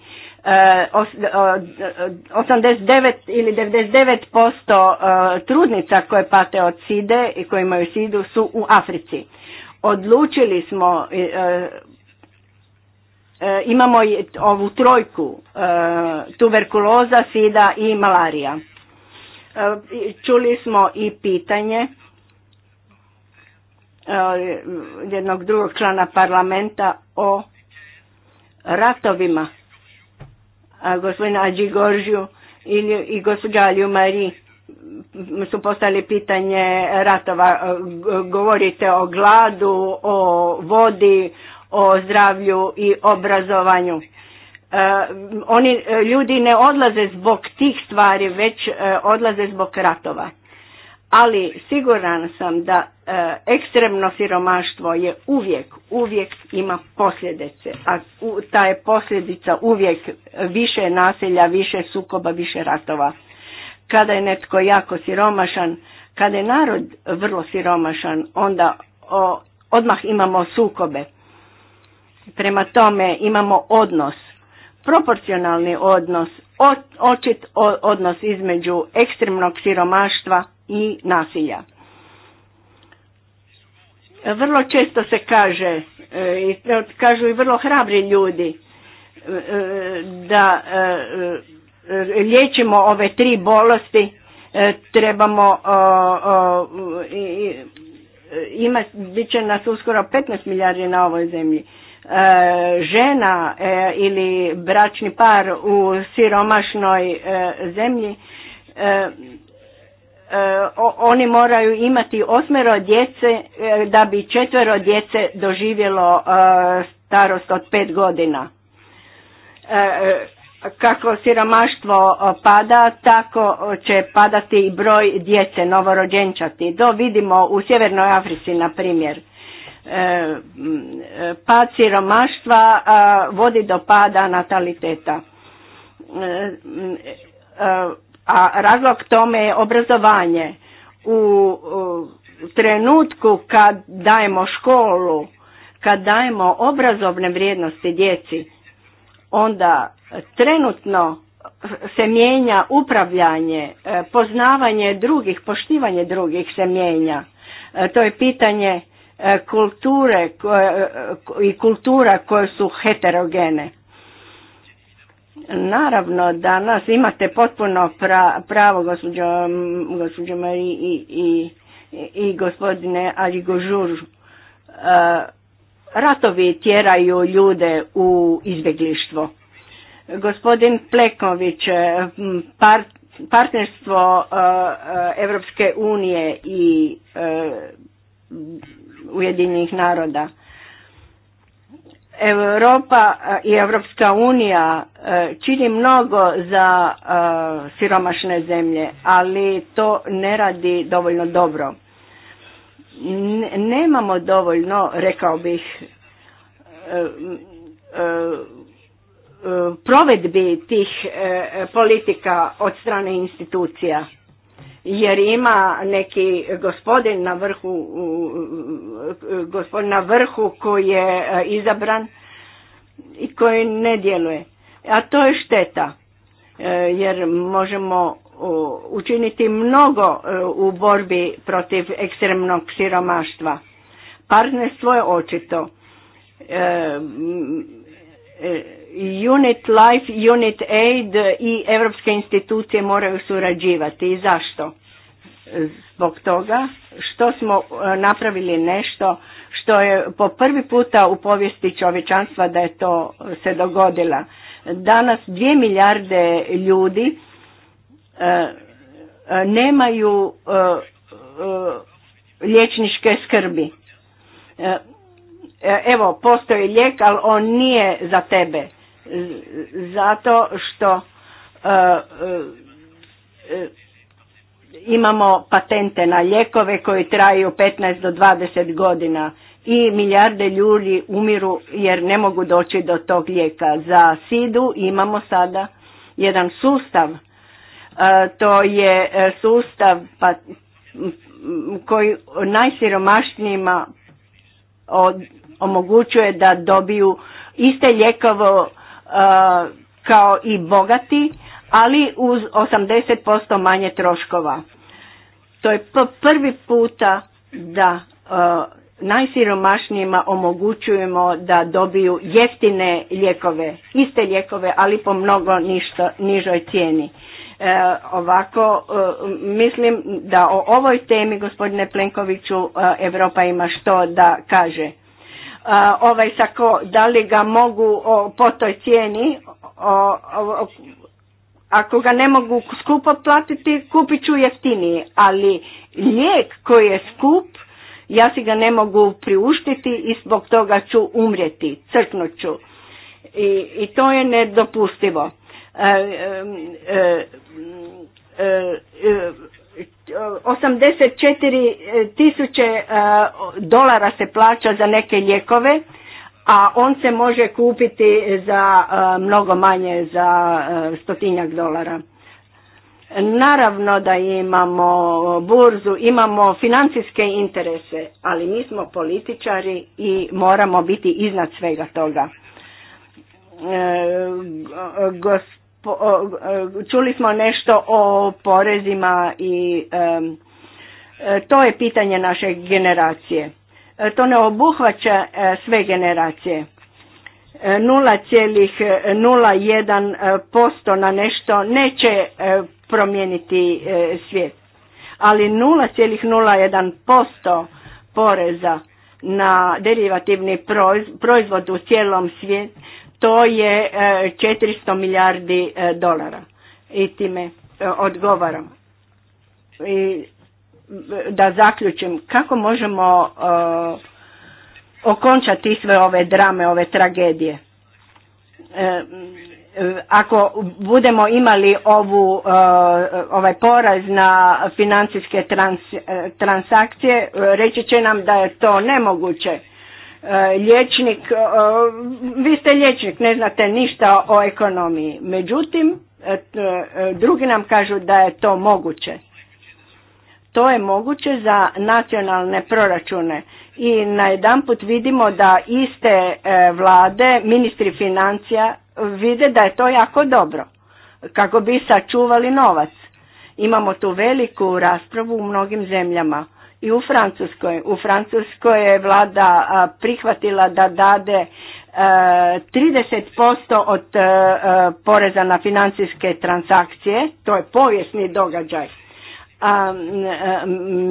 89 eh, eh, eh, ili 99% trudnica koje pate od side i koje imaju sidu su u Africi. Odlučili smo, imamo ovu trojku, tuberkuloza, sida i malarija. Čuli smo i pitanje jednog drugog člana parlamenta o ratovima a gospodina Ađi i gospođa Aliju Mari su postali pitanje ratova. E, govorite o gladu, o vodi, o zdravlju i obrazovanju. E, oni e, ljudi ne odlaze zbog tih stvari, već odlaze zbog ratova. Ali siguran sam da E, ekstremno siromaštvo je uvijek, uvijek ima posljedice, a ta je posljedica uvijek više nasilja, više sukoba, više ratova. Kada je netko jako siromašan, kada je narod vrlo siromašan, onda odmah imamo sukobe. Prema tome imamo odnos, proporcionalni odnos, očit odnos između ekstremnog siromaštva i nasilja. Vrlo često se kaže, e, i kažu i vrlo hrabri ljudi, e, da e, liječimo ove tri bolesti, trebamo ima, bit će nas uskoro 15 milijardi na ovoj zemlji. žena ili bračni par u siromašnoj zemlji E, oni moraju imati osmero djece e, da bi četvero djece doživjelo e, starost od pet godina. Kako siromaštvo pada, tako će padati i broj djece novorođenčati. To vidimo u Sjevernoj Africi, na primjer. Pad siromaštva vodi do pada nataliteta a razlog tome je obrazovanje. U trenutku kad dajemo školu, kad dajemo obrazovne vrijednosti djeci, onda trenutno se mijenja upravljanje, e, poznavanje drugih, poštivanje drugih se mijenja. E, to je pitanje e, kulture i kultura koje su heterogene. Naravno, danas imate potpuno pra, pravo, gospođo, gospođo i, i, i gospodine Aligožur, e, ratovi tjeraju ljude u izbjeglištvo. Gospodin Pleković, part, partnerstvo e, e, Evropske unije i e, Ujedinjenih naroda Europa e, i Europska unija e, čini mnogo za e, siromašne zemlje, ali to ne radi dovoljno dobro. Nemamo dovoljno, rekao bih, provedbi tih politika od strane institucija jer ima neki gospodin na vrhu, gospodin na vrhu koji je e, izabran i koji ne djeluje. A to je šteta, e, jer možemo učiniti mnogo e, u borbi protiv ekstremnog siromaštva. Partnerstvo je očito. Unit Life, Unit Aid i evropske institucije moraju surađivati. I zašto? Zbog toga što smo e, napravili nešto što je po prvi puta u povijesti čovječanstva da je to se dogodila. Danas dvije milijarde ljudi e, e, nemaju liječničke skrbi. Evo, postoji lijek, ali on nije za tebe zato što e, e, e, imamo patente na lijekove koji traju 15 do 20 godina i milijarde ljudi umiru jer ne mogu doći do tog lijeka. Za SIDU imamo sada jedan sustav, to je sustav pa, koji najsiromašnijima omogućuje da dobiju iste lijekove E, kao i bogati, ali uz 80% manje troškova. To je prvi puta da e, najsiromašnijima omogućujemo da dobiju jeftine lijekove, iste lijekove, ali po mnogo nižoj cijeni. E, ovako, mislim da o ovoj temi, gospodine Plenkoviću, Europa ima što da kaže ovaj sako, da li ga mogu po toj cijeni, ako ga ne mogu skupo platiti, kupit ću jeftiniji, ali lijek koji je skup, ja si ga ne mogu priuštiti i zbog toga ću umrijeti, crknut ću. I, i to je nedopustivo. E, e, e, e 84 e, tisuće e, dolara se plaća za neke lijekove, a on se može kupiti za e, mnogo manje, za stotinjak dolara. Naravno da imamo burzu, imamo financijske interese, ali mi smo političari i moramo biti iznad svega toga. E, čuli smo nešto o porezima i e, to je pitanje naše generacije. E, to ne obuhvaća e, sve generacije. 0,01% na nešto neće promijeniti svijet. Ali 0,01% poreza na derivativni proizvod u cijelom svijetu to je 400 e, milijardi e, dolara i time e, odgovaram. I da zaključim, kako možemo okončati sve ove drame, ove tragedije? ako budemo imali ovu, ovaj poraz na financijske trans, transakcije, reći će nam da je to nemoguće E, liječnik, e, vi ste liječnik, ne znate ništa o ekonomiji. Međutim, e, drugi nam kažu da je to moguće. To je moguće za nacionalne proračune i na jedan put vidimo da iste vlade, ministri financija vide da je to jako dobro kako bi sačuvali novac. Imamo tu veliku raspravu u mnogim zemljama i u Francuskoj. U Francuskoj je vlada prihvatila da dade 30% e, od e, e, poreza na financijske transakcije, to je povijesni događaj. A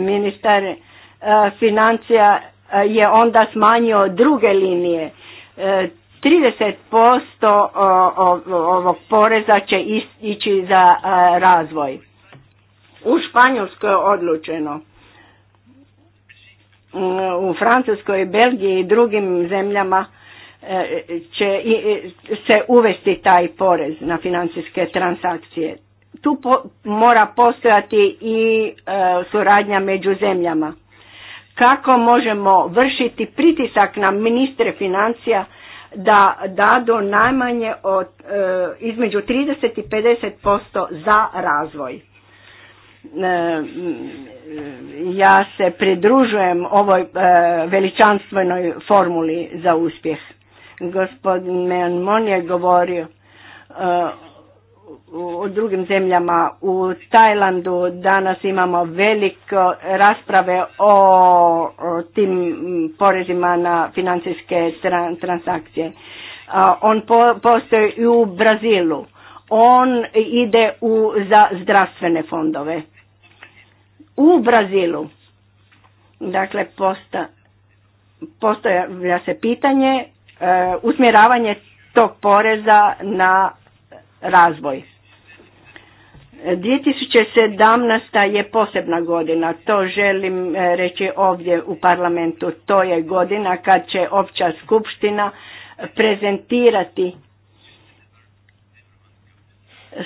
ministar financija je onda smanjio druge linije. 30% ovog poreza će ići za razvoj. U Španjolskoj je odlučeno Mm, u Francuskoj, Belgiji i drugim zemljama e, će e, se uvesti taj porez na financijske transakcije. Tu mora postojati i e, suradnja među zemljama. Kako možemo vršiti pritisak na ministre financija da dadu najmanje od, između 30 i 50% za razvoj? E, e, ja se pridružujem ovoj e, veličanstvenoj formuli za uspjeh. Gospodin Mon je govorio u drugim zemljama. U Tajlandu danas imamo velike rasprave o tim porezima na financijske transakcije. On postoji i u Brazilu. On ide u, za zdravstvene fondove u Brazilu. Dakle, posta, postoja se pitanje e, usmjeravanje tog poreza na razvoj. 2017. je posebna godina, to želim e, reći ovdje u parlamentu. To je godina kad će opća skupština prezentirati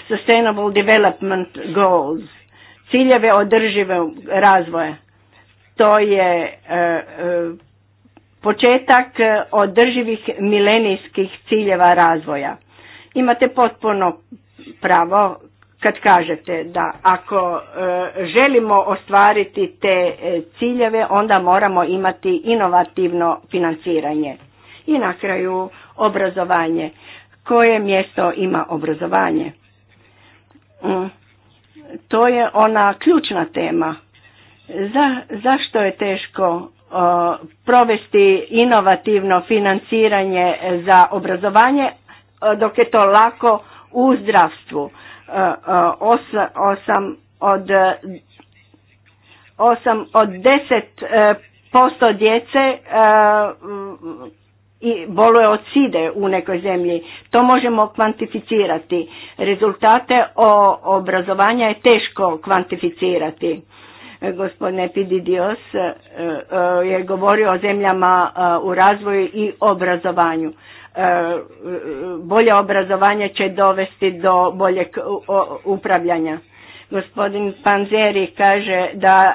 Sustainable Development Goals ciljeve održive razvoja. To je e, e, početak održivih milenijskih ciljeva razvoja. Imate potpuno pravo kad kažete da ako e, želimo ostvariti te ciljeve onda moramo imati inovativno financiranje. I na kraju obrazovanje. Koje mjesto ima obrazovanje? Mm to je ona ključna tema. Za, zašto je teško provesti inovativno financiranje za obrazovanje dok je to lako u zdravstvu? osam od 8 od 10 e, posto djece e, i boluje od side u nekoj zemlji. To možemo kvantificirati. Rezultate o obrazovanja je teško kvantificirati. E, gospodine Pididios e, e, je govorio o zemljama u razvoju i obrazovanju. Bolje obrazovanje će dovesti do boljeg upravljanja. Gospodin Panzeri kaže da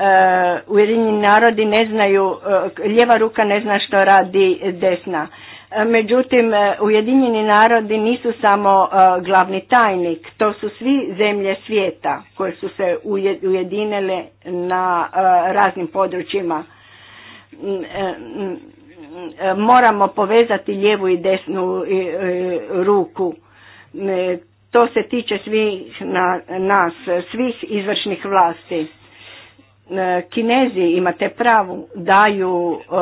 E, Ujedinjeni narodi ne znaju, e, lijeva ruka ne zna što radi desna. E, međutim, Ujedinjeni narodi nisu samo glavni tajnik, to su svi zemlje svijeta koje su se ujedinile na raznim područjima. Mm, mm, moramo povezati lijevu i desnu ruku. To se tiče svih nas, svih izvršnih vlasti E, Kinezi, imate pravu, daju e,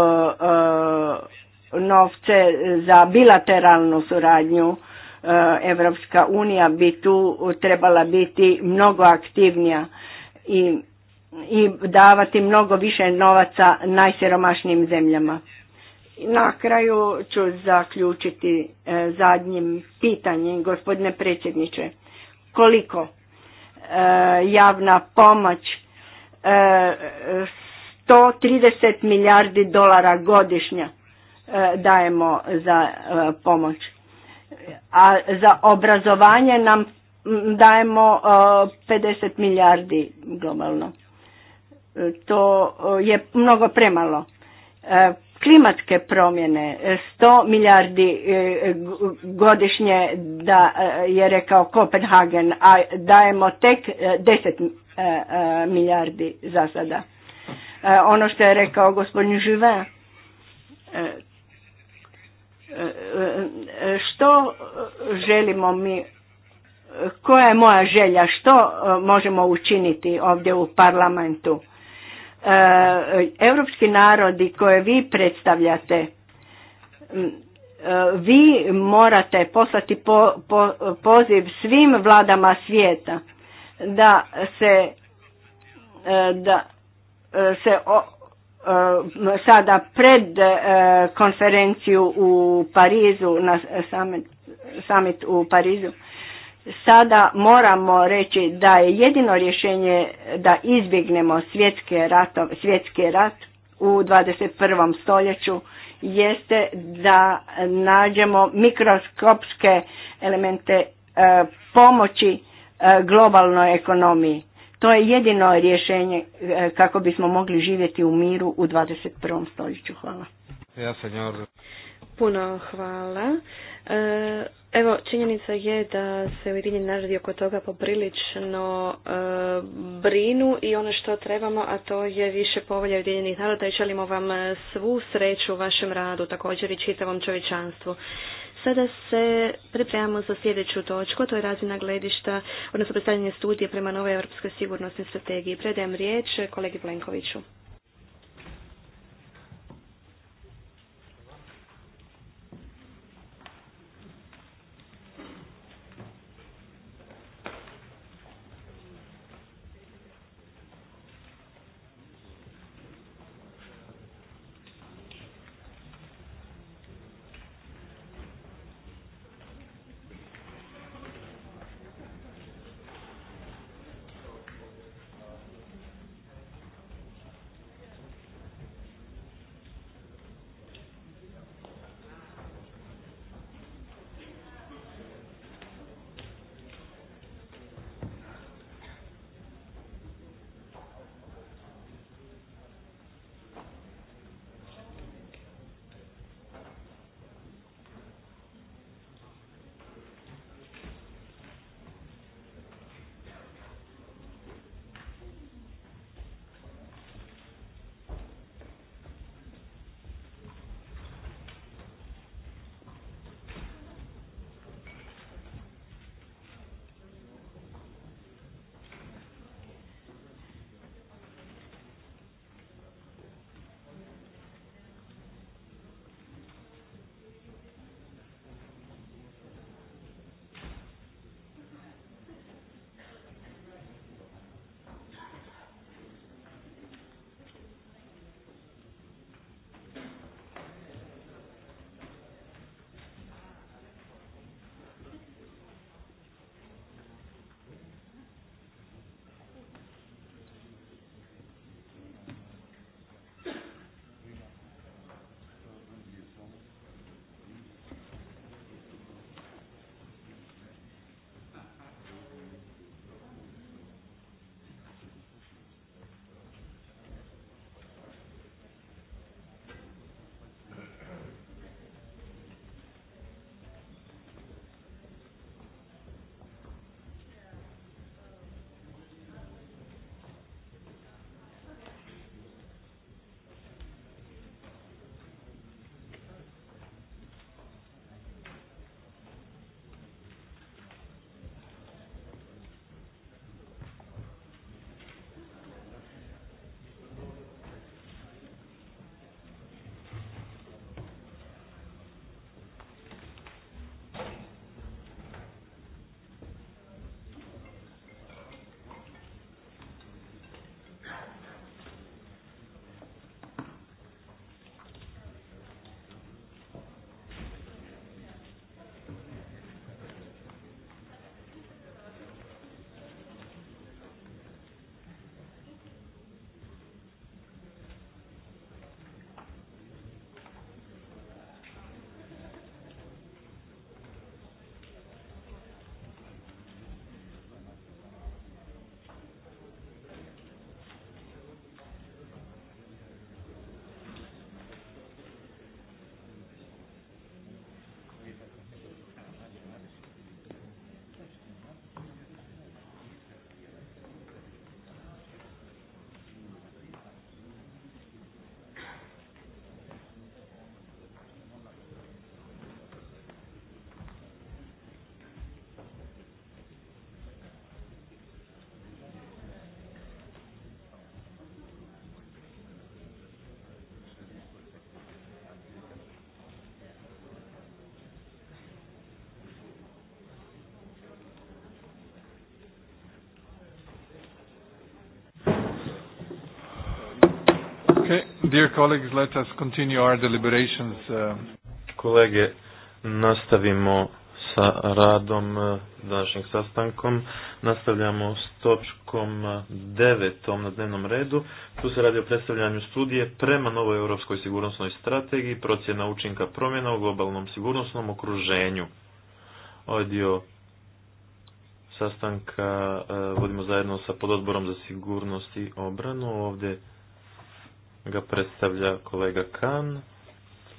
e, novce za bilateralnu suradnju. Evropska unija bi tu trebala biti mnogo aktivnija i, i davati mnogo više novaca najsiromašnijim zemljama. Na kraju ću zaključiti zadnjim pitanjem, gospodine predsjedniče. Koliko javna pomoć 130 milijardi dolara godišnje e, dajemo za e, pomoć. A za obrazovanje nam dajemo 50 e, milijardi globalno. To je mnogo premalo. Klimatske promjene, 100 milijardi godišnje da je rekao Kopenhagen, a dajemo tek 10 E, e, milijardi za sada. E, ono što je rekao gospodin Živa, što želimo mi, koja je moja želja, što možemo učiniti ovdje u parlamentu. Europski narodi koje vi predstavljate, vi morate poslati poziv svim vladama svijeta da se e, da e, se o, e, sada pred konferenciju u Parizu na summit, u Parizu sada moramo reći da je jedino rješenje da izbjegnemo svjetske svjetski rat u 21. stoljeću jeste da nađemo mikroskopske elemente pomoći E, globalnoj ekonomiji. To je jedino rješenje e, kako bismo mogli živjeti u miru u 21. stoljeću. Hvala. Ja, senjor. Puno hvala. E, evo, činjenica je da se Ujedinjeni narodi oko toga poprilično e, brinu i ono što trebamo, a to je više povolja Ujedinjenih naroda i želimo vam svu sreću u vašem radu, također i čitavom čovječanstvu. Sada se pripremamo za sljedeću točku, to je razina gledišta, odnosno predstavljanje studije prema nove europskoj sigurnosnoj strategiji. Predajem riječ kolegi Plenkoviću. Dear colleagues, let us continue our deliberations. Uh, Kolege, nastavimo sa radom uh, današnjeg sastankom. Nastavljamo s točkom uh, devetom na dnevnom redu. Tu se radi o predstavljanju studije prema novoj europskoj sigurnosnoj strategiji, procjena učinka promjena u globalnom sigurnosnom okruženju. Ovaj dio sastanka vodimo zajedno sa pododborom za sigurnost i obranu. Ovdje ga predstavlja kolega Kan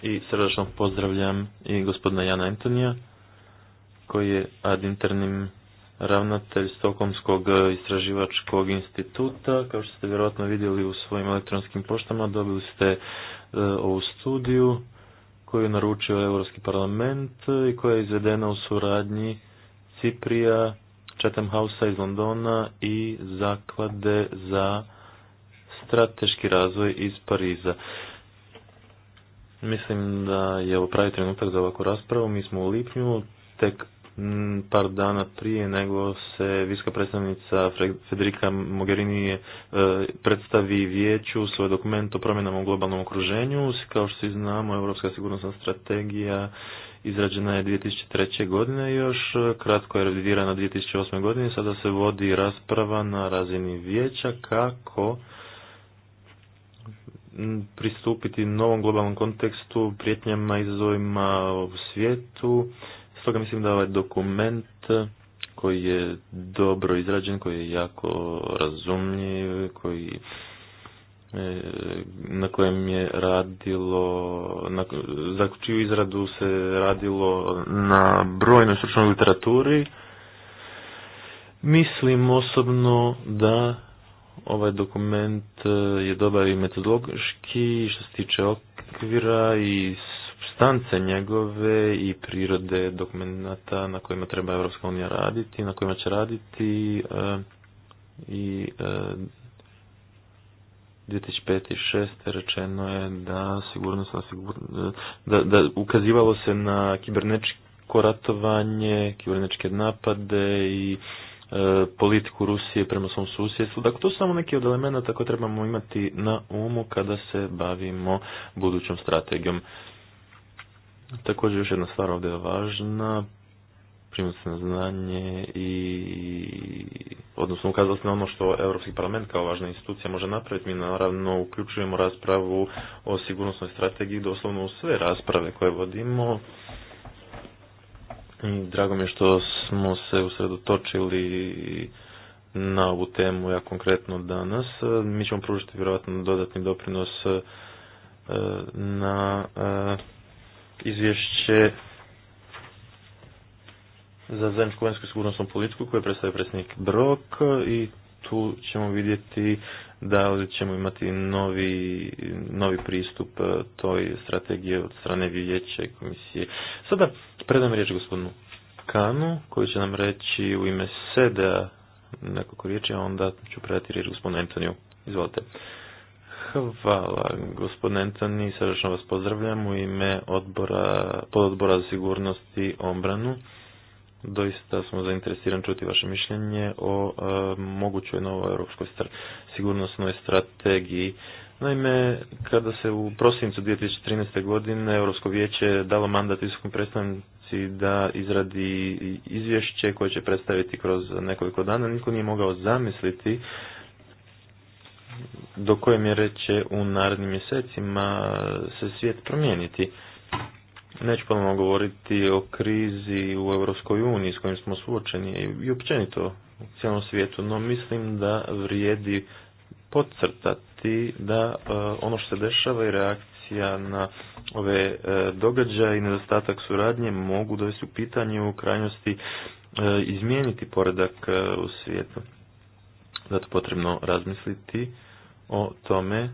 i srdačno pozdravljam i gospodina Jana Antonija koji je ad internim ravnatelj Stokomskog istraživačkog instituta. Kao što ste vjerojatno vidjeli u svojim elektronskim poštama dobili ste e, ovu studiju koju je naručio Europski parlament i koja je izvedena u suradnji Ciprija, Chatham House iz Londona i zaklade za strateški razvoj iz Pariza. Mislim da je ovo pravi trenutak za ovakvu raspravu. Mi smo u lipnju, tek par dana prije nego se viska predstavnica Federica Mogherini e, predstavi vijeću svoj dokument o promjenama u globalnom okruženju. Kao što svi znamo, Europska sigurnosna strategija izrađena je 2003. godine još, kratko je revidirana 2008. godine, sada se vodi rasprava na razini vijeća kako pristupiti novom globalnom kontekstu, prijetnjama, izazovima u svijetu. Stoga mislim da ovaj dokument koji je dobro izrađen, koji je jako razumljiv, koji e, na kojem je radilo, na, za čiju izradu se radilo na brojnoj stručnoj literaturi, mislim osobno da ovaj dokument e, je dobar i metodološki što se tiče okvira i substance njegove i prirode dokumentata na kojima treba Europska unija raditi, na kojima će raditi e, i 2005. E, i 2006. rečeno je da sigurnost da, da ukazivalo se na kibernetičko ratovanje, kibernetičke napade i E, politiku Rusije prema svom susjedstvu. Dakle, to su samo neki od elemenata koje trebamo imati na umu kada se bavimo budućom strategijom. Također još jedna stvar ovdje je važna, primut na znanje i odnosno ukazali se na ono što Europski parlament kao važna institucija može napraviti. Mi naravno uključujemo raspravu o sigurnosnoj strategiji doslovno u sve rasprave koje vodimo Drago mi je što smo se usredotočili na ovu temu ja konkretno danas. Mi ćemo pružiti vjerojatno dodatni doprinos e, na e, izvješće za zajedničku vanjsku sigurnosnu politiku koju predstavlja predsjednik Brok i tu ćemo vidjeti da li ćemo imati novi, novi pristup e, toj strategije od strane vijeće komisije. Sada predam riječ gospodinu Kanu koji će nam reći u ime SEDA nekoliko riječi, a onda ću predati riječ gospodinu Antoniju. Izvolite. Hvala gospodin Antoni, srdečno vas pozdravljam u ime odbora, pododbora za sigurnost i obranu doista smo zainteresirani čuti vaše mišljenje o e, mogućoj novoj europskoj sigurnosnoj strategiji. Naime, kada se u prosincu 2013. godine Europsko vijeće dalo mandat visokom predstavnici da izradi izvješće koje će predstaviti kroz nekoliko dana, niko nije mogao zamisliti do koje mjere će u narednim mjesecima se svijet promijeniti. Neću ponovno govoriti o krizi u Europskoj uniji s kojim smo suočeni i općenito u cijelom svijetu, no mislim da vrijedi podcrtati da e, ono što se dešava i reakcija na ove e, događaje i nedostatak suradnje mogu dovesti u pitanju u krajnosti e, izmijeniti poredak u svijetu. Zato potrebno razmisliti o tome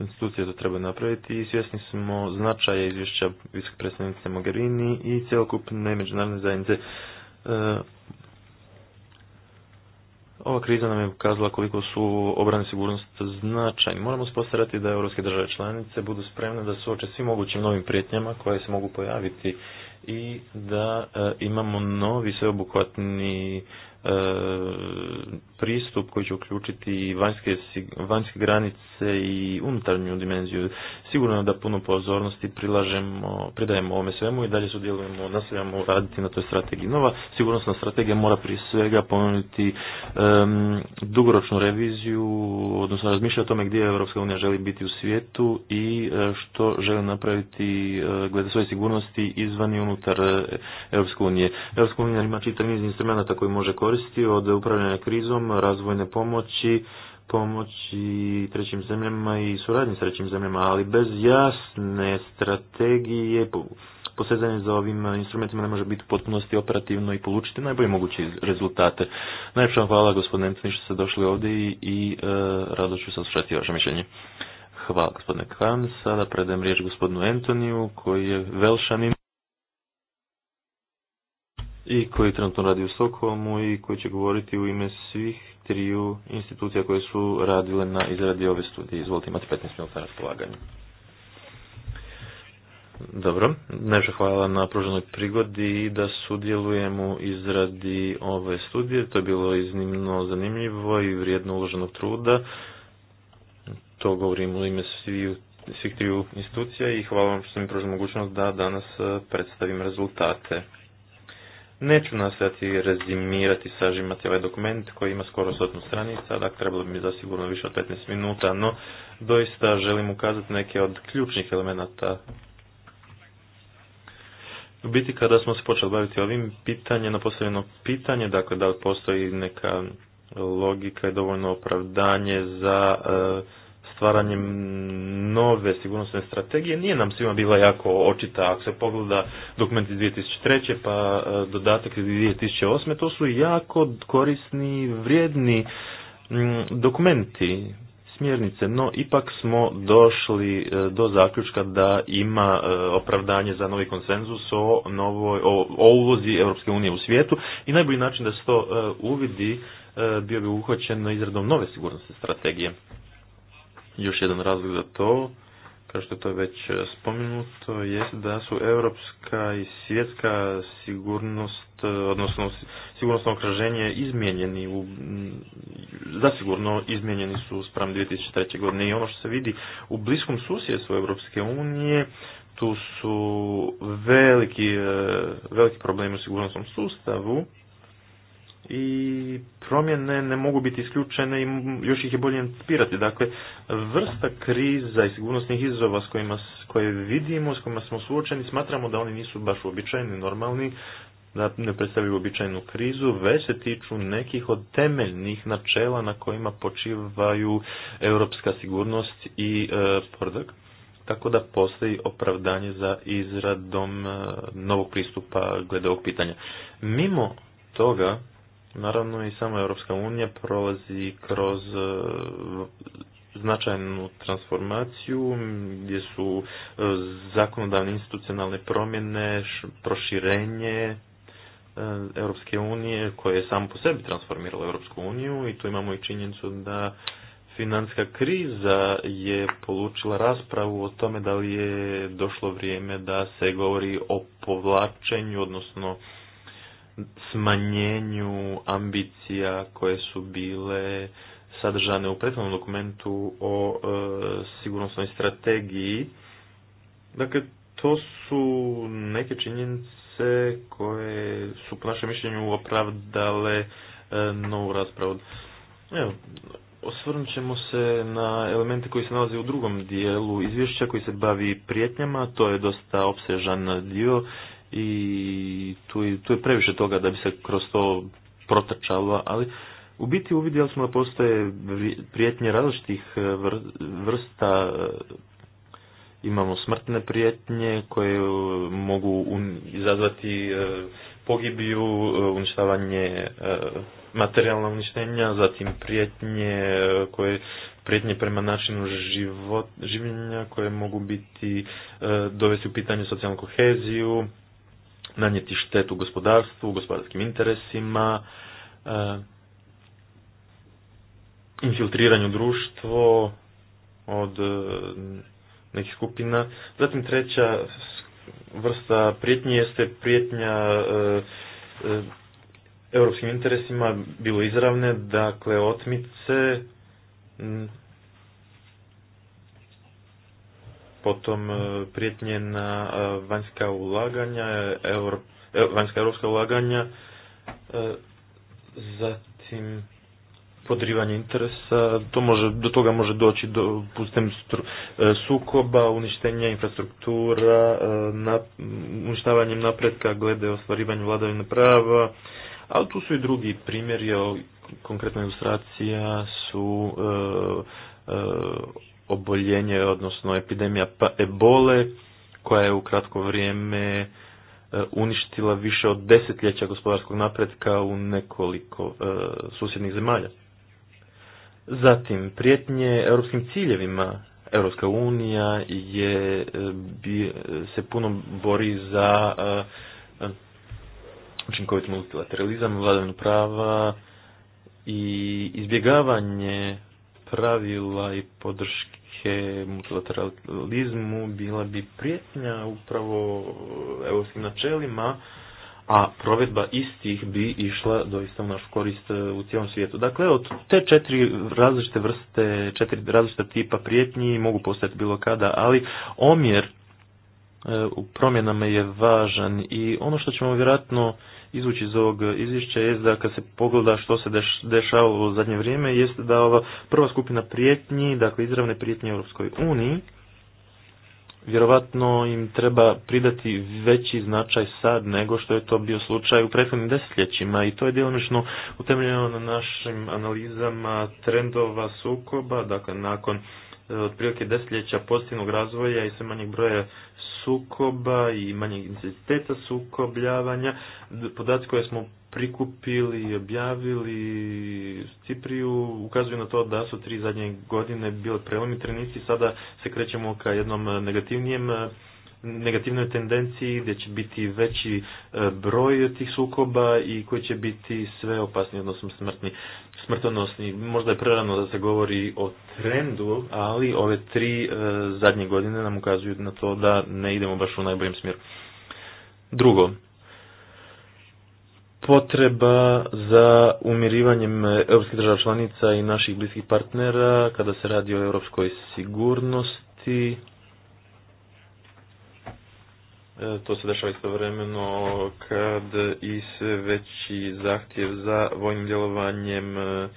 institucije to treba napraviti i svjesni smo značaja izvješća visoke predstavnice Mogherini i cjelokupne međunarodne zajednice. E, ova kriza nam je pokazala koliko su obrane sigurnost značajni. Moramo spostarati da europske države članice budu spremne da suoče svim mogućim novim prijetnjama koje se mogu pojaviti i da e, imamo novi sveobuhvatni E, pristup koji će uključiti i vanjske, vanjske granice i unutarnju dimenziju. Sigurno da puno pozornosti prilažemo, pridajemo ovome svemu i dalje sudjelujemo, nastavljamo raditi na toj strategiji. Nova sigurnosna strategija mora prije svega ponuditi dugoročnu reviziju, odnosno razmišljati o tome gdje Europska unija želi biti u svijetu i e, što želi napraviti e, glede svoje sigurnosti izvan i unutar Europske unije. Europska unija ima čitav niz instrumenta koji može koristiti koristi od upravljanja krizom, razvojne pomoći, pomoći trećim zemljama i suradnji s trećim zemljama, ali bez jasne strategije posjedanje za ovim instrumentima ne može biti u potpunosti operativno i polučiti najbolje moguće rezultate. vam hvala gospodine Antoni što ste došli ovdje i, i e, rado ću vaše mišljenje. Hvala gospodine Khan. Sada predajem riječ gospodinu Antoniju koji je velšanim i koji trenutno radi u Stokholmu i koji će govoriti u ime svih triju institucija koje su radile na izradi ove studije. Izvolite, imate 15 minuta na raspolaganju. Dobro, najviše hvala na pruženoj prigodi i da sudjelujem u izradi ove studije. To je bilo iznimno zanimljivo i vrijedno uloženog truda. To govorim u ime svih, svih triju institucija i hvala vam što mi pruža mogućnost da danas eh, predstavim rezultate. Neću nastojati rezimirati, sažimati ovaj dokument koji ima skoro sotnu stranica, dakle trebalo bi mi zasigurno više od 15 minuta, no doista želim ukazati neke od ključnih elemenata. U biti kada smo se počeli baviti ovim pitanjem, na postavljeno pitanje, dakle da li postoji neka logika i dovoljno opravdanje za e, stvaranjem nove sigurnosne strategije nije nam svima bila jako očita. Ako se pogleda dokument iz 2003. pa e, dodatak iz 2008. to su jako korisni, vrijedni mm, dokumenti smjernice, no ipak smo došli e, do zaključka da ima e, opravdanje za novi konsenzus o, novoj, o, uvozi Europske unije u svijetu i najbolji način da se to uvidi bio bi uhvaćen izradom nove sigurnosne strategije. Još jedan razlog za to, kao što je to već spomenuto, je da su europska i svjetska sigurnost, odnosno sigurnosno okruženje izmijenjeni, u, zasigurno izmijenjeni su sprem 2003. godine i ono što se vidi u bliskom susjedstvu Europske unije, tu su veliki, e, veliki problemi u sigurnosnom sustavu, i promjene ne mogu biti isključene i još ih je bolje anticipirati. Dakle, vrsta kriza i sigurnosnih izazova s kojima koje vidimo, s kojima smo suočeni, smatramo da oni nisu baš uobičajeni, normalni, da ne predstavljaju uobičajenu krizu, već se tiču nekih od temeljnih načela na kojima počivaju europska sigurnost i e, Tako da postoji opravdanje za izradom e, novog pristupa glede ovog pitanja. Mimo toga, Naravno i sama Europska unija prolazi kroz e, značajnu transformaciju gdje su e, zakonodavne institucionalne promjene, proširenje e, Europske unije koje je samo po sebi transformiralo Europsku uniju i tu imamo i činjenicu da financijska kriza je polučila raspravu o tome da li je došlo vrijeme da se govori o povlačenju, odnosno smanjenju ambicija koje su bile sadržane u prethodnom dokumentu o e, sigurnosnoj strategiji. Dakle, to su neke činjenice koje su po našem mišljenju opravdale e, novu raspravu. Evo, osvrnut ćemo se na elemente koji se nalaze u drugom dijelu izvješća koji se bavi prijetnjama, to je dosta opsežan dio i tu je, tu je previše toga da bi se kroz to protrčalo, ali u biti uvidjeli smo da postoje prijetnje različitih e, vrsta, e, imamo smrtne prijetnje koje e, mogu izazvati pogibiju, uništavanje materijalna uništenja, zatim prijetnje koje prijetnje prema načinu život, življenja koje mogu biti dovesti u pitanje socijalnu koheziju, nanijeti štetu gospodarstvu, gospodarskim interesima, e, infiltriranju društvo od e, nekih skupina. Zatim treća vrsta prijetnje jeste prijetnja e, europskim interesima, bilo izravne, dakle otmice, potom e, prijetnje na e, vanjska ulaganja, e, vanjska europska ulaganja, zatim podrivanje interesa, to može, do toga može doći do sukoba, uništenja infrastruktura, uništavanjem napretka glede ostvarivanja vladavine prava, ali tu su i drugi primjeri, konkretna ilustracija su oboljenje, odnosno epidemija pa ebole, koja je u kratko vrijeme e, uništila više od desetljeća gospodarskog napretka u nekoliko e, susjednih zemalja. Zatim, prijetnje europskim ciljevima. Europska unija je, e, bi, se puno bori za učinkovit multilateralizam, vladavinu prava i izbjegavanje pravila i podrške multilateralizmu bila bi prijetnja upravo europskim načelima, a provedba istih bi išla doista u naš korist e, u cijelom svijetu. Dakle, od te četiri različite vrste, četiri različita tipa prijetnji mogu postati bilo kada, ali omjer e, u promjenama je važan i ono što ćemo vjerojatno izvući iz ovog izvješća je da kad se pogleda što se dešavalo u zadnje vrijeme, jeste da ova prva skupina prijetnji, dakle izravne prijetnje Europskoj uniji, vjerovatno im treba pridati veći značaj sad nego što je to bio slučaj u prethodnim desetljećima i to je djelomično utemljeno na našim analizama trendova sukoba, dakle nakon e, otprilike desetljeća pozitivnog razvoja i sve manjeg broja sukoba i manjeg intenziteta sukobljavanja. Podaci koje smo prikupili i objavili Cipriju ukazuju na to da su tri zadnje godine bile prelomni trenici, sada se krećemo ka jednom negativnijem negativnoj tendenciji gdje će biti veći e, broj tih sukoba i koji će biti sve opasni, odnosno smrtni, smrtonosni. Možda je prerano da se govori o trendu, ali ove tri e, zadnje godine nam ukazuju na to da ne idemo baš u najboljem smjeru. Drugo, potreba za umirivanjem europskih država članica i naših bliskih partnera kada se radi o europskoj sigurnosti E, to se dešava istovremeno kad i sve veći zahtjev za vojnim djelovanjem e,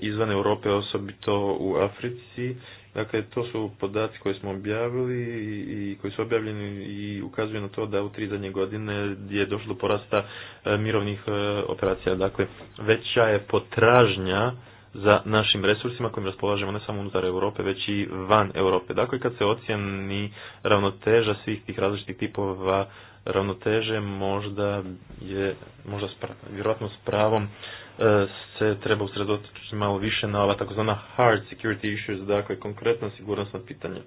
izvan Europe, osobito u Africi. Dakle, to su podaci koje smo objavili i koji su objavljeni i ukazuje na to da u tri zadnje godine je došlo do porasta e, mirovnih operacija. Dakle, veća je potražnja za našim resursima kojim raspolažemo ne samo unutar Europe, već i van Europe. Dakle, kad se ocjeni ravnoteža svih tih različitih tipova ravnoteže, možda je, možda spra, vjerojatno s pravom e, se treba usredotočiti malo više na ova takozvana hard security issues, dakle konkretna sigurnosna pitanja.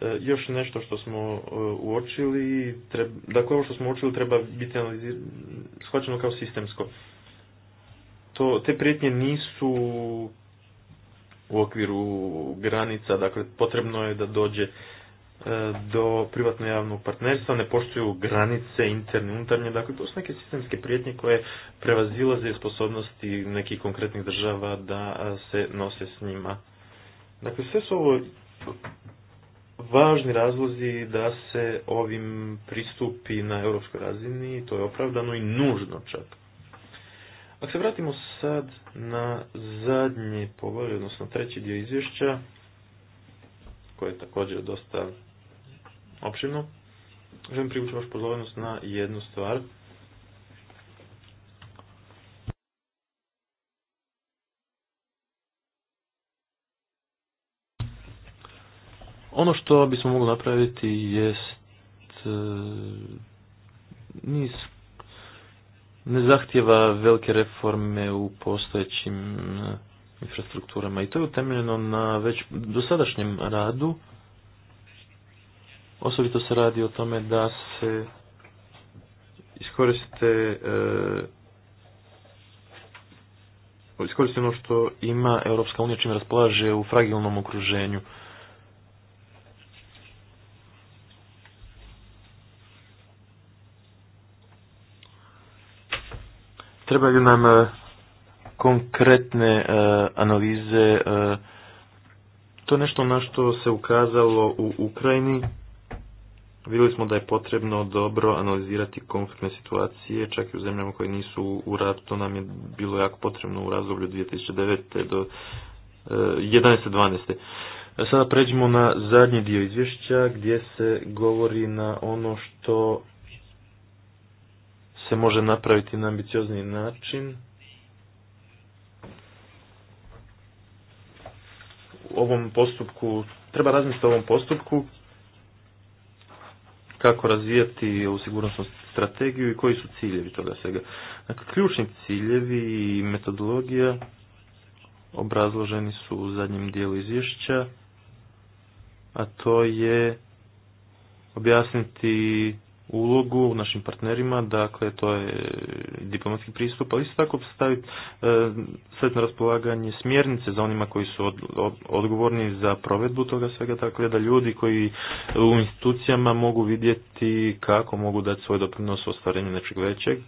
E, još nešto što smo e, uočili, treba, dakle ovo što smo uočili treba biti shvaćeno kao sistemsko to, te prijetnje nisu u okviru granica, dakle potrebno je da dođe e, do privatno-javnog partnerstva, ne poštuju granice interne, unutarnje, dakle to su neke sistemske prijetnje koje prevazilaze sposobnosti nekih konkretnih država da se nose s njima. Dakle, sve su ovo važni razlozi da se ovim pristupi na europskoj razini, to je opravdano i nužno čak. Ako se vratimo sad na zadnji pogled, odnosno treći dio izvješća, koje je također dosta opširno, želim privući vašu pozornost na jednu stvar. Ono što bismo mogli napraviti jest e, niz ne zahtjeva velike reforme u postojećim eh, infrastrukturama i to je utemeljeno na već dosadašnjem radu. Osobito se radi o tome da se iskoriste e, ono što ima Europska unija čim raspolaže u fragilnom okruženju. Trebaju nam e, konkretne e, analize. E, to je nešto na što se ukazalo u Ukrajini. Vidjeli smo da je potrebno dobro analizirati konfliktne situacije, čak i u zemljama koje nisu u ratu. To nam je bilo jako potrebno u razdoblju 2009. do 11.12. Sada pređemo na zadnji dio izvješća gdje se govori na ono što se može napraviti na ambiciozni način. U ovom postupku, treba razmisliti o ovom postupku kako razvijati ovu sigurnosnu strategiju i koji su ciljevi toga svega. Dakle, ključni ciljevi i metodologija obrazloženi su u zadnjem dijelu izvješća, a to je objasniti ulogu našim partnerima, dakle to je diplomatski pristup, ali isto tako staviti e, sve na raspolaganje smjernice za onima koji su od, odgovorni za provedbu toga svega, tako da ljudi koji u institucijama mogu vidjeti kako mogu dati svoj doprinos u ostvarenju nečeg većeg,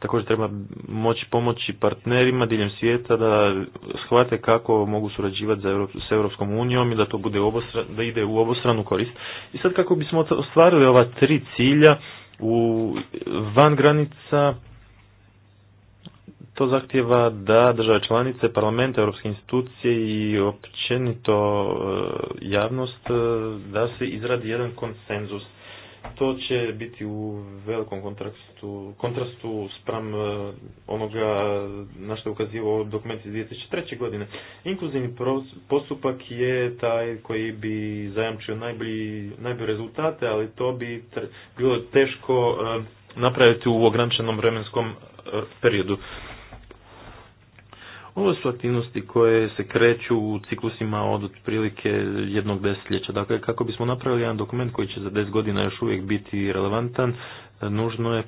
Također treba moći pomoći partnerima diljem svijeta da shvate kako mogu surađivati sa EU s Europskom unijom i da to bude da ide u obostranu korist. I sad kako bismo ostvarili ova tri cilja u van granica to zahtjeva da države članice, parlamente, europske institucije i općenito e, javnost e, da se izradi jedan konsenzus to će biti u velikom kontrastu, kontrastu spram e, onoga na što je ukazivao dokument iz 2003. godine. Inkluzivni postupak je taj koji bi zajamčio najbolji, najbolje rezultate, ali to bi bilo teško e, napraviti u ograničenom vremenskom e, periodu. Ovo su aktivnosti koje se kreću u ciklusima od otprilike jednog desetljeća. Dakle, kako bismo napravili jedan dokument koji će za deset godina još uvijek biti relevantan, nužno je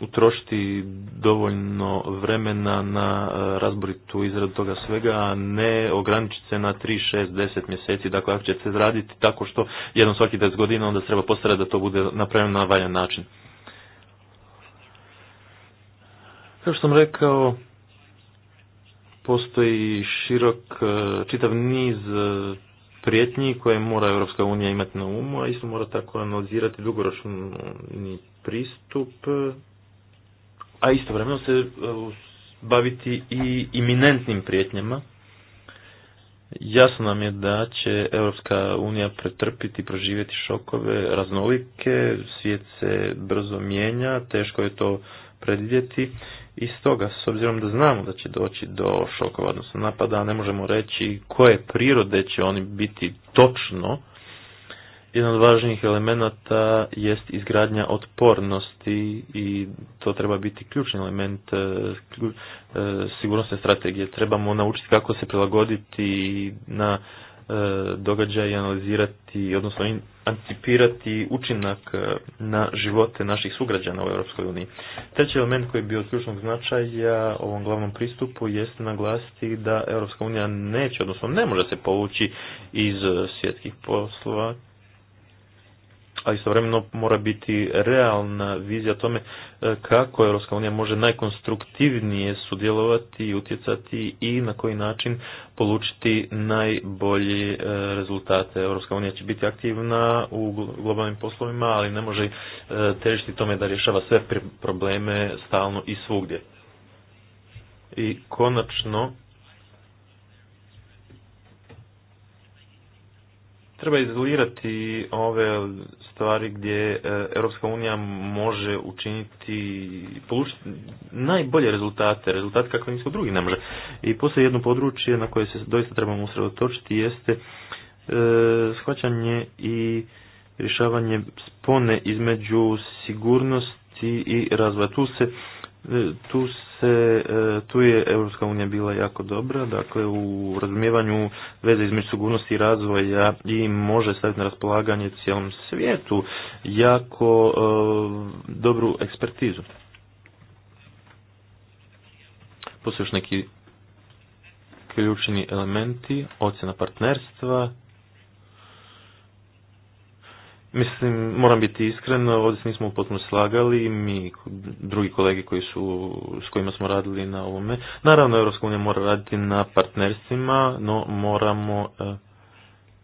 utrošiti dovoljno vremena na e, razboritu izradu toga svega, a ne ograničiti se na 3, 6, 10 mjeseci. Dakle, ako će se zraditi tako što jednom svaki deset godina, onda treba postaviti da to bude napravljeno na valjan način. Kao što sam rekao, postoji širok e, čitav niz e, prijetnji koje mora Europska unija imati na umu, a isto mora tako analizirati dugoročni pristup, e, a istovremeno se baviti i iminentnim prijetnjama. Jasno nam je da će Europska unija pretrpiti, proživjeti šokove raznolike, svijet se brzo mijenja, teško je to predvidjeti i stoga, s obzirom da znamo da će doći do šokova, odnosno napada, ne možemo reći koje prirode će oni biti točno, jedan od važnijih elemenata jest izgradnja otpornosti i to treba biti ključni element e, e, sigurnosne strategije. Trebamo naučiti kako se prilagoditi na e, i analizirati, odnosno anticipirati učinak e, na živote naših sugrađana u EU. Treći element koji je bio od ključnog značaja ovom glavnom pristupu jeste naglasiti da EU neće, odnosno ne može se povući iz svjetskih poslova a istovremeno mora biti realna vizija tome e, kako Europska unija može najkonstruktivnije sudjelovati i utjecati i na koji način polučiti najbolje rezultate. Europska unija će biti aktivna u globalnim poslovima, ali ne može e, težiti tome da rješava sve probleme stalno i svugdje. I konačno, treba izolirati ove stvari gdje e, Europska unija može učiniti najbolje rezultate, rezultate kakve nisu drugi ne može. I poslije jedno područje na koje se doista trebamo usredotočiti jeste e, shvaćanje i rješavanje spone između sigurnosti i razvoja. Tu se E, tu se, e, tu je Europska unija bila jako dobra, dakle u razumijevanju veze između sigurnosti i razvoja i može staviti na raspolaganje cijelom svijetu jako e, dobru ekspertizu. Poslije još neki ključni elementi, ocjena partnerstva, Mislim, moram biti iskren, ovdje se nismo potpuno slagali, mi drugi kolege koji su, s kojima smo radili na ovome. Naravno, EU mora raditi na partnerstvima, no moramo eh,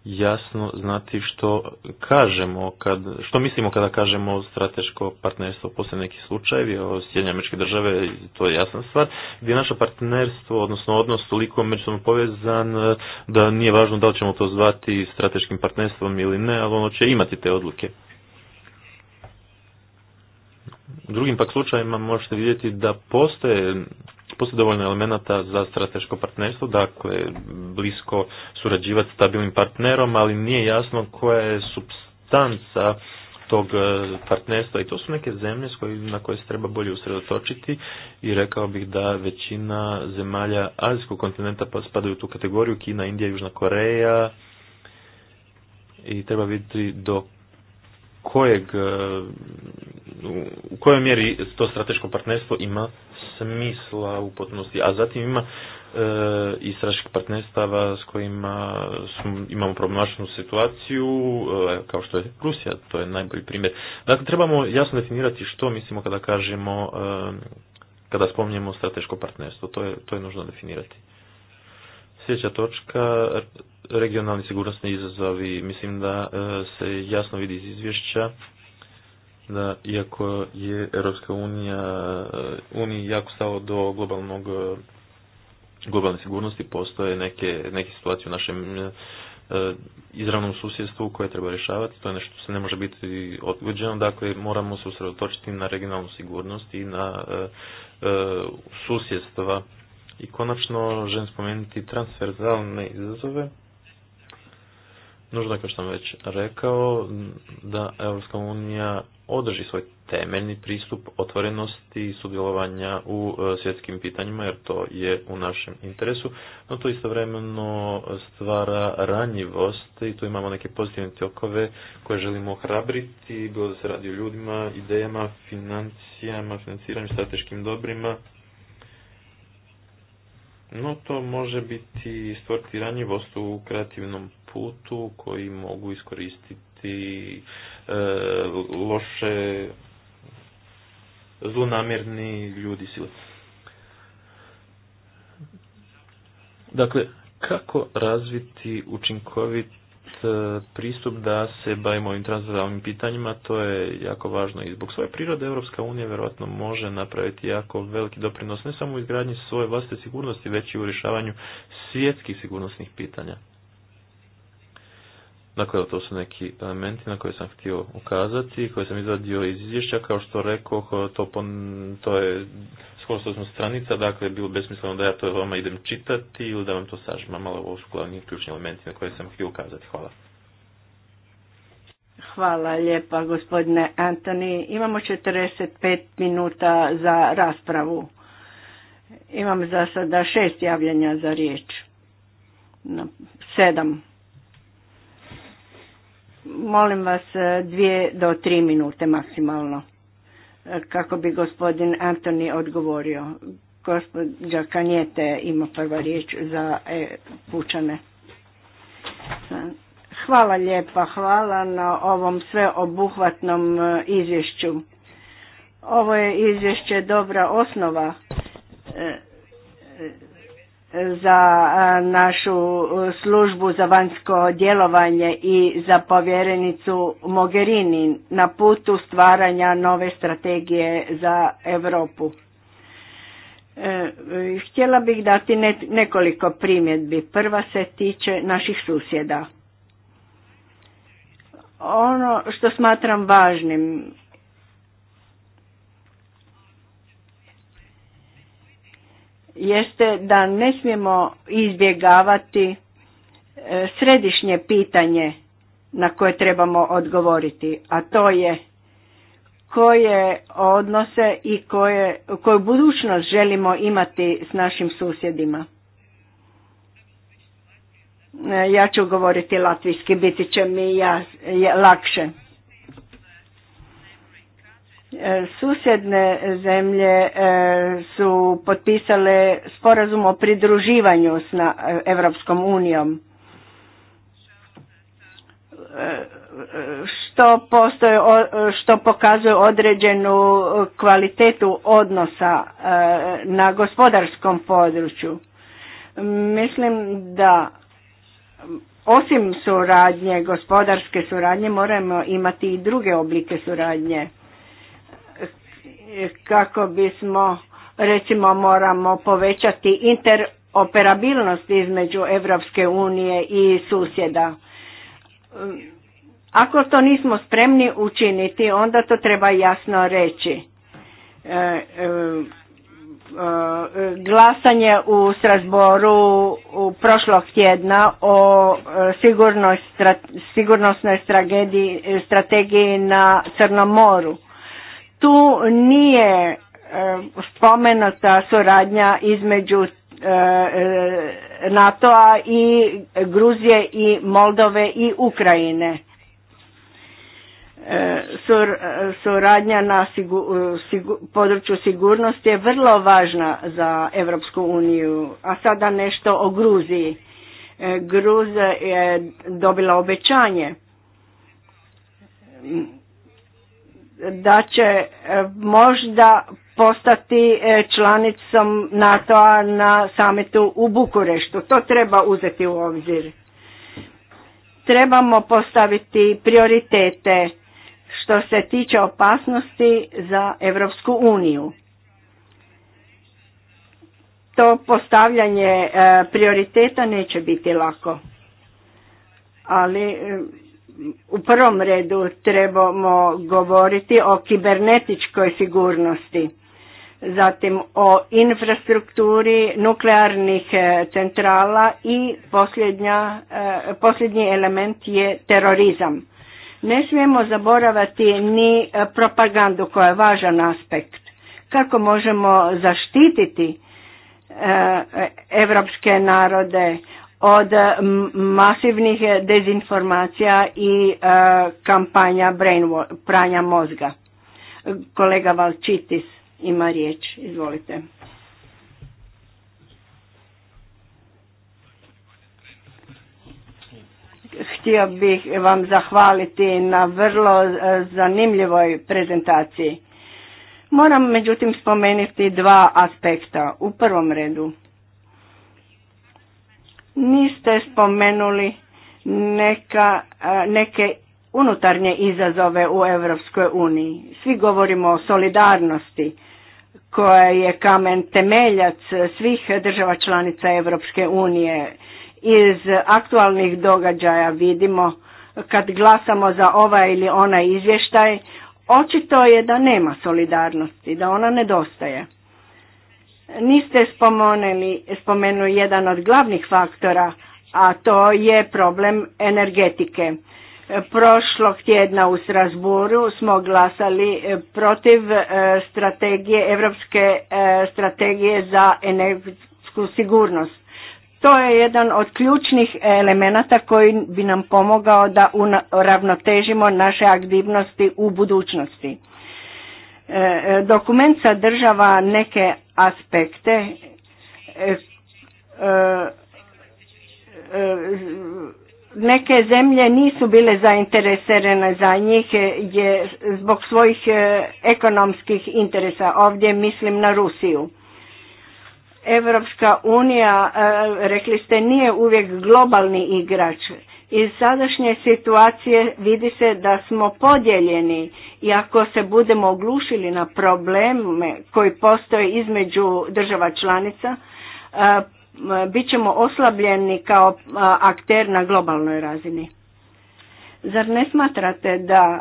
jasno znati što kažemo, kad, što mislimo kada kažemo strateško partnerstvo, poslije neki slučajevi, o Sjedinje američke države, to je jasna stvar, gdje je naše partnerstvo, odnosno odnos toliko međusobno povezan, e, da nije važno da li ćemo to zvati strateškim partnerstvom ili ne, ali ono će imati te odluke. U drugim pak slučajima možete vidjeti da postoje postoje dovoljno elemenata za strateško partnerstvo, dakle blisko surađivati s stabilnim partnerom, ali nije jasno koja je substanca tog e, partnerstva i to su neke zemlje na koje se treba bolje usredotočiti i rekao bih da većina zemalja azijskog kontinenta pa spadaju u tu kategoriju, Kina, Indija, Južna Koreja i treba vidjeti do kojeg, e, u kojoj mjeri to strateško partnerstvo ima smisla u potpunosti. A zatim ima e, i strateških partnerstava s kojima imamo problemačnu situaciju, e, kao što je Rusija, to je najbolji primjer. Dakle, trebamo jasno definirati što mislimo kada kažemo, e, kada spominjemo strateško partnerstvo, to je, to je nužno definirati. Sljedeća točka, regionalni sigurnosni izazovi, mislim da se jasno vidi iz izvješća da iako je Europska unija, eh, uniji jako stao do globalnog eh, globalne sigurnosti postoje neke, neke situacije u našem eh, izravnom susjedstvu koje treba rješavati, to je nešto što se ne može biti odgođeno, dakle moramo se usredotočiti na regionalnu sigurnost i na susjedstva. I konačno želim spomenuti transferzalne izazove nužno je, kao što sam već rekao, da Europska unija održi svoj temeljni pristup otvorenosti i sudjelovanja u e, svjetskim pitanjima, jer to je u našem interesu, no to istovremeno stvara ranjivost i tu imamo neke pozitivne tokove koje želimo ohrabriti, bilo da se radi o ljudima, idejama, financijama, financiranju, strateškim dobrima, no to može biti stvoriti ranjivost u kreativnom putu koji mogu iskoristiti e, loše zlonamjerni ljudi sile. Dakle, kako razviti učinkovit e, pristup da se bavimo ovim pitanjima, to je jako važno i zbog svoje prirode Europska unija vjerojatno može napraviti jako veliki doprinos ne samo u izgradnji svoje vlastite sigurnosti, već i u rješavanju svjetskih sigurnosnih pitanja. Dakle, to su neki elementi na koje sam htio ukazati, koje sam izvadio iz izvješća, kao što rekao, to, to je skoro smo stranica, dakle, bilo besmisleno da ja to vama idem čitati ili da vam to sažma, Malo ovo su ključni elementi na koje sam htio ukazati. Hvala. Hvala lijepa, gospodine Antoni. Imamo 45 minuta za raspravu. Imam za sada šest javljanja za riječ. Sedam. Molim vas e, dvije do tri minute maksimalno e, kako bi gospodin Antoni odgovorio. Gospodja Kanjete ima prva riječ za e, pučane. Hvala lijepa, hvala na ovom sveobuhvatnom e, izvješću. Ovo je izvješće dobra osnova. E, za našu službu za vanjsko djelovanje i za povjerenicu Mogherini na putu stvaranja nove strategije za Europu. E, htjela bih dati nekoliko primjedbi. Prva se tiče naših susjeda. Ono što smatram važnim jeste da ne smijemo izbjegavati e, središnje pitanje na koje trebamo odgovoriti, a to je koje odnose i koje, koju budućnost želimo imati s našim susjedima. E, ja ću govoriti latvijski, biti će mi ja, je, lakše. Susjedne zemlje e, su potpisale sporazum o pridruživanju s Europskom unijom e, što postoje, što pokazuje određenu kvalitetu odnosa e, na gospodarskom području. Mislim da osim suradnje, gospodarske suradnje moramo imati i druge oblike suradnje kako bismo recimo moramo povećati interoperabilnost između Europske unije i susjeda. Ako to nismo spremni učiniti, onda to treba jasno reći. E, e, e, glasanje u Strasboru u prošlog tjedna o sigurnosnoj strategiji na Crnom moru. Tu nije eh, spomenuta suradnja između eh, eh, NATO-a i Gruzije i Moldove i Ukrajine. Sur, suradnja na području sigurnosti je vrlo važna za Europsku uniju. A sada nešto o Gruziji. Gruzija je dobila obećanje da će e, možda postati e, članicom NATO-a na samitu u Bukureštu. To treba uzeti u obzir. Trebamo postaviti prioritete što se tiče opasnosti za Europsku uniju. To postavljanje e, prioriteta neće biti lako. Ali u prvom redu trebamo govoriti o kibernetičkoj sigurnosti, zatim o infrastrukturi nuklearnih e, centrala i e, posljednji element je terorizam. Ne smijemo zaboravati ni e, propagandu koja je važan aspekt. Kako možemo zaštititi evropske narode od eh, masivnih dezinformacija i eh, kampanja pranja mozga. Kolega Valčitis ima riječ, izvolite. Htio bih vam zahvaliti na vrlo eh, zanimljivoj prezentaciji. Moram međutim spomenuti dva aspekta. U prvom redu, Niste spomenuli neka, neke unutarnje izazove u Europskoj uniji. Svi govorimo o solidarnosti koja je kamen temeljac svih država članica Europske unije. Iz aktualnih događaja vidimo kad glasamo za ovaj ili onaj izvještaj, očito je da nema solidarnosti, da ona nedostaje. Niste spomenuli, spomenuli jedan od glavnih faktora, a to je problem energetike. Prošlog tjedna u Strasburu smo glasali e, protiv e, strategije, evropske e, strategije za energetsku sigurnost. To je jedan od ključnih elemenata koji bi nam pomogao da uravnotežimo naše aktivnosti u budućnosti. Dokument sadržava neke aspekte e, e, neke zemlje nisu bile zainteresirane za njih e, je zbog svojih ekonomskih interesa. Ovdje mislim na Rusiju. Evropska unija, rekli ste, nije uvijek globalni igrač. Iz sadašnje situacije vidi se da smo podijeljeni i ako se budemo oglušili na probleme koji postoje između država članica, e, bit ćemo oslabljeni kao e, akter na globalnoj razini. Zar ne smatrate da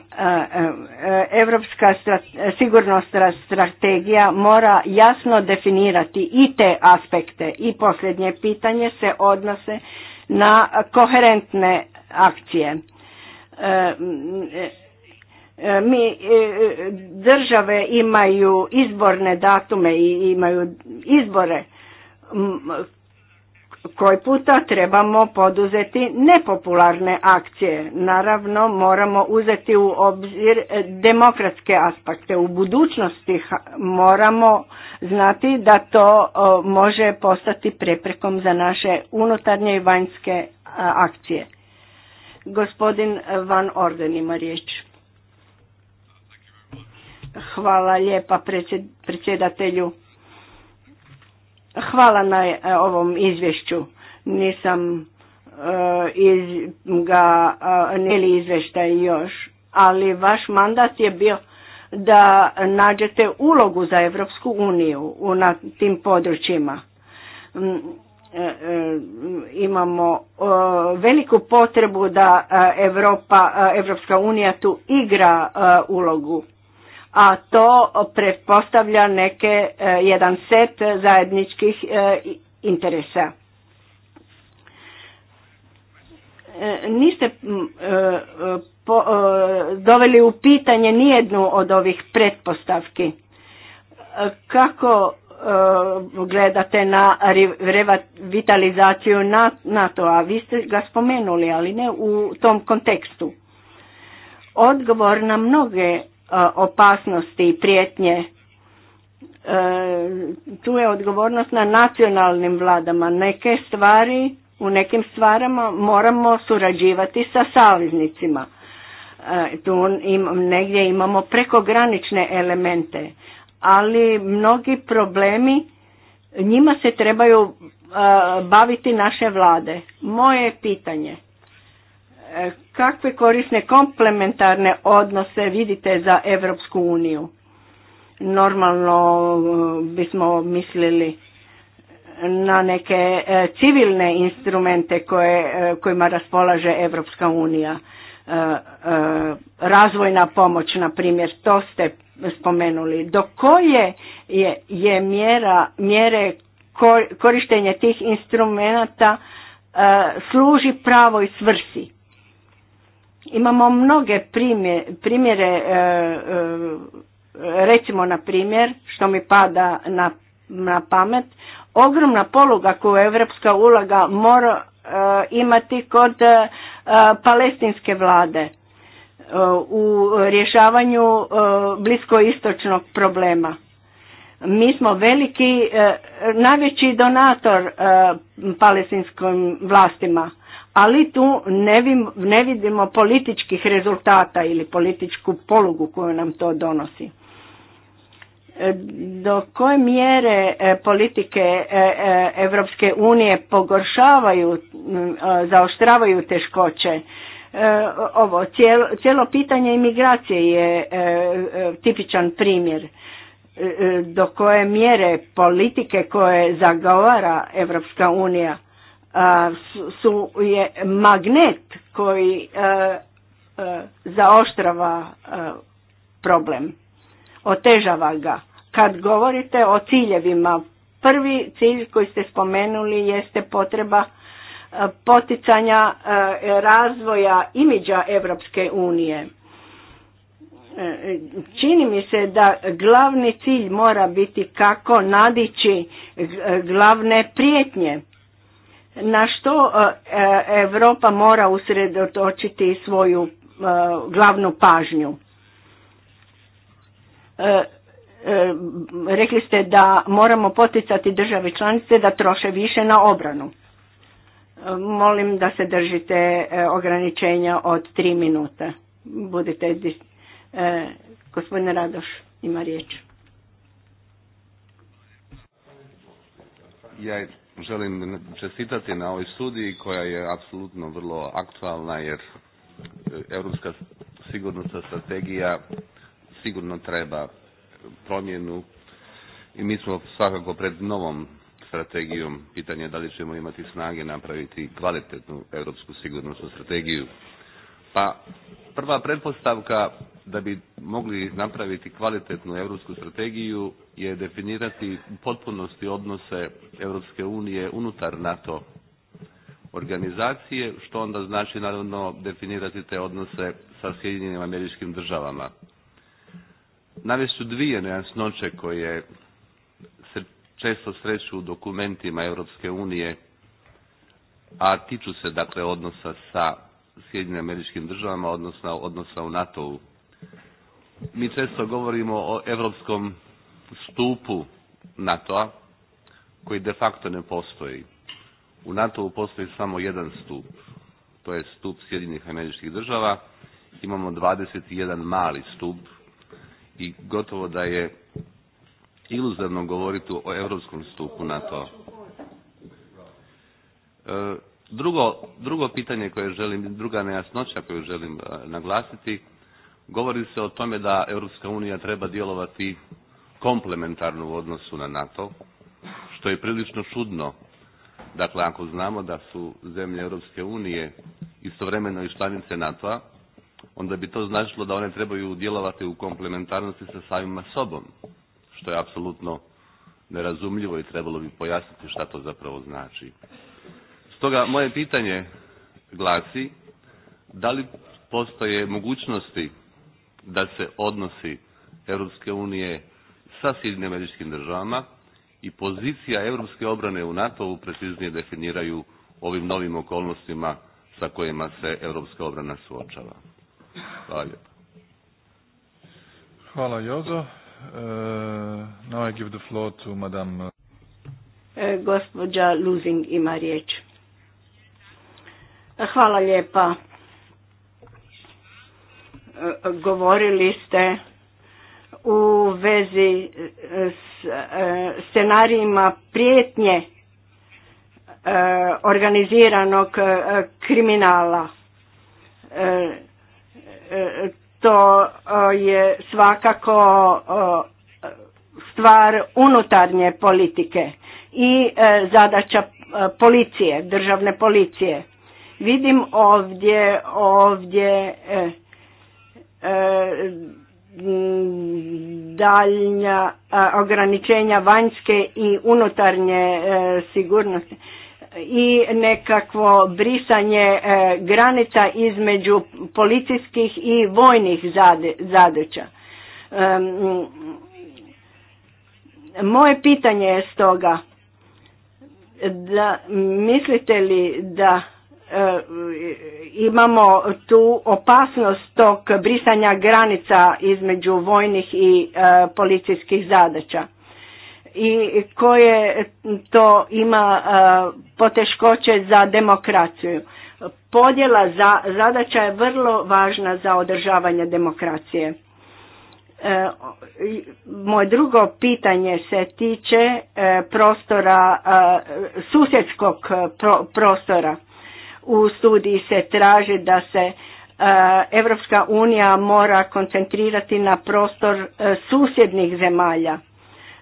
Europska e, sigurnosna strategija mora jasno definirati i te aspekte? I posljednje pitanje se odnose na koherentne akcije. E, e, mi e, države imaju izborne datume i imaju izbore koji puta trebamo poduzeti nepopularne akcije. Naravno moramo uzeti u obzir e, demokratske aspekte. U budućnosti moramo znati da to može postati preprekom za naše unutarnje i vanjske e, akcije. Gospodin Van Orden ima riječ. Hvala lijepa predsjedatelju. Hvala na e, ovom izvješću. Nisam e, iz, ga e, neli izvještaj još, ali vaš mandat je bio da nađete ulogu za Europsku uniju u, na tim područjima. Mm, imamo veliku potrebu da Europa, Evropska unija tu igra ulogu a to pretpostavlja neke, e, jedan set zajedničkih e, interesa. E, niste doveli u pitanje nijednu od ovih pretpostavki. Kako gledate na revitalizaciju NATO-a? Vi ste ga spomenuli, ali ne u tom kontekstu. Odgovor na mnoge E, opasnosti i prijetnje. E, tu je odgovornost na nacionalnim vladama. Neke stvari, u nekim stvarama moramo surađivati sa saveznicima. E, tu negdje imamo prekogranične elemente, ali mnogi problemi njima se trebaju baviti naše vlade. Moje pitanje kakve korisne komplementarne odnose vidite za Europsku uniju? Normalno eh, bismo mislili na neke eh, civilne instrumente koje, eh, kojima raspolaže Europska unija. Razvojna pomoć, na primjer, to ste spomenuli. Do koje je, je mjera, mjere korištenje tih instrumenata služi pravoj svrsi? Imamo mnoge primjere, e, e, recimo na primjer, što mi pada na, pamet, ogromna poluga koju Evropska ulaga mora e, imati kod palestinske vlade u rješavanju bliskoistočnog problema. Mi smo veliki, najveći donator palestinskim vlastima ali tu ne vidimo političkih rezultata ili političku polugu koju nam to donosi e, do koje mjere e, politike Europske e, unije pogoršavaju, zaoštravaju teškoće. Ovo, cijelo, cijelo pitanje imigracije je tipičan primjer do koje mjere politike koje zagovara Europska unija su je magnet koji e, e, zaoštrava e, problem, otežava ga. Kad govorite o ciljevima, prvi cilj koji ste spomenuli jeste potreba poticanja razvoja imidža Europske unije. Čini mi se da glavni cilj mora biti kako nadići glavne prijetnje na što Europa e, mora usredotočiti svoju e, glavnu pažnju. E, rekli ste da moramo poticati države članice da troše više na obranu. Molim da se držite ograničenja od tri minuta. Budite, gospodine Radoš ima riječ. Ja želim čestitati na ovoj studiji koja je apsolutno vrlo aktualna jer eh, europska sigurnosna strategija sigurno treba promjenu i mi smo svakako pred novom strategijom. Pitanje da li ćemo imati snage napraviti kvalitetnu europsku sigurnosnu strategiju. Pa prva pretpostavka da bi mogli napraviti kvalitetnu europsku strategiju je definirati u potpunosti odnose Europske unije unutar NATO organizacije, što onda znači naravno definirati te odnose sa Sjedinjenim američkim državama. Navest ću dvije nejasnoće koje se često sreću u dokumentima Europske unije, a tiču se dakle odnosa sa Sjedinim američkim državama, odnosno u NATO-u. Mi često govorimo o europskom stupu NATO-a, koji de facto ne postoji. U NATO-u postoji samo jedan stup, to je stup Sjedinih američkih država. Imamo 21 mali stup i gotovo da je iluzorno govoriti o europskom stupu NATO-a. E, Drugo, drugo pitanje koje želim, druga nejasnoća koju želim e, naglasiti, govori se o tome da Europska unija treba djelovati komplementarno u odnosu na NATO, što je prilično šudno. Dakle, ako znamo da su zemlje Europske unije istovremeno i članice NATO-a, onda bi to značilo da one trebaju djelovati u komplementarnosti sa samima sobom, što je apsolutno nerazumljivo i trebalo bi pojasniti šta to zapravo znači. Stoga moje pitanje glasi da li postoje mogućnosti da se odnosi Europske unije sa Sjedinim američkim državama i pozicija europske obrane u NATO-u preciznije definiraju ovim novim okolnostima sa kojima se europska obrana suočava. Hvala lijepo. Hvala Jozo. Uh, now I give the floor to Madame. E, Luzing ima riječ. Hvala lijepa. E, govorili ste u vezi e, s e, scenarijima prijetnje organiziranog kriminala. To je svakako stvar unutarnje politike i zadaća policije, državne policije. Vidim ovdje, ovdje e, e, daljnja ograničenja vanjske i unutarnje e, sigurnosti i nekakvo brisanje granica između policijskih i vojnih zadeća. Moje pitanje je stoga mislite li da E, imamo tu opasnost tog brisanja granica između vojnih i e, policijskih zadaća i koje to ima e, poteškoće za demokraciju. Podjela za zadaća je vrlo važna za održavanje demokracije. Moje drugo pitanje se tiče prostora susjedskog prostora u studiji se traži da se e, Evropska unija mora koncentrirati na prostor e, susjednih zemalja.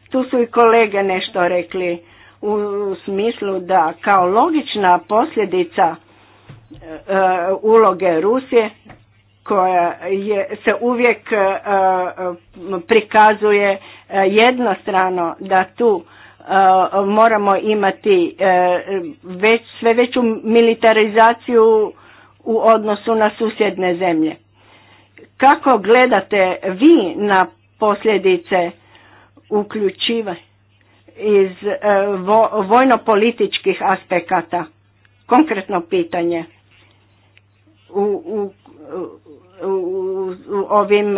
Tu su i kolege nešto rekli u smislu da kao logična posljedica e, uloge Rusije koja je, se uvijek prikazuje jednostrano da tu E, moramo imati e, već, sve veću militarizaciju u odnosu na susjedne zemlje. Kako gledate vi na posljedice uključiva iz e, vojnopolitičkih aspekata? Konkretno pitanje. U, u, u, ovim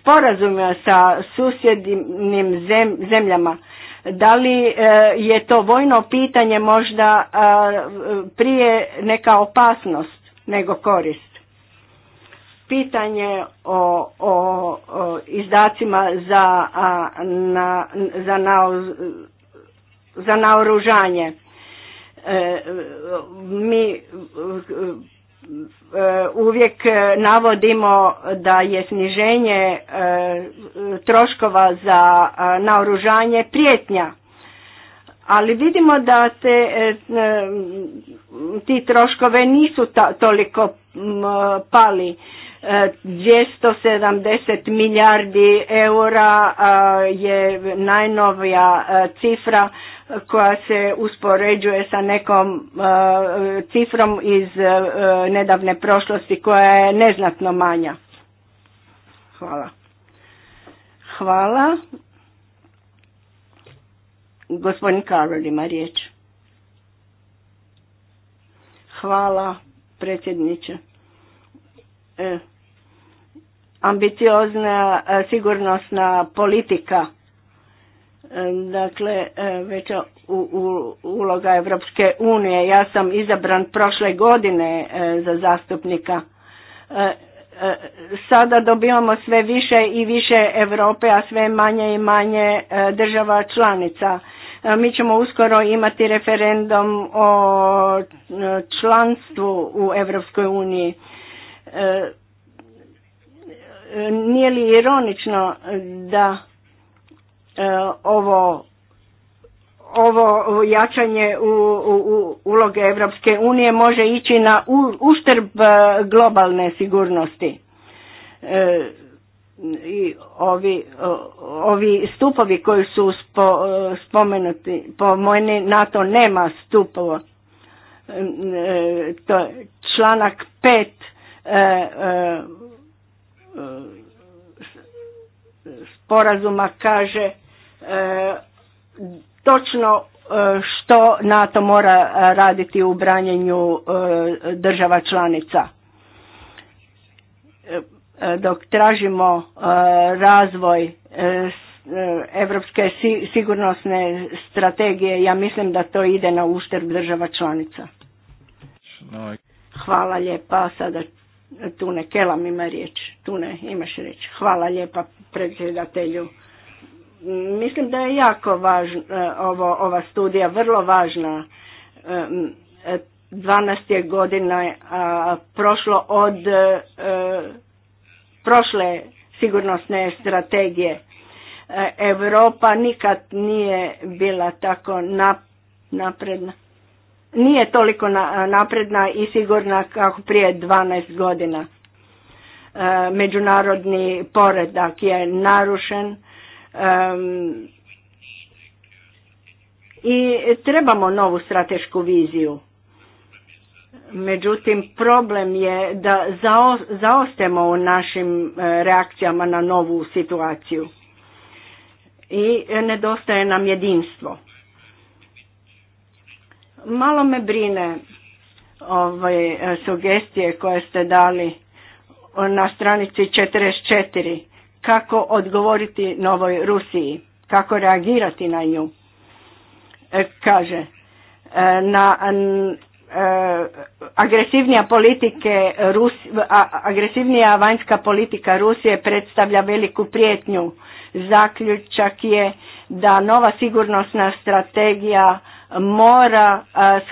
sporazumima sa susjednim zemljama da li e, je to vojno pitanje možda e, prije neka opasnost nego korist? Pitanje o, o, izdacima za, na, za, za naoružanje. E, mi uvijek e, navodimo da je sniženje e, troškova za e, naoružanje prijetnja. Ali vidimo da te, ti troškove nisu toliko pali. 270 milijardi eura je najnovija cifra koja se uspoređuje sa nekom e, cifrom iz e, nedavne prošlosti koja je neznatno manja. Hvala. Hvala. Gospodin Karol ima riječ. Hvala predsjedniče. E, ambiciozna e, sigurnosna politika Dakle, veća uloga Evropske unije. Ja sam izabran prošle godine e, za zastupnika. E, e, sada dobivamo sve više i više Europe, a sve manje i manje država članica. Mi ćemo uskoro imati referendum o članstvu u Evropskoj uniji. Nije li ironično da E, ovo ovo jačanje u, u, uloge Europske unije može ići na uštrb e, globalne sigurnosti. E, i ovi, ovi stupovi koji su spo, spomenuti, po mojni NATO nema stupova. to članak 5 sporazuma kaže točno e, što NATO mora raditi u branjenju e, država članica. E, dok tražimo razvoj evropske sigurnosne strategije, ja mislim da to ide na uštrb država članica. Hvala lijepa, sada Tune Kelam ima riječ. Tune, imaš riječ. Hvala lijepa predsjedatelju. Mislim da je jako važna e, ovo, ova studija vrlo važna. 12 e, je godina a, prošlo od e, prošle sigurnosne strategije. Europa nikad nije bila tako napredna. Nije toliko napredna i sigurna kako prije 12 godina. međunarodni poredak je narušen i trebamo novu stratešku viziju. Međutim, problem je da zaostemo u našim e, reakcijama na novu situaciju i nedostaje nam jedinstvo. Malo me brine ove e, sugestije koje ste dali na stranici 44 kako odgovoriti novoj Rusiji, kako reagirati na nju. E, kaže, e, na e, agresivnija politike agresivnija vanjska politika Rusije predstavlja veliku prijetnju. Zaključak je da nova sigurnosna strategija mora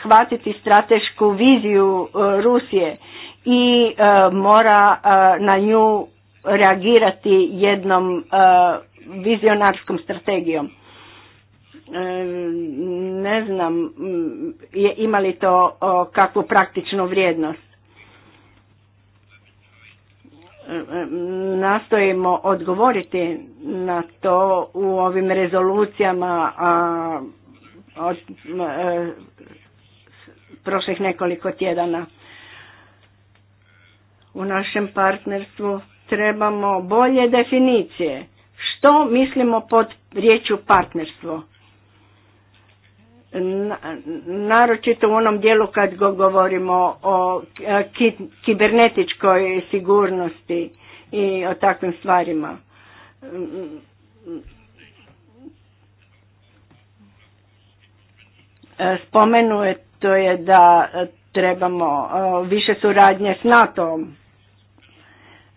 shvatiti stratešku viziju Rusije i mora na nju reagirati jednom e, vizionarskom strategijom. E, ne znam mm, je, ima li to kakvu praktičnu vrijednost. E, nastojimo odgovoriti na to u ovim rezolucijama a, od a, prošlih nekoliko tjedana. U našem partnerstvu trebamo bolje definicije. Što mislimo pod riječju partnerstvo? naročito u onom dijelu kad govorimo o e, kibernetičkoj sigurnosti i o takvim stvarima. E, to je da trebamo e, više suradnje s NATO-om.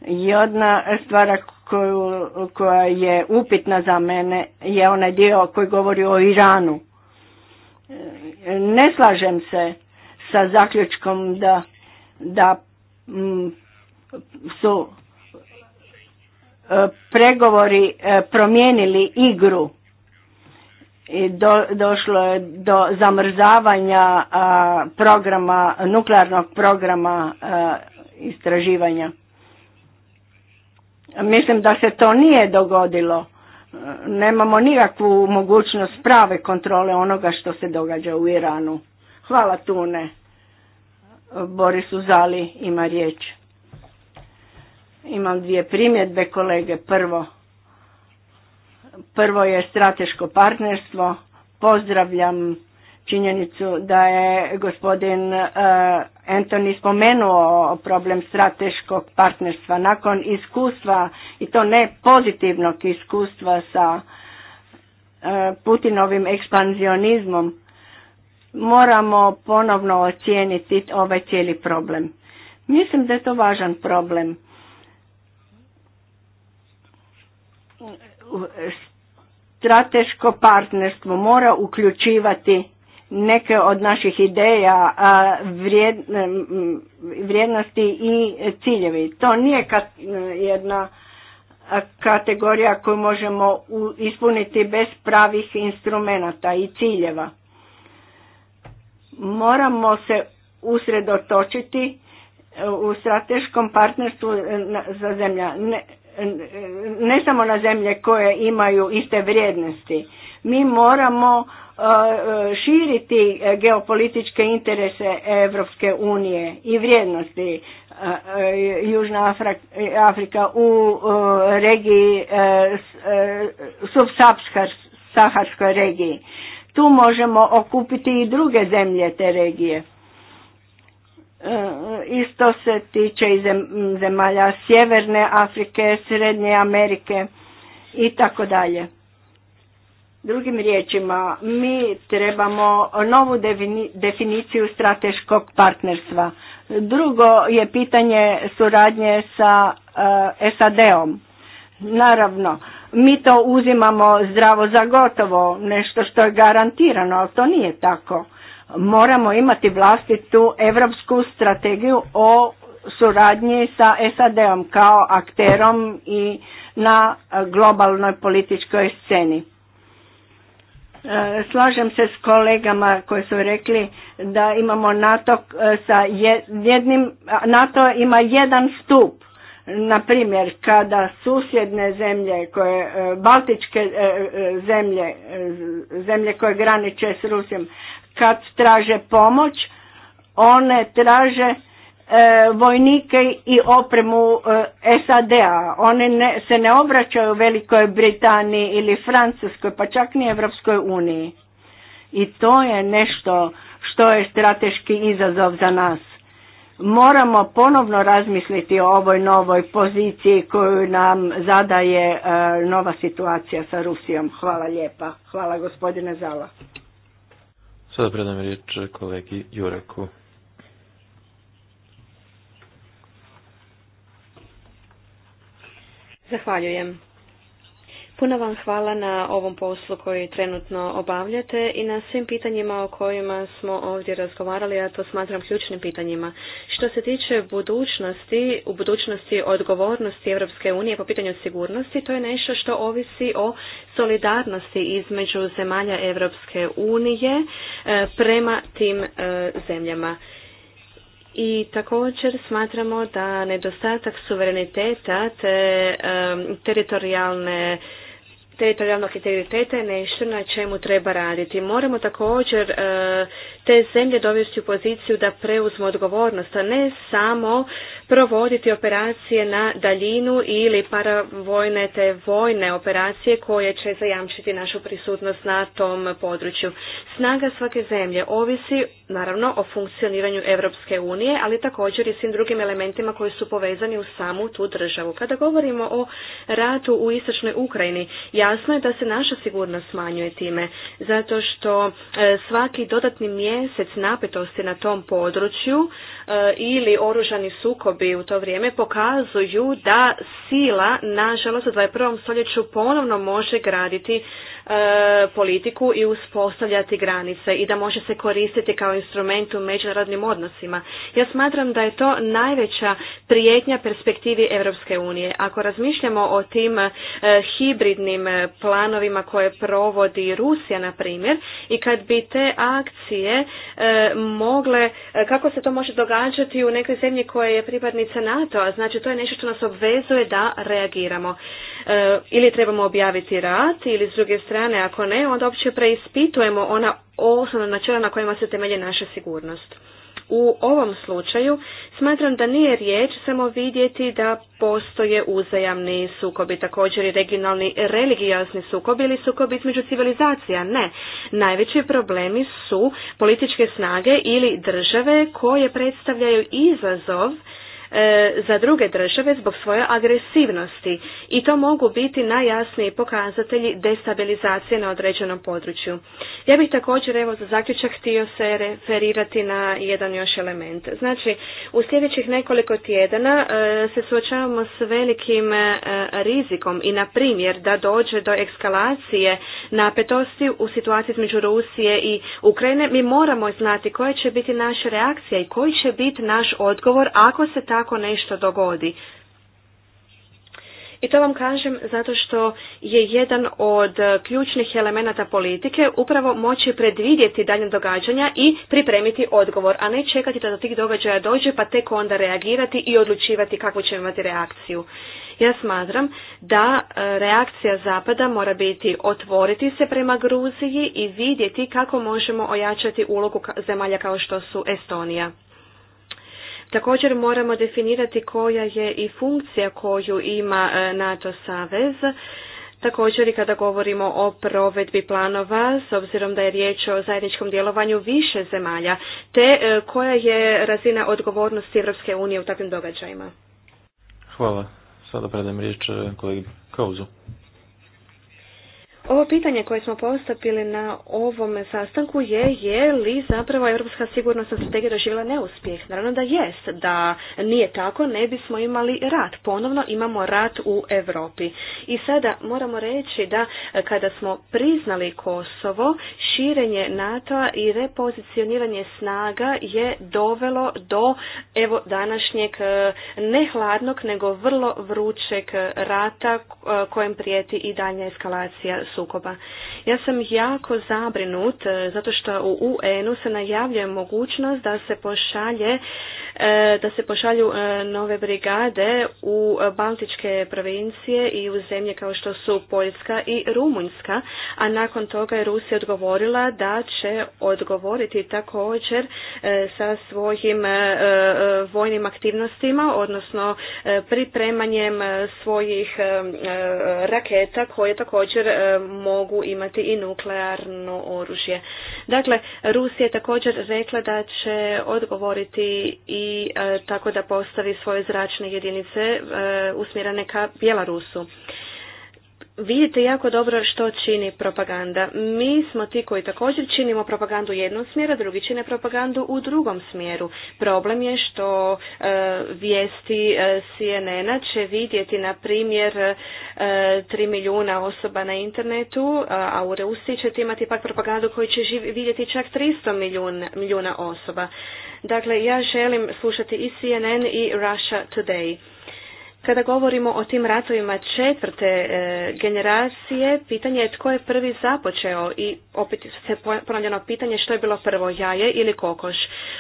Jedna stvar koju, koja je upitna za mene je onaj dio koji govori o Iranu. Ne slažem se sa zaključkom da, da mm, su e, pregovori e, promijenili igru i do, došlo je do zamrzavanja a, programa, nuklearnog programa e, istraživanja. Mislim da se to nije dogodilo. Nemamo nikakvu mogućnost prave kontrole onoga što se događa u Iranu. Hvala Tune. Boris Uzali ima riječ. Imam dvije primjedbe kolege. Prvo, prvo je strateško partnerstvo. Pozdravljam činjenicu da je gospodin eh, Antoni spomenuo problem strateškog partnerstva nakon iskustva i to ne pozitivnog iskustva sa e, Putinovim ekspanzionizmom moramo ponovno ocijeniti ovaj cijeli problem. Mislim da je to važan problem. Strateško partnerstvo mora uključivati neke od naših ideja, vrijednosti i ciljevi. To nije jedna kategorija koju možemo ispuniti bez pravih instrumenata i ciljeva. Moramo se usredotočiti e, u strateškom partnerstvu e, za zemlja. Ne, e, ne samo na zemlje koje imaju iste vrijednosti. Mi moramo E, širiti geopolitičke interese Europske unije i vrijednosti e, e, Južna Afrika u regiji subsaharskoj regiji. Tu možemo okupiti i druge zemlje te regije. Isto se tiče i zemalja Sjeverne Afrike, Srednje Amerike i tako dalje. Drugim riječima, mi trebamo novu definiciju strateškog partnerstva. Drugo je pitanje suradnje sa eh, SAD-om. Naravno, mi to uzimamo zdravo za gotovo, nešto što je garantirano, ali to nije tako. Moramo imati vlastitu evropsku strategiju o suradnji sa SAD-om kao akterom i na globalnoj političkoj sceni. Slažem se s kolegama koji su rekli da imamo NATO eh, sa jednim, NATO ima jedan stup. Na primjer, kada susjedne zemlje, koje, eh, baltičke eh, zemlje, zemlje koje graniče s Rusijom, kad traže pomoć, one traže E, vojnike i opremu e, SAD-a. One ne, se ne obraćaju Velikoj Britaniji ili Francuskoj, pa čak ni Evropskoj uniji. I to je nešto što je strateški izazov za nas. Moramo ponovno razmisliti o ovoj novoj poziciji koju nam zadaje e, nova situacija sa Rusijom. Hvala lijepa. Hvala gospodine Zala. Sada predam riječ kolegi Jureku. Zahvaljujem. Puno vam hvala na ovom poslu koji trenutno obavljate i na svim pitanjima o kojima smo ovdje razgovarali, a to smatram ključnim pitanjima. Što se tiče budućnosti, u budućnosti odgovornosti Europske unije po pitanju sigurnosti, to je nešto što ovisi o solidarnosti između zemalja Europske unije eh, prema tim eh, zemljama i također smatramo da nedostatak suvereniteta te teritorijalne teritorijalnog integriteta je nešto na čemu treba raditi. Moramo također eh, te zemlje dovesti u poziciju da preuzmu odgovornost, a ne samo provoditi operacije na daljinu ili paravojne te vojne operacije koje će zajamčiti našu prisutnost na tom području. Snaga svake zemlje ovisi naravno o funkcioniranju Europske unije, ali također i svim drugim elementima koji su povezani u samu tu državu. Kada govorimo o ratu u istočnoj Ukrajini, jasno je da se naša sigurnost smanjuje time, zato što e, svaki dodatni mjer mjesec napetosti na tom području e, ili oružani sukobi u to vrijeme pokazuju da sila, nažalost, u 21. stoljeću ponovno može graditi E, politiku i uspostavljati granice i da može se koristiti kao instrument u međunarodnim odnosima. Ja smatram da je to najveća prijetnja perspektivi Europske unije. Ako razmišljamo o tim e, hibridnim e, planovima koje provodi Rusija, na primjer, i kad bi te akcije mogle, kako se to može događati u nekoj zemlji koja je pripadnica NATO-a, znači to je nešto što nas obvezuje da reagiramo. E, ili trebamo objaviti rad ili s druge strane ako ne onda uopće preispitujemo ona osnovna načela na kojima se temelji naša sigurnost. U ovom slučaju smatram da nije riječ samo vidjeti da postoje uzajamni sukobi, također i regionalni religiozni sukobi ili sukobi između civilizacija. Ne, najveći problemi su političke snage ili države koje predstavljaju izazov E, za druge države zbog svoje agresivnosti i to mogu biti najjasniji pokazatelji destabilizacije na određenom području. Ja bih također evo za zaključak htio se referirati na jedan još element. Znači, u sljedećih nekoliko tjedana e, se suočavamo s velikim e, rizikom i na primjer da dođe do ekskalacije napetosti u situaciji između Rusije i Ukrajine, mi moramo znati koja će biti naša reakcija i koji će biti naš odgovor ako se ta tako nešto dogodi. I to vam kažem zato što je jedan od ključnih elemenata politike upravo moći predvidjeti dalje događanja i pripremiti odgovor, a ne čekati da do tih događaja dođe pa tek onda reagirati i odlučivati kakvu ćemo imati reakciju. Ja smatram da e, reakcija Zapada mora biti otvoriti se prema Gruziji i vidjeti kako možemo ojačati ulogu zemalja kao što su Estonija Također moramo definirati koja je i funkcija koju ima e, NATO savez. Također i kada govorimo o provedbi planova, s obzirom da je riječ o zajedničkom djelovanju više zemalja, te e, koja je razina odgovornosti EU unije u takvim događajima. Hvala. Sada predajem riječ e, kolegi Kauzu. Ovo pitanje koje smo postavili na ovom sastanku je je li zapravo Europska sigurnosna strategija doživjela neuspjeh? Naravno da jest, da nije tako, ne bismo imali rat. Ponovno imamo rat u Europi. I sada moramo reći da kada smo priznali Kosovo, širenje NATO-a i repozicioniranje snaga je dovelo do evo današnjeg e, ne hladnog nego vrlo vrućeg rata e, kojem prijeti i daljnja eskalacija sukoba. Ja sam jako zabrinut e, zato što u UN-u se najavljuje mogućnost da se pošalje e, da se pošalju e, nove brigade u Baltičke provincije i u zemlje kao što su Poljska i Rumunjska, a nakon toga je Rusija odgovorila da će odgovoriti također sa svojim vojnim aktivnostima, odnosno pripremanjem svojih raketa koje također mogu imati i nuklearno oružje. Dakle, Rusija je također rekla da će odgovoriti i e, tako da postavi svoje zračne jedinice e, usmjerene ka Bjelarusu vidite jako dobro što čini propaganda. Mi smo ti koji također činimo propagandu u jednom smjeru, drugi čine propagandu u drugom smjeru. Problem je što e, vijesti e, CNN-a će vidjeti, na primjer, e, 3 milijuna osoba na internetu, a, u Rusiji ćete imati pak propagandu koju će vidjeti čak 300 milijuna, milijuna osoba. Dakle, ja želim slušati i CNN i Russia Today. Kada govorimo o tim ratovima četvrte e, generacije, pitanje je tko je prvi započeo i opet se ponavljeno pitanje što je bilo prvo, jaje ili kokoš.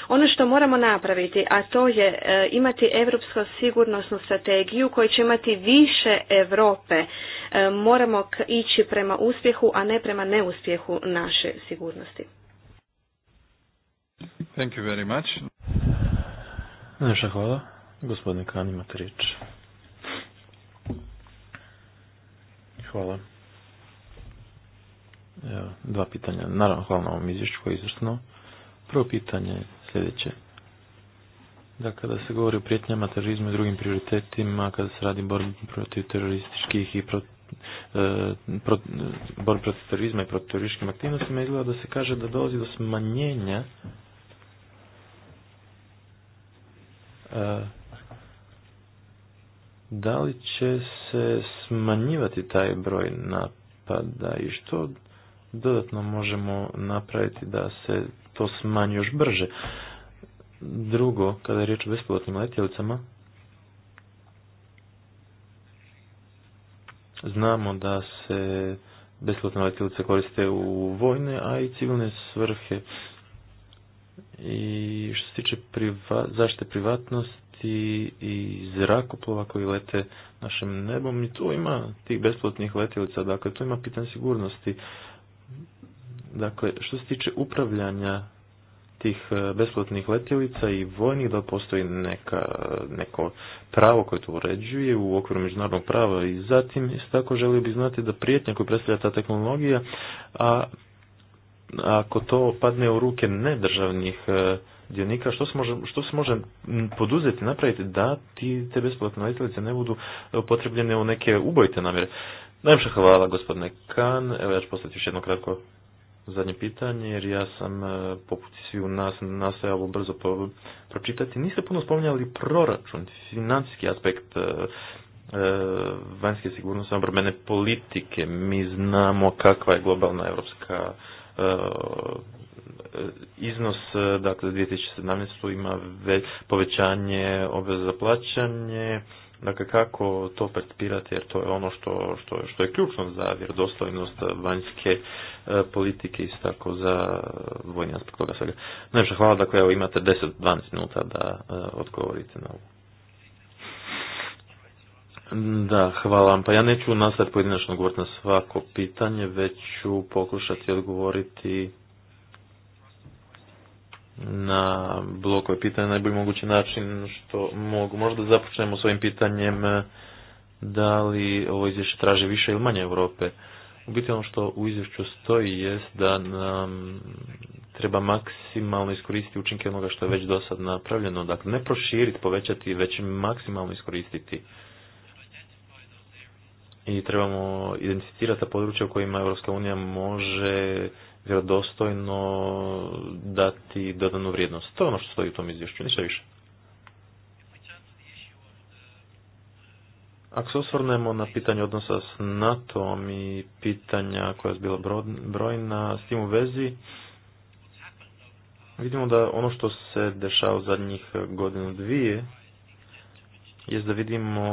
Ono što moramo napraviti, a to je e, imati europsku sigurnosnu strategiju koju će imati više Europe. E, moramo ići prema uspjehu, a ne prema neuspjehu naše sigurnosti. Thank you very much. Naša hvala. Hvala. Evo, dva pitanja. Naravno, hvala na ovom izvješću koje je izvrsno. Prvo pitanje je sljedeće. Da, kada se govori o prijetnjama, terorizmu i drugim prioritetima, kada se radi borbi protiv terorističkih i protiv e, borbi protiv terorizma i protiv terorističkim aktivnostima izgleda da se kaže da dolazi do smanjenja e, da li će se smanjivati taj broj napada i što dodatno možemo napraviti da se to smanji još brže. Drugo, kada je riječ o bespilotnim letjelicama, znamo da se bespilotne letjelice koriste u vojne, a i civilne svrhe. I što se tiče priva zaštite privatnosti, i zrakoplova koji lete našem nebom i to ima tih besplatnih letjelica, dakle to ima pitanje sigurnosti. Dakle, što se tiče upravljanja tih e, besplatnih letjelica i vojnih, da postoji neka, neko pravo koje to uređuje u okviru međunarodnog prava i zatim isto tako želio bi znati da prijetnja koju predstavlja ta tehnologija, a ako to padne u ruke nedržavnih e, dionika, što se može, što se može poduzeti, napraviti da ti, te besplatne letjelice ne budu e, potrebljene u neke ubojite namjere. Najviše hvala gospodine Kan, evo ja ću postaviti još jedno kratko zadnje pitanje, jer ja sam e, poput u nas nastojao brzo pročitati. Niste puno spominjali proračun, financijski aspekt e, vanjske sigurnosti, obrambene politike. Mi znamo kakva je globalna europska iznos e, dakle 2017. ima povećanje obveza za plaćanje Dakle, kako to pretpirati jer to je ono što, što, što je ključno za vjerodostojnost vanjske e, politike i tako za vojni aspekt toga svega. Najviše hvala, dakle, evo imate 10-12 minuta da e, odgovorite na ovo. Da, hvala vam. Pa ja neću nastaviti pojedinačno govoriti na svako pitanje, već ću pokušati odgovoriti na blokove pitanja na najbolji mogući način što mogu. Možda započnemo s ovim pitanjem e, da li ovo izvješće traži više ili manje Europe. U biti ono što u izvješću stoji jest da nam treba maksimalno iskoristiti učinke onoga što je već do sad napravljeno. Dakle, ne proširiti, povećati, već maksimalno iskoristiti. I trebamo identificirati ta područja u kojima Europska unija može vjerodostojno dati dodanu vrijednost. To je ono što stoji u tom izvješću, ništa više. Ako se osvrnemo na pitanje odnosa s nato i pitanja koja je bila brojna s tim u vezi, vidimo da ono što se dešava u zadnjih godinu dvije je da vidimo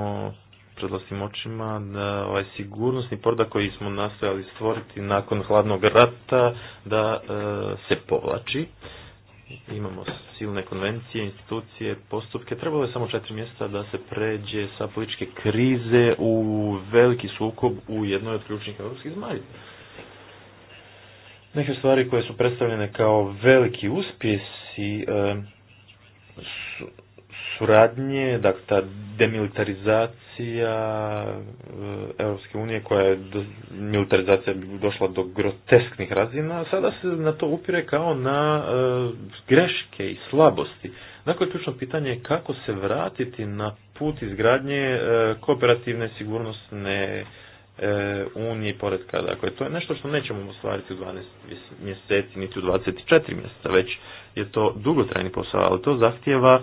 vlastim očima da ovaj sigurnosni porda koji smo nastojali stvoriti nakon hladnog rata da e, se povlači. Imamo silne konvencije, institucije, postupke. Trebalo je samo četiri mjesta da se pređe sa političke krize u veliki sukob u jednoj od ključnih europskih zemalja. Neke stvari koje su predstavljene kao veliki uspjesi e, suradnje, dakle ta demilitarizacija EU eh, Europske unije koja je militarizacija došla do grotesknih razina, a sada se na to upire kao na eh, greške i slabosti. Dakle, ključno pitanje je kako se vratiti na put izgradnje eh, kooperativne sigurnosne unije i poredka. Dakle, to je nešto što nećemo ostvariti u 12 mjeseci, niti u 24 mjeseca, već je to dugotrajni posao, ali to zahtjeva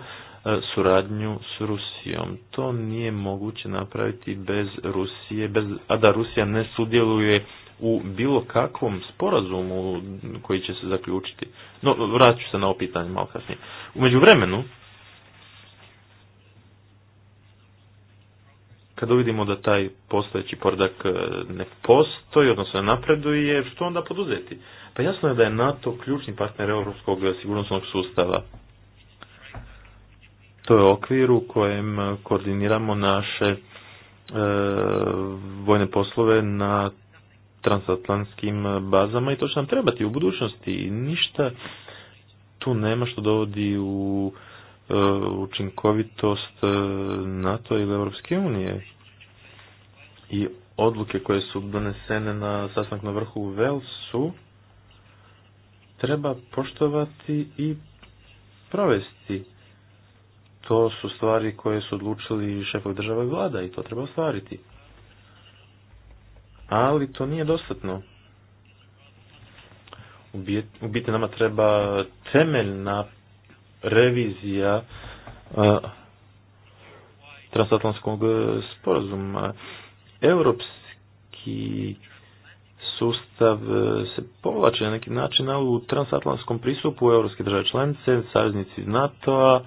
suradnju s Rusijom. To nije moguće napraviti bez Rusije, bez, a da Rusija ne sudjeluje u bilo kakvom sporazumu koji će se zaključiti. No, vratit ću se na ovo pitanje malo kasnije. U međuvremenu, kada vidimo da taj postojeći poredak e, ne postoji, odnosno ne napreduje, što onda poduzeti? Pa jasno je da je NATO ključni partner europskog sigurnosnog sustava. To je okvir u kojem koordiniramo naše e, vojne poslove na transatlantskim bazama i to će nam trebati u budućnosti. I Ništa tu nema što dovodi u e, učinkovitost e, NATO ili Europske unije. I odluke koje su donesene na sastanku na vrhu u Velsu treba poštovati i provesti to su stvari koje su odlučili šefovi države i vlada i to treba ostvariti. Ali to nije dostatno. U biti nama treba temeljna revizija transatlantskog e, sporazuma. Europski sustav e, se povlače na neki način, ali u transatlantskom pristupu europske države članice, saveznici NATO-a,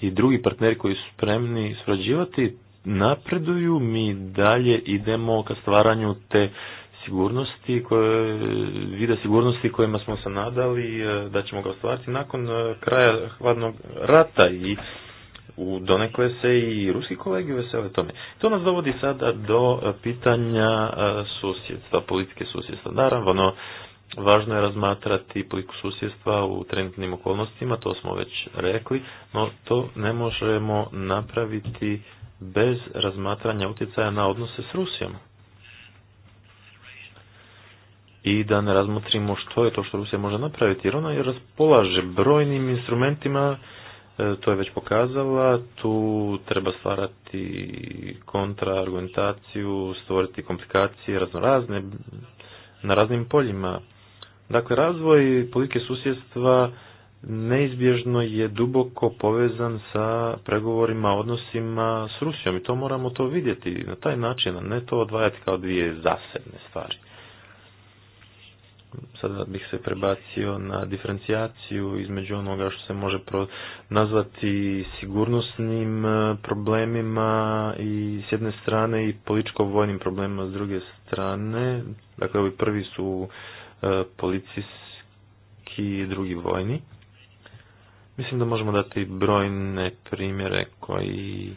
i drugi partneri koji su spremni surađivati napreduju, mi dalje idemo ka stvaranju te sigurnosti koje, vida sigurnosti kojima smo se nadali e, da ćemo ga ostvariti nakon e, kraja hladnog rata i u donekle se i ruski kolegi vesele tome. To nas dovodi sada do pitanja e, susjedstva, politike susjedstva. Naravno, Važno je razmatrati politiku susjedstva u trenutnim okolnostima, to smo već rekli, no to ne možemo napraviti bez razmatranja utjecaja na odnose s Rusijom. I da ne razmotrimo što je to što Rusija može napraviti, jer ona je raspolaže brojnim instrumentima, e, to je već pokazala, tu treba stvarati kontraargumentaciju, stvoriti komplikacije raznorazne na raznim poljima Dakle, razvoj politike susjedstva neizbježno je duboko povezan sa pregovorima, odnosima s Rusijom i to moramo to vidjeti na taj način, a ne to odvajati kao dvije zasebne stvari. Sada bih se prebacio na diferencijaciju između onoga što se može nazvati sigurnosnim e, problemima i s jedne strane i političko-vojnim problemima s druge strane. Dakle, ovi prvi su E, policijski i drugi vojni. Mislim da možemo dati brojne primjere koji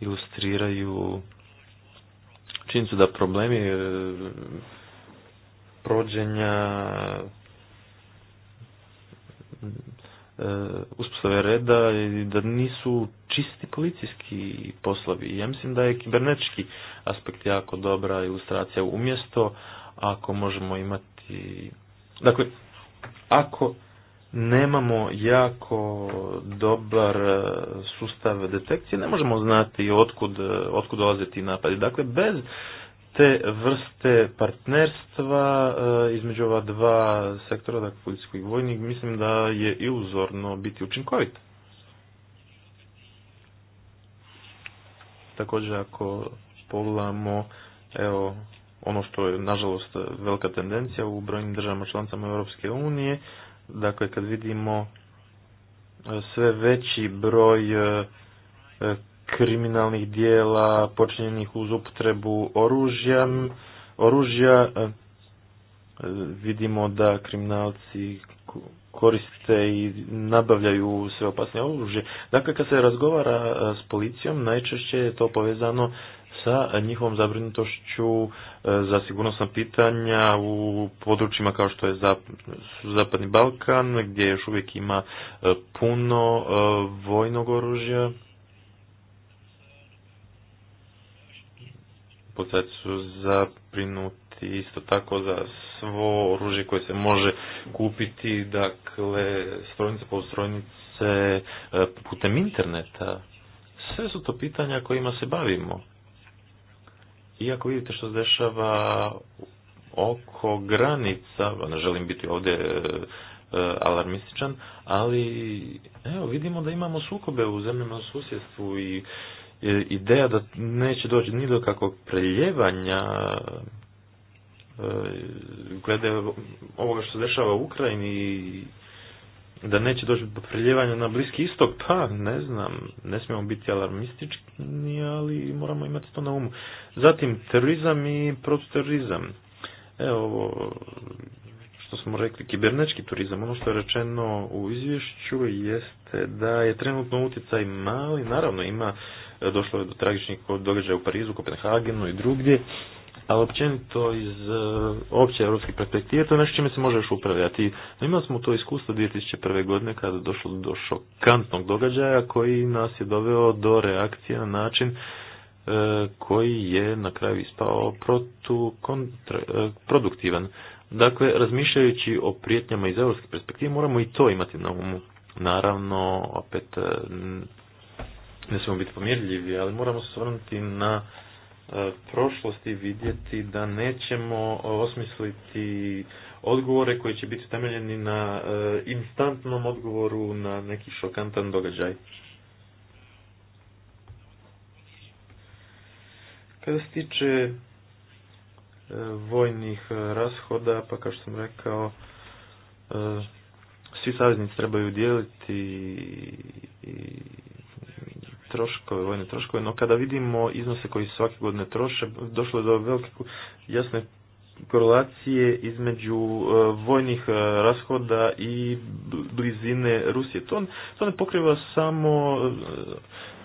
ilustriraju činjenicu da problemi e, prođenja e, uspostave reda i da nisu čisti policijski poslovi. Ja mislim da je kibernetički aspekt jako dobra ilustracija. Umjesto ako možemo imati i, dakle, ako nemamo jako dobar e, sustav detekcije, ne možemo znati otkud, e, otkud dolaze ti napadi. Dakle, bez te vrste partnerstva e, između ova dva sektora, dakle političkih i mislim da je iluzorno biti učinkovit. Također ako pogledamo evo ono što je nažalost velika tendencija u brojnim državama članicama Europske unije. Dakle, kad vidimo e, sve veći broj e, e, kriminalnih dijela počinjenih uz upotrebu oružja, oružja vidimo da kriminalci koriste i nabavljaju sve opasne oružje. Dakle, kad se razgovara s policijom, najčešće je to povezano sa njihovom zabrinutošću e, za sigurnosna pitanja u područjima kao što je Zapadni Balkan, gdje još uvijek ima e, puno e, vojnog oružja. Pocaci su zabrinuti isto tako za svo oružje koje se može kupiti, dakle, strojnice, polustrojnice, putem interneta. Sve su to pitanja kojima se bavimo iako vidite što se dešava oko granica, ne želim biti ovdje e, alarmističan, ali evo vidimo da imamo sukobe u zemljama u susjedstvu i e, ideja da neće doći ni do kakvog preljevanja e, glede ovoga što se dešava u Ukrajini i da neće doći do prelijevanja na Bliski istok, pa ne znam, ne smijemo biti alarmistični, ali moramo imati to na umu. Zatim, terorizam i protuterorizam. Evo, što smo rekli, kibernečki turizam, ono što je rečeno u izvješću jeste da je trenutno utjecaj mali, naravno ima, došlo je do tragičnih događaja u Parizu, Kopenhagenu i drugdje, ali općenito iz e, opće europske perspektive to je nešto čime se može još upravljati. Imali smo to iskustvo 2001. godine kada je došlo do šokantnog događaja koji nas je doveo do reakcije na način e, koji je na kraju ispao protu kontra, e, produktivan. Dakle, razmišljajući o prijetnjama iz europske perspektive, moramo i to imati na umu. Naravno, opet, ne smo biti pomjerljivi, ali moramo se svrnuti na E, prošlosti vidjeti da nećemo e, osmisliti odgovore koji će biti temeljeni na e, instantnom odgovoru na neki šokantan događaj. Kada se tiče vojnih rashoda, pa kao što sam rekao, svi saveznici trebaju dijeliti i troškove, vojne troškove, no kada vidimo iznose koji svake godine troše, došlo je do velike jasne korelacije između e, vojnih e, rashoda i blizine Rusije. To, to ne pokriva samo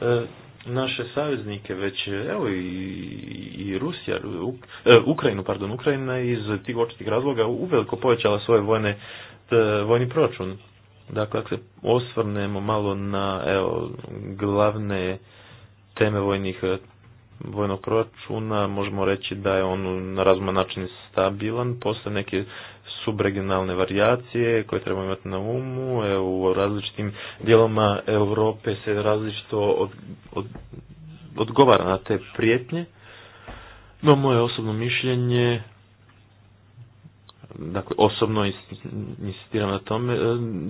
e, naše saveznike, već evo i, i Rusija, Ukrajinu, pardon, Ukrajina iz tih očitih razloga uveliko povećala svoje vojne, vojni proračun. Dakle, ako se osvrnemo malo na evo, glavne teme vojnih e, vojnog proračuna, možemo reći da je on na razuman način stabilan, postoje neke subregionalne varijacije koje trebamo imati na umu, evo, u različitim dijeloma Europe se različito od, od, odgovara na te prijetnje. No, moje osobno mišljenje dakle, osobno insistiram na tome. E,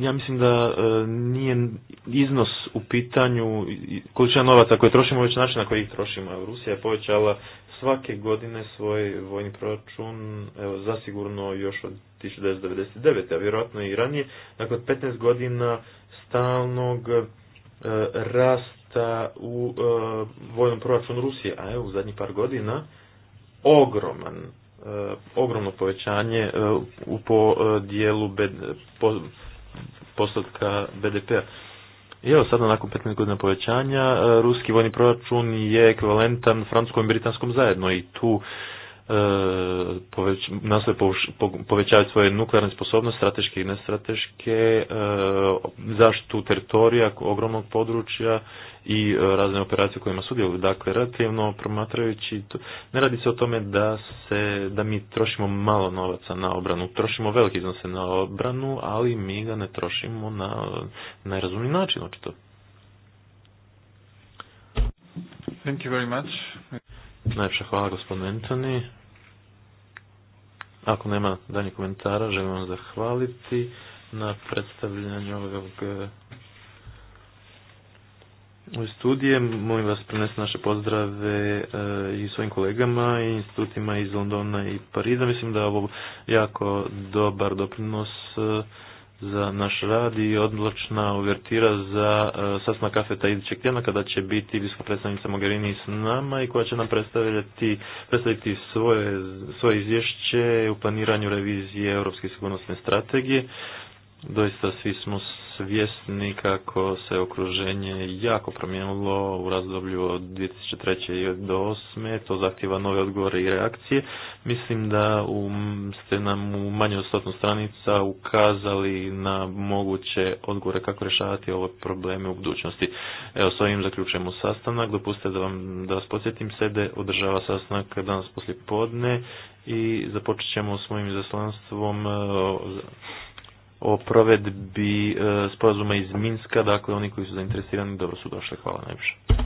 ja mislim da e, nije iznos u pitanju količina novaca koje trošimo, već način na koji ih trošimo. Rusija je povećala svake godine svoj vojni proračun, evo, zasigurno još od 1999. a vjerojatno i ranije, dakle, 15 godina stalnog e, rasta u vojnom proračunu Rusije, a evo, u zadnjih par godina, ogroman E, ogromno povećanje e, u po e, dijelu postotka BDP-a. I evo sada nakon 15 godina povećanja ruski vojni proračun je ekvivalentan francuskom i britanskom zajedno i tu E, poveć, povećavati svoje nuklearne sposobnosti, strateške i nestrateške, e, zaštitu teritorija, ogromnog područja i e, razne operacije kojima sudjeluju. Dakle, relativno promatrajući, ne radi se o tome da, se, da mi trošimo malo novaca na obranu. Trošimo velike iznose na obranu, ali mi ga ne trošimo na najrazumni način, očito. Thank you very much. Najpša hvala gospodine Mentoni. Ako nema daljnjih komentara, želim vam zahvaliti na predstavljanju ovog eh, studije. Molim vas prenesu naše pozdrave eh, i svojim kolegama i institutima iz Londona i Pariza. Mislim da je ovo jako dobar doprinos eh, za naš rad i odločna uvertira za e, sasna kafeta idućeg tjedna kada će biti visoka predstavnica Mogherini s nama i koja će nam predstavljati, predstaviti svoje, svoje izvješće u planiranju revizije Europske sigurnosne strategije. Doista svi smo svjesni kako se okruženje jako promijenilo u razdoblju od 2003. do 2008. To zahtjeva nove odgovore i reakcije. Mislim da u, ste nam u manje od stotnu stranica ukazali na moguće odgovore kako rješavati ove probleme u budućnosti. Evo, s ovim zaključujemo sastanak. Dopustite da, vam, da vas podsjetim, sede održava sastanak danas poslije podne i započet ćemo s mojim izaslanstvom o provedbi e, sporazuma iz Minska, dakle oni koji su zainteresirani dobro su došli. Hvala najviše.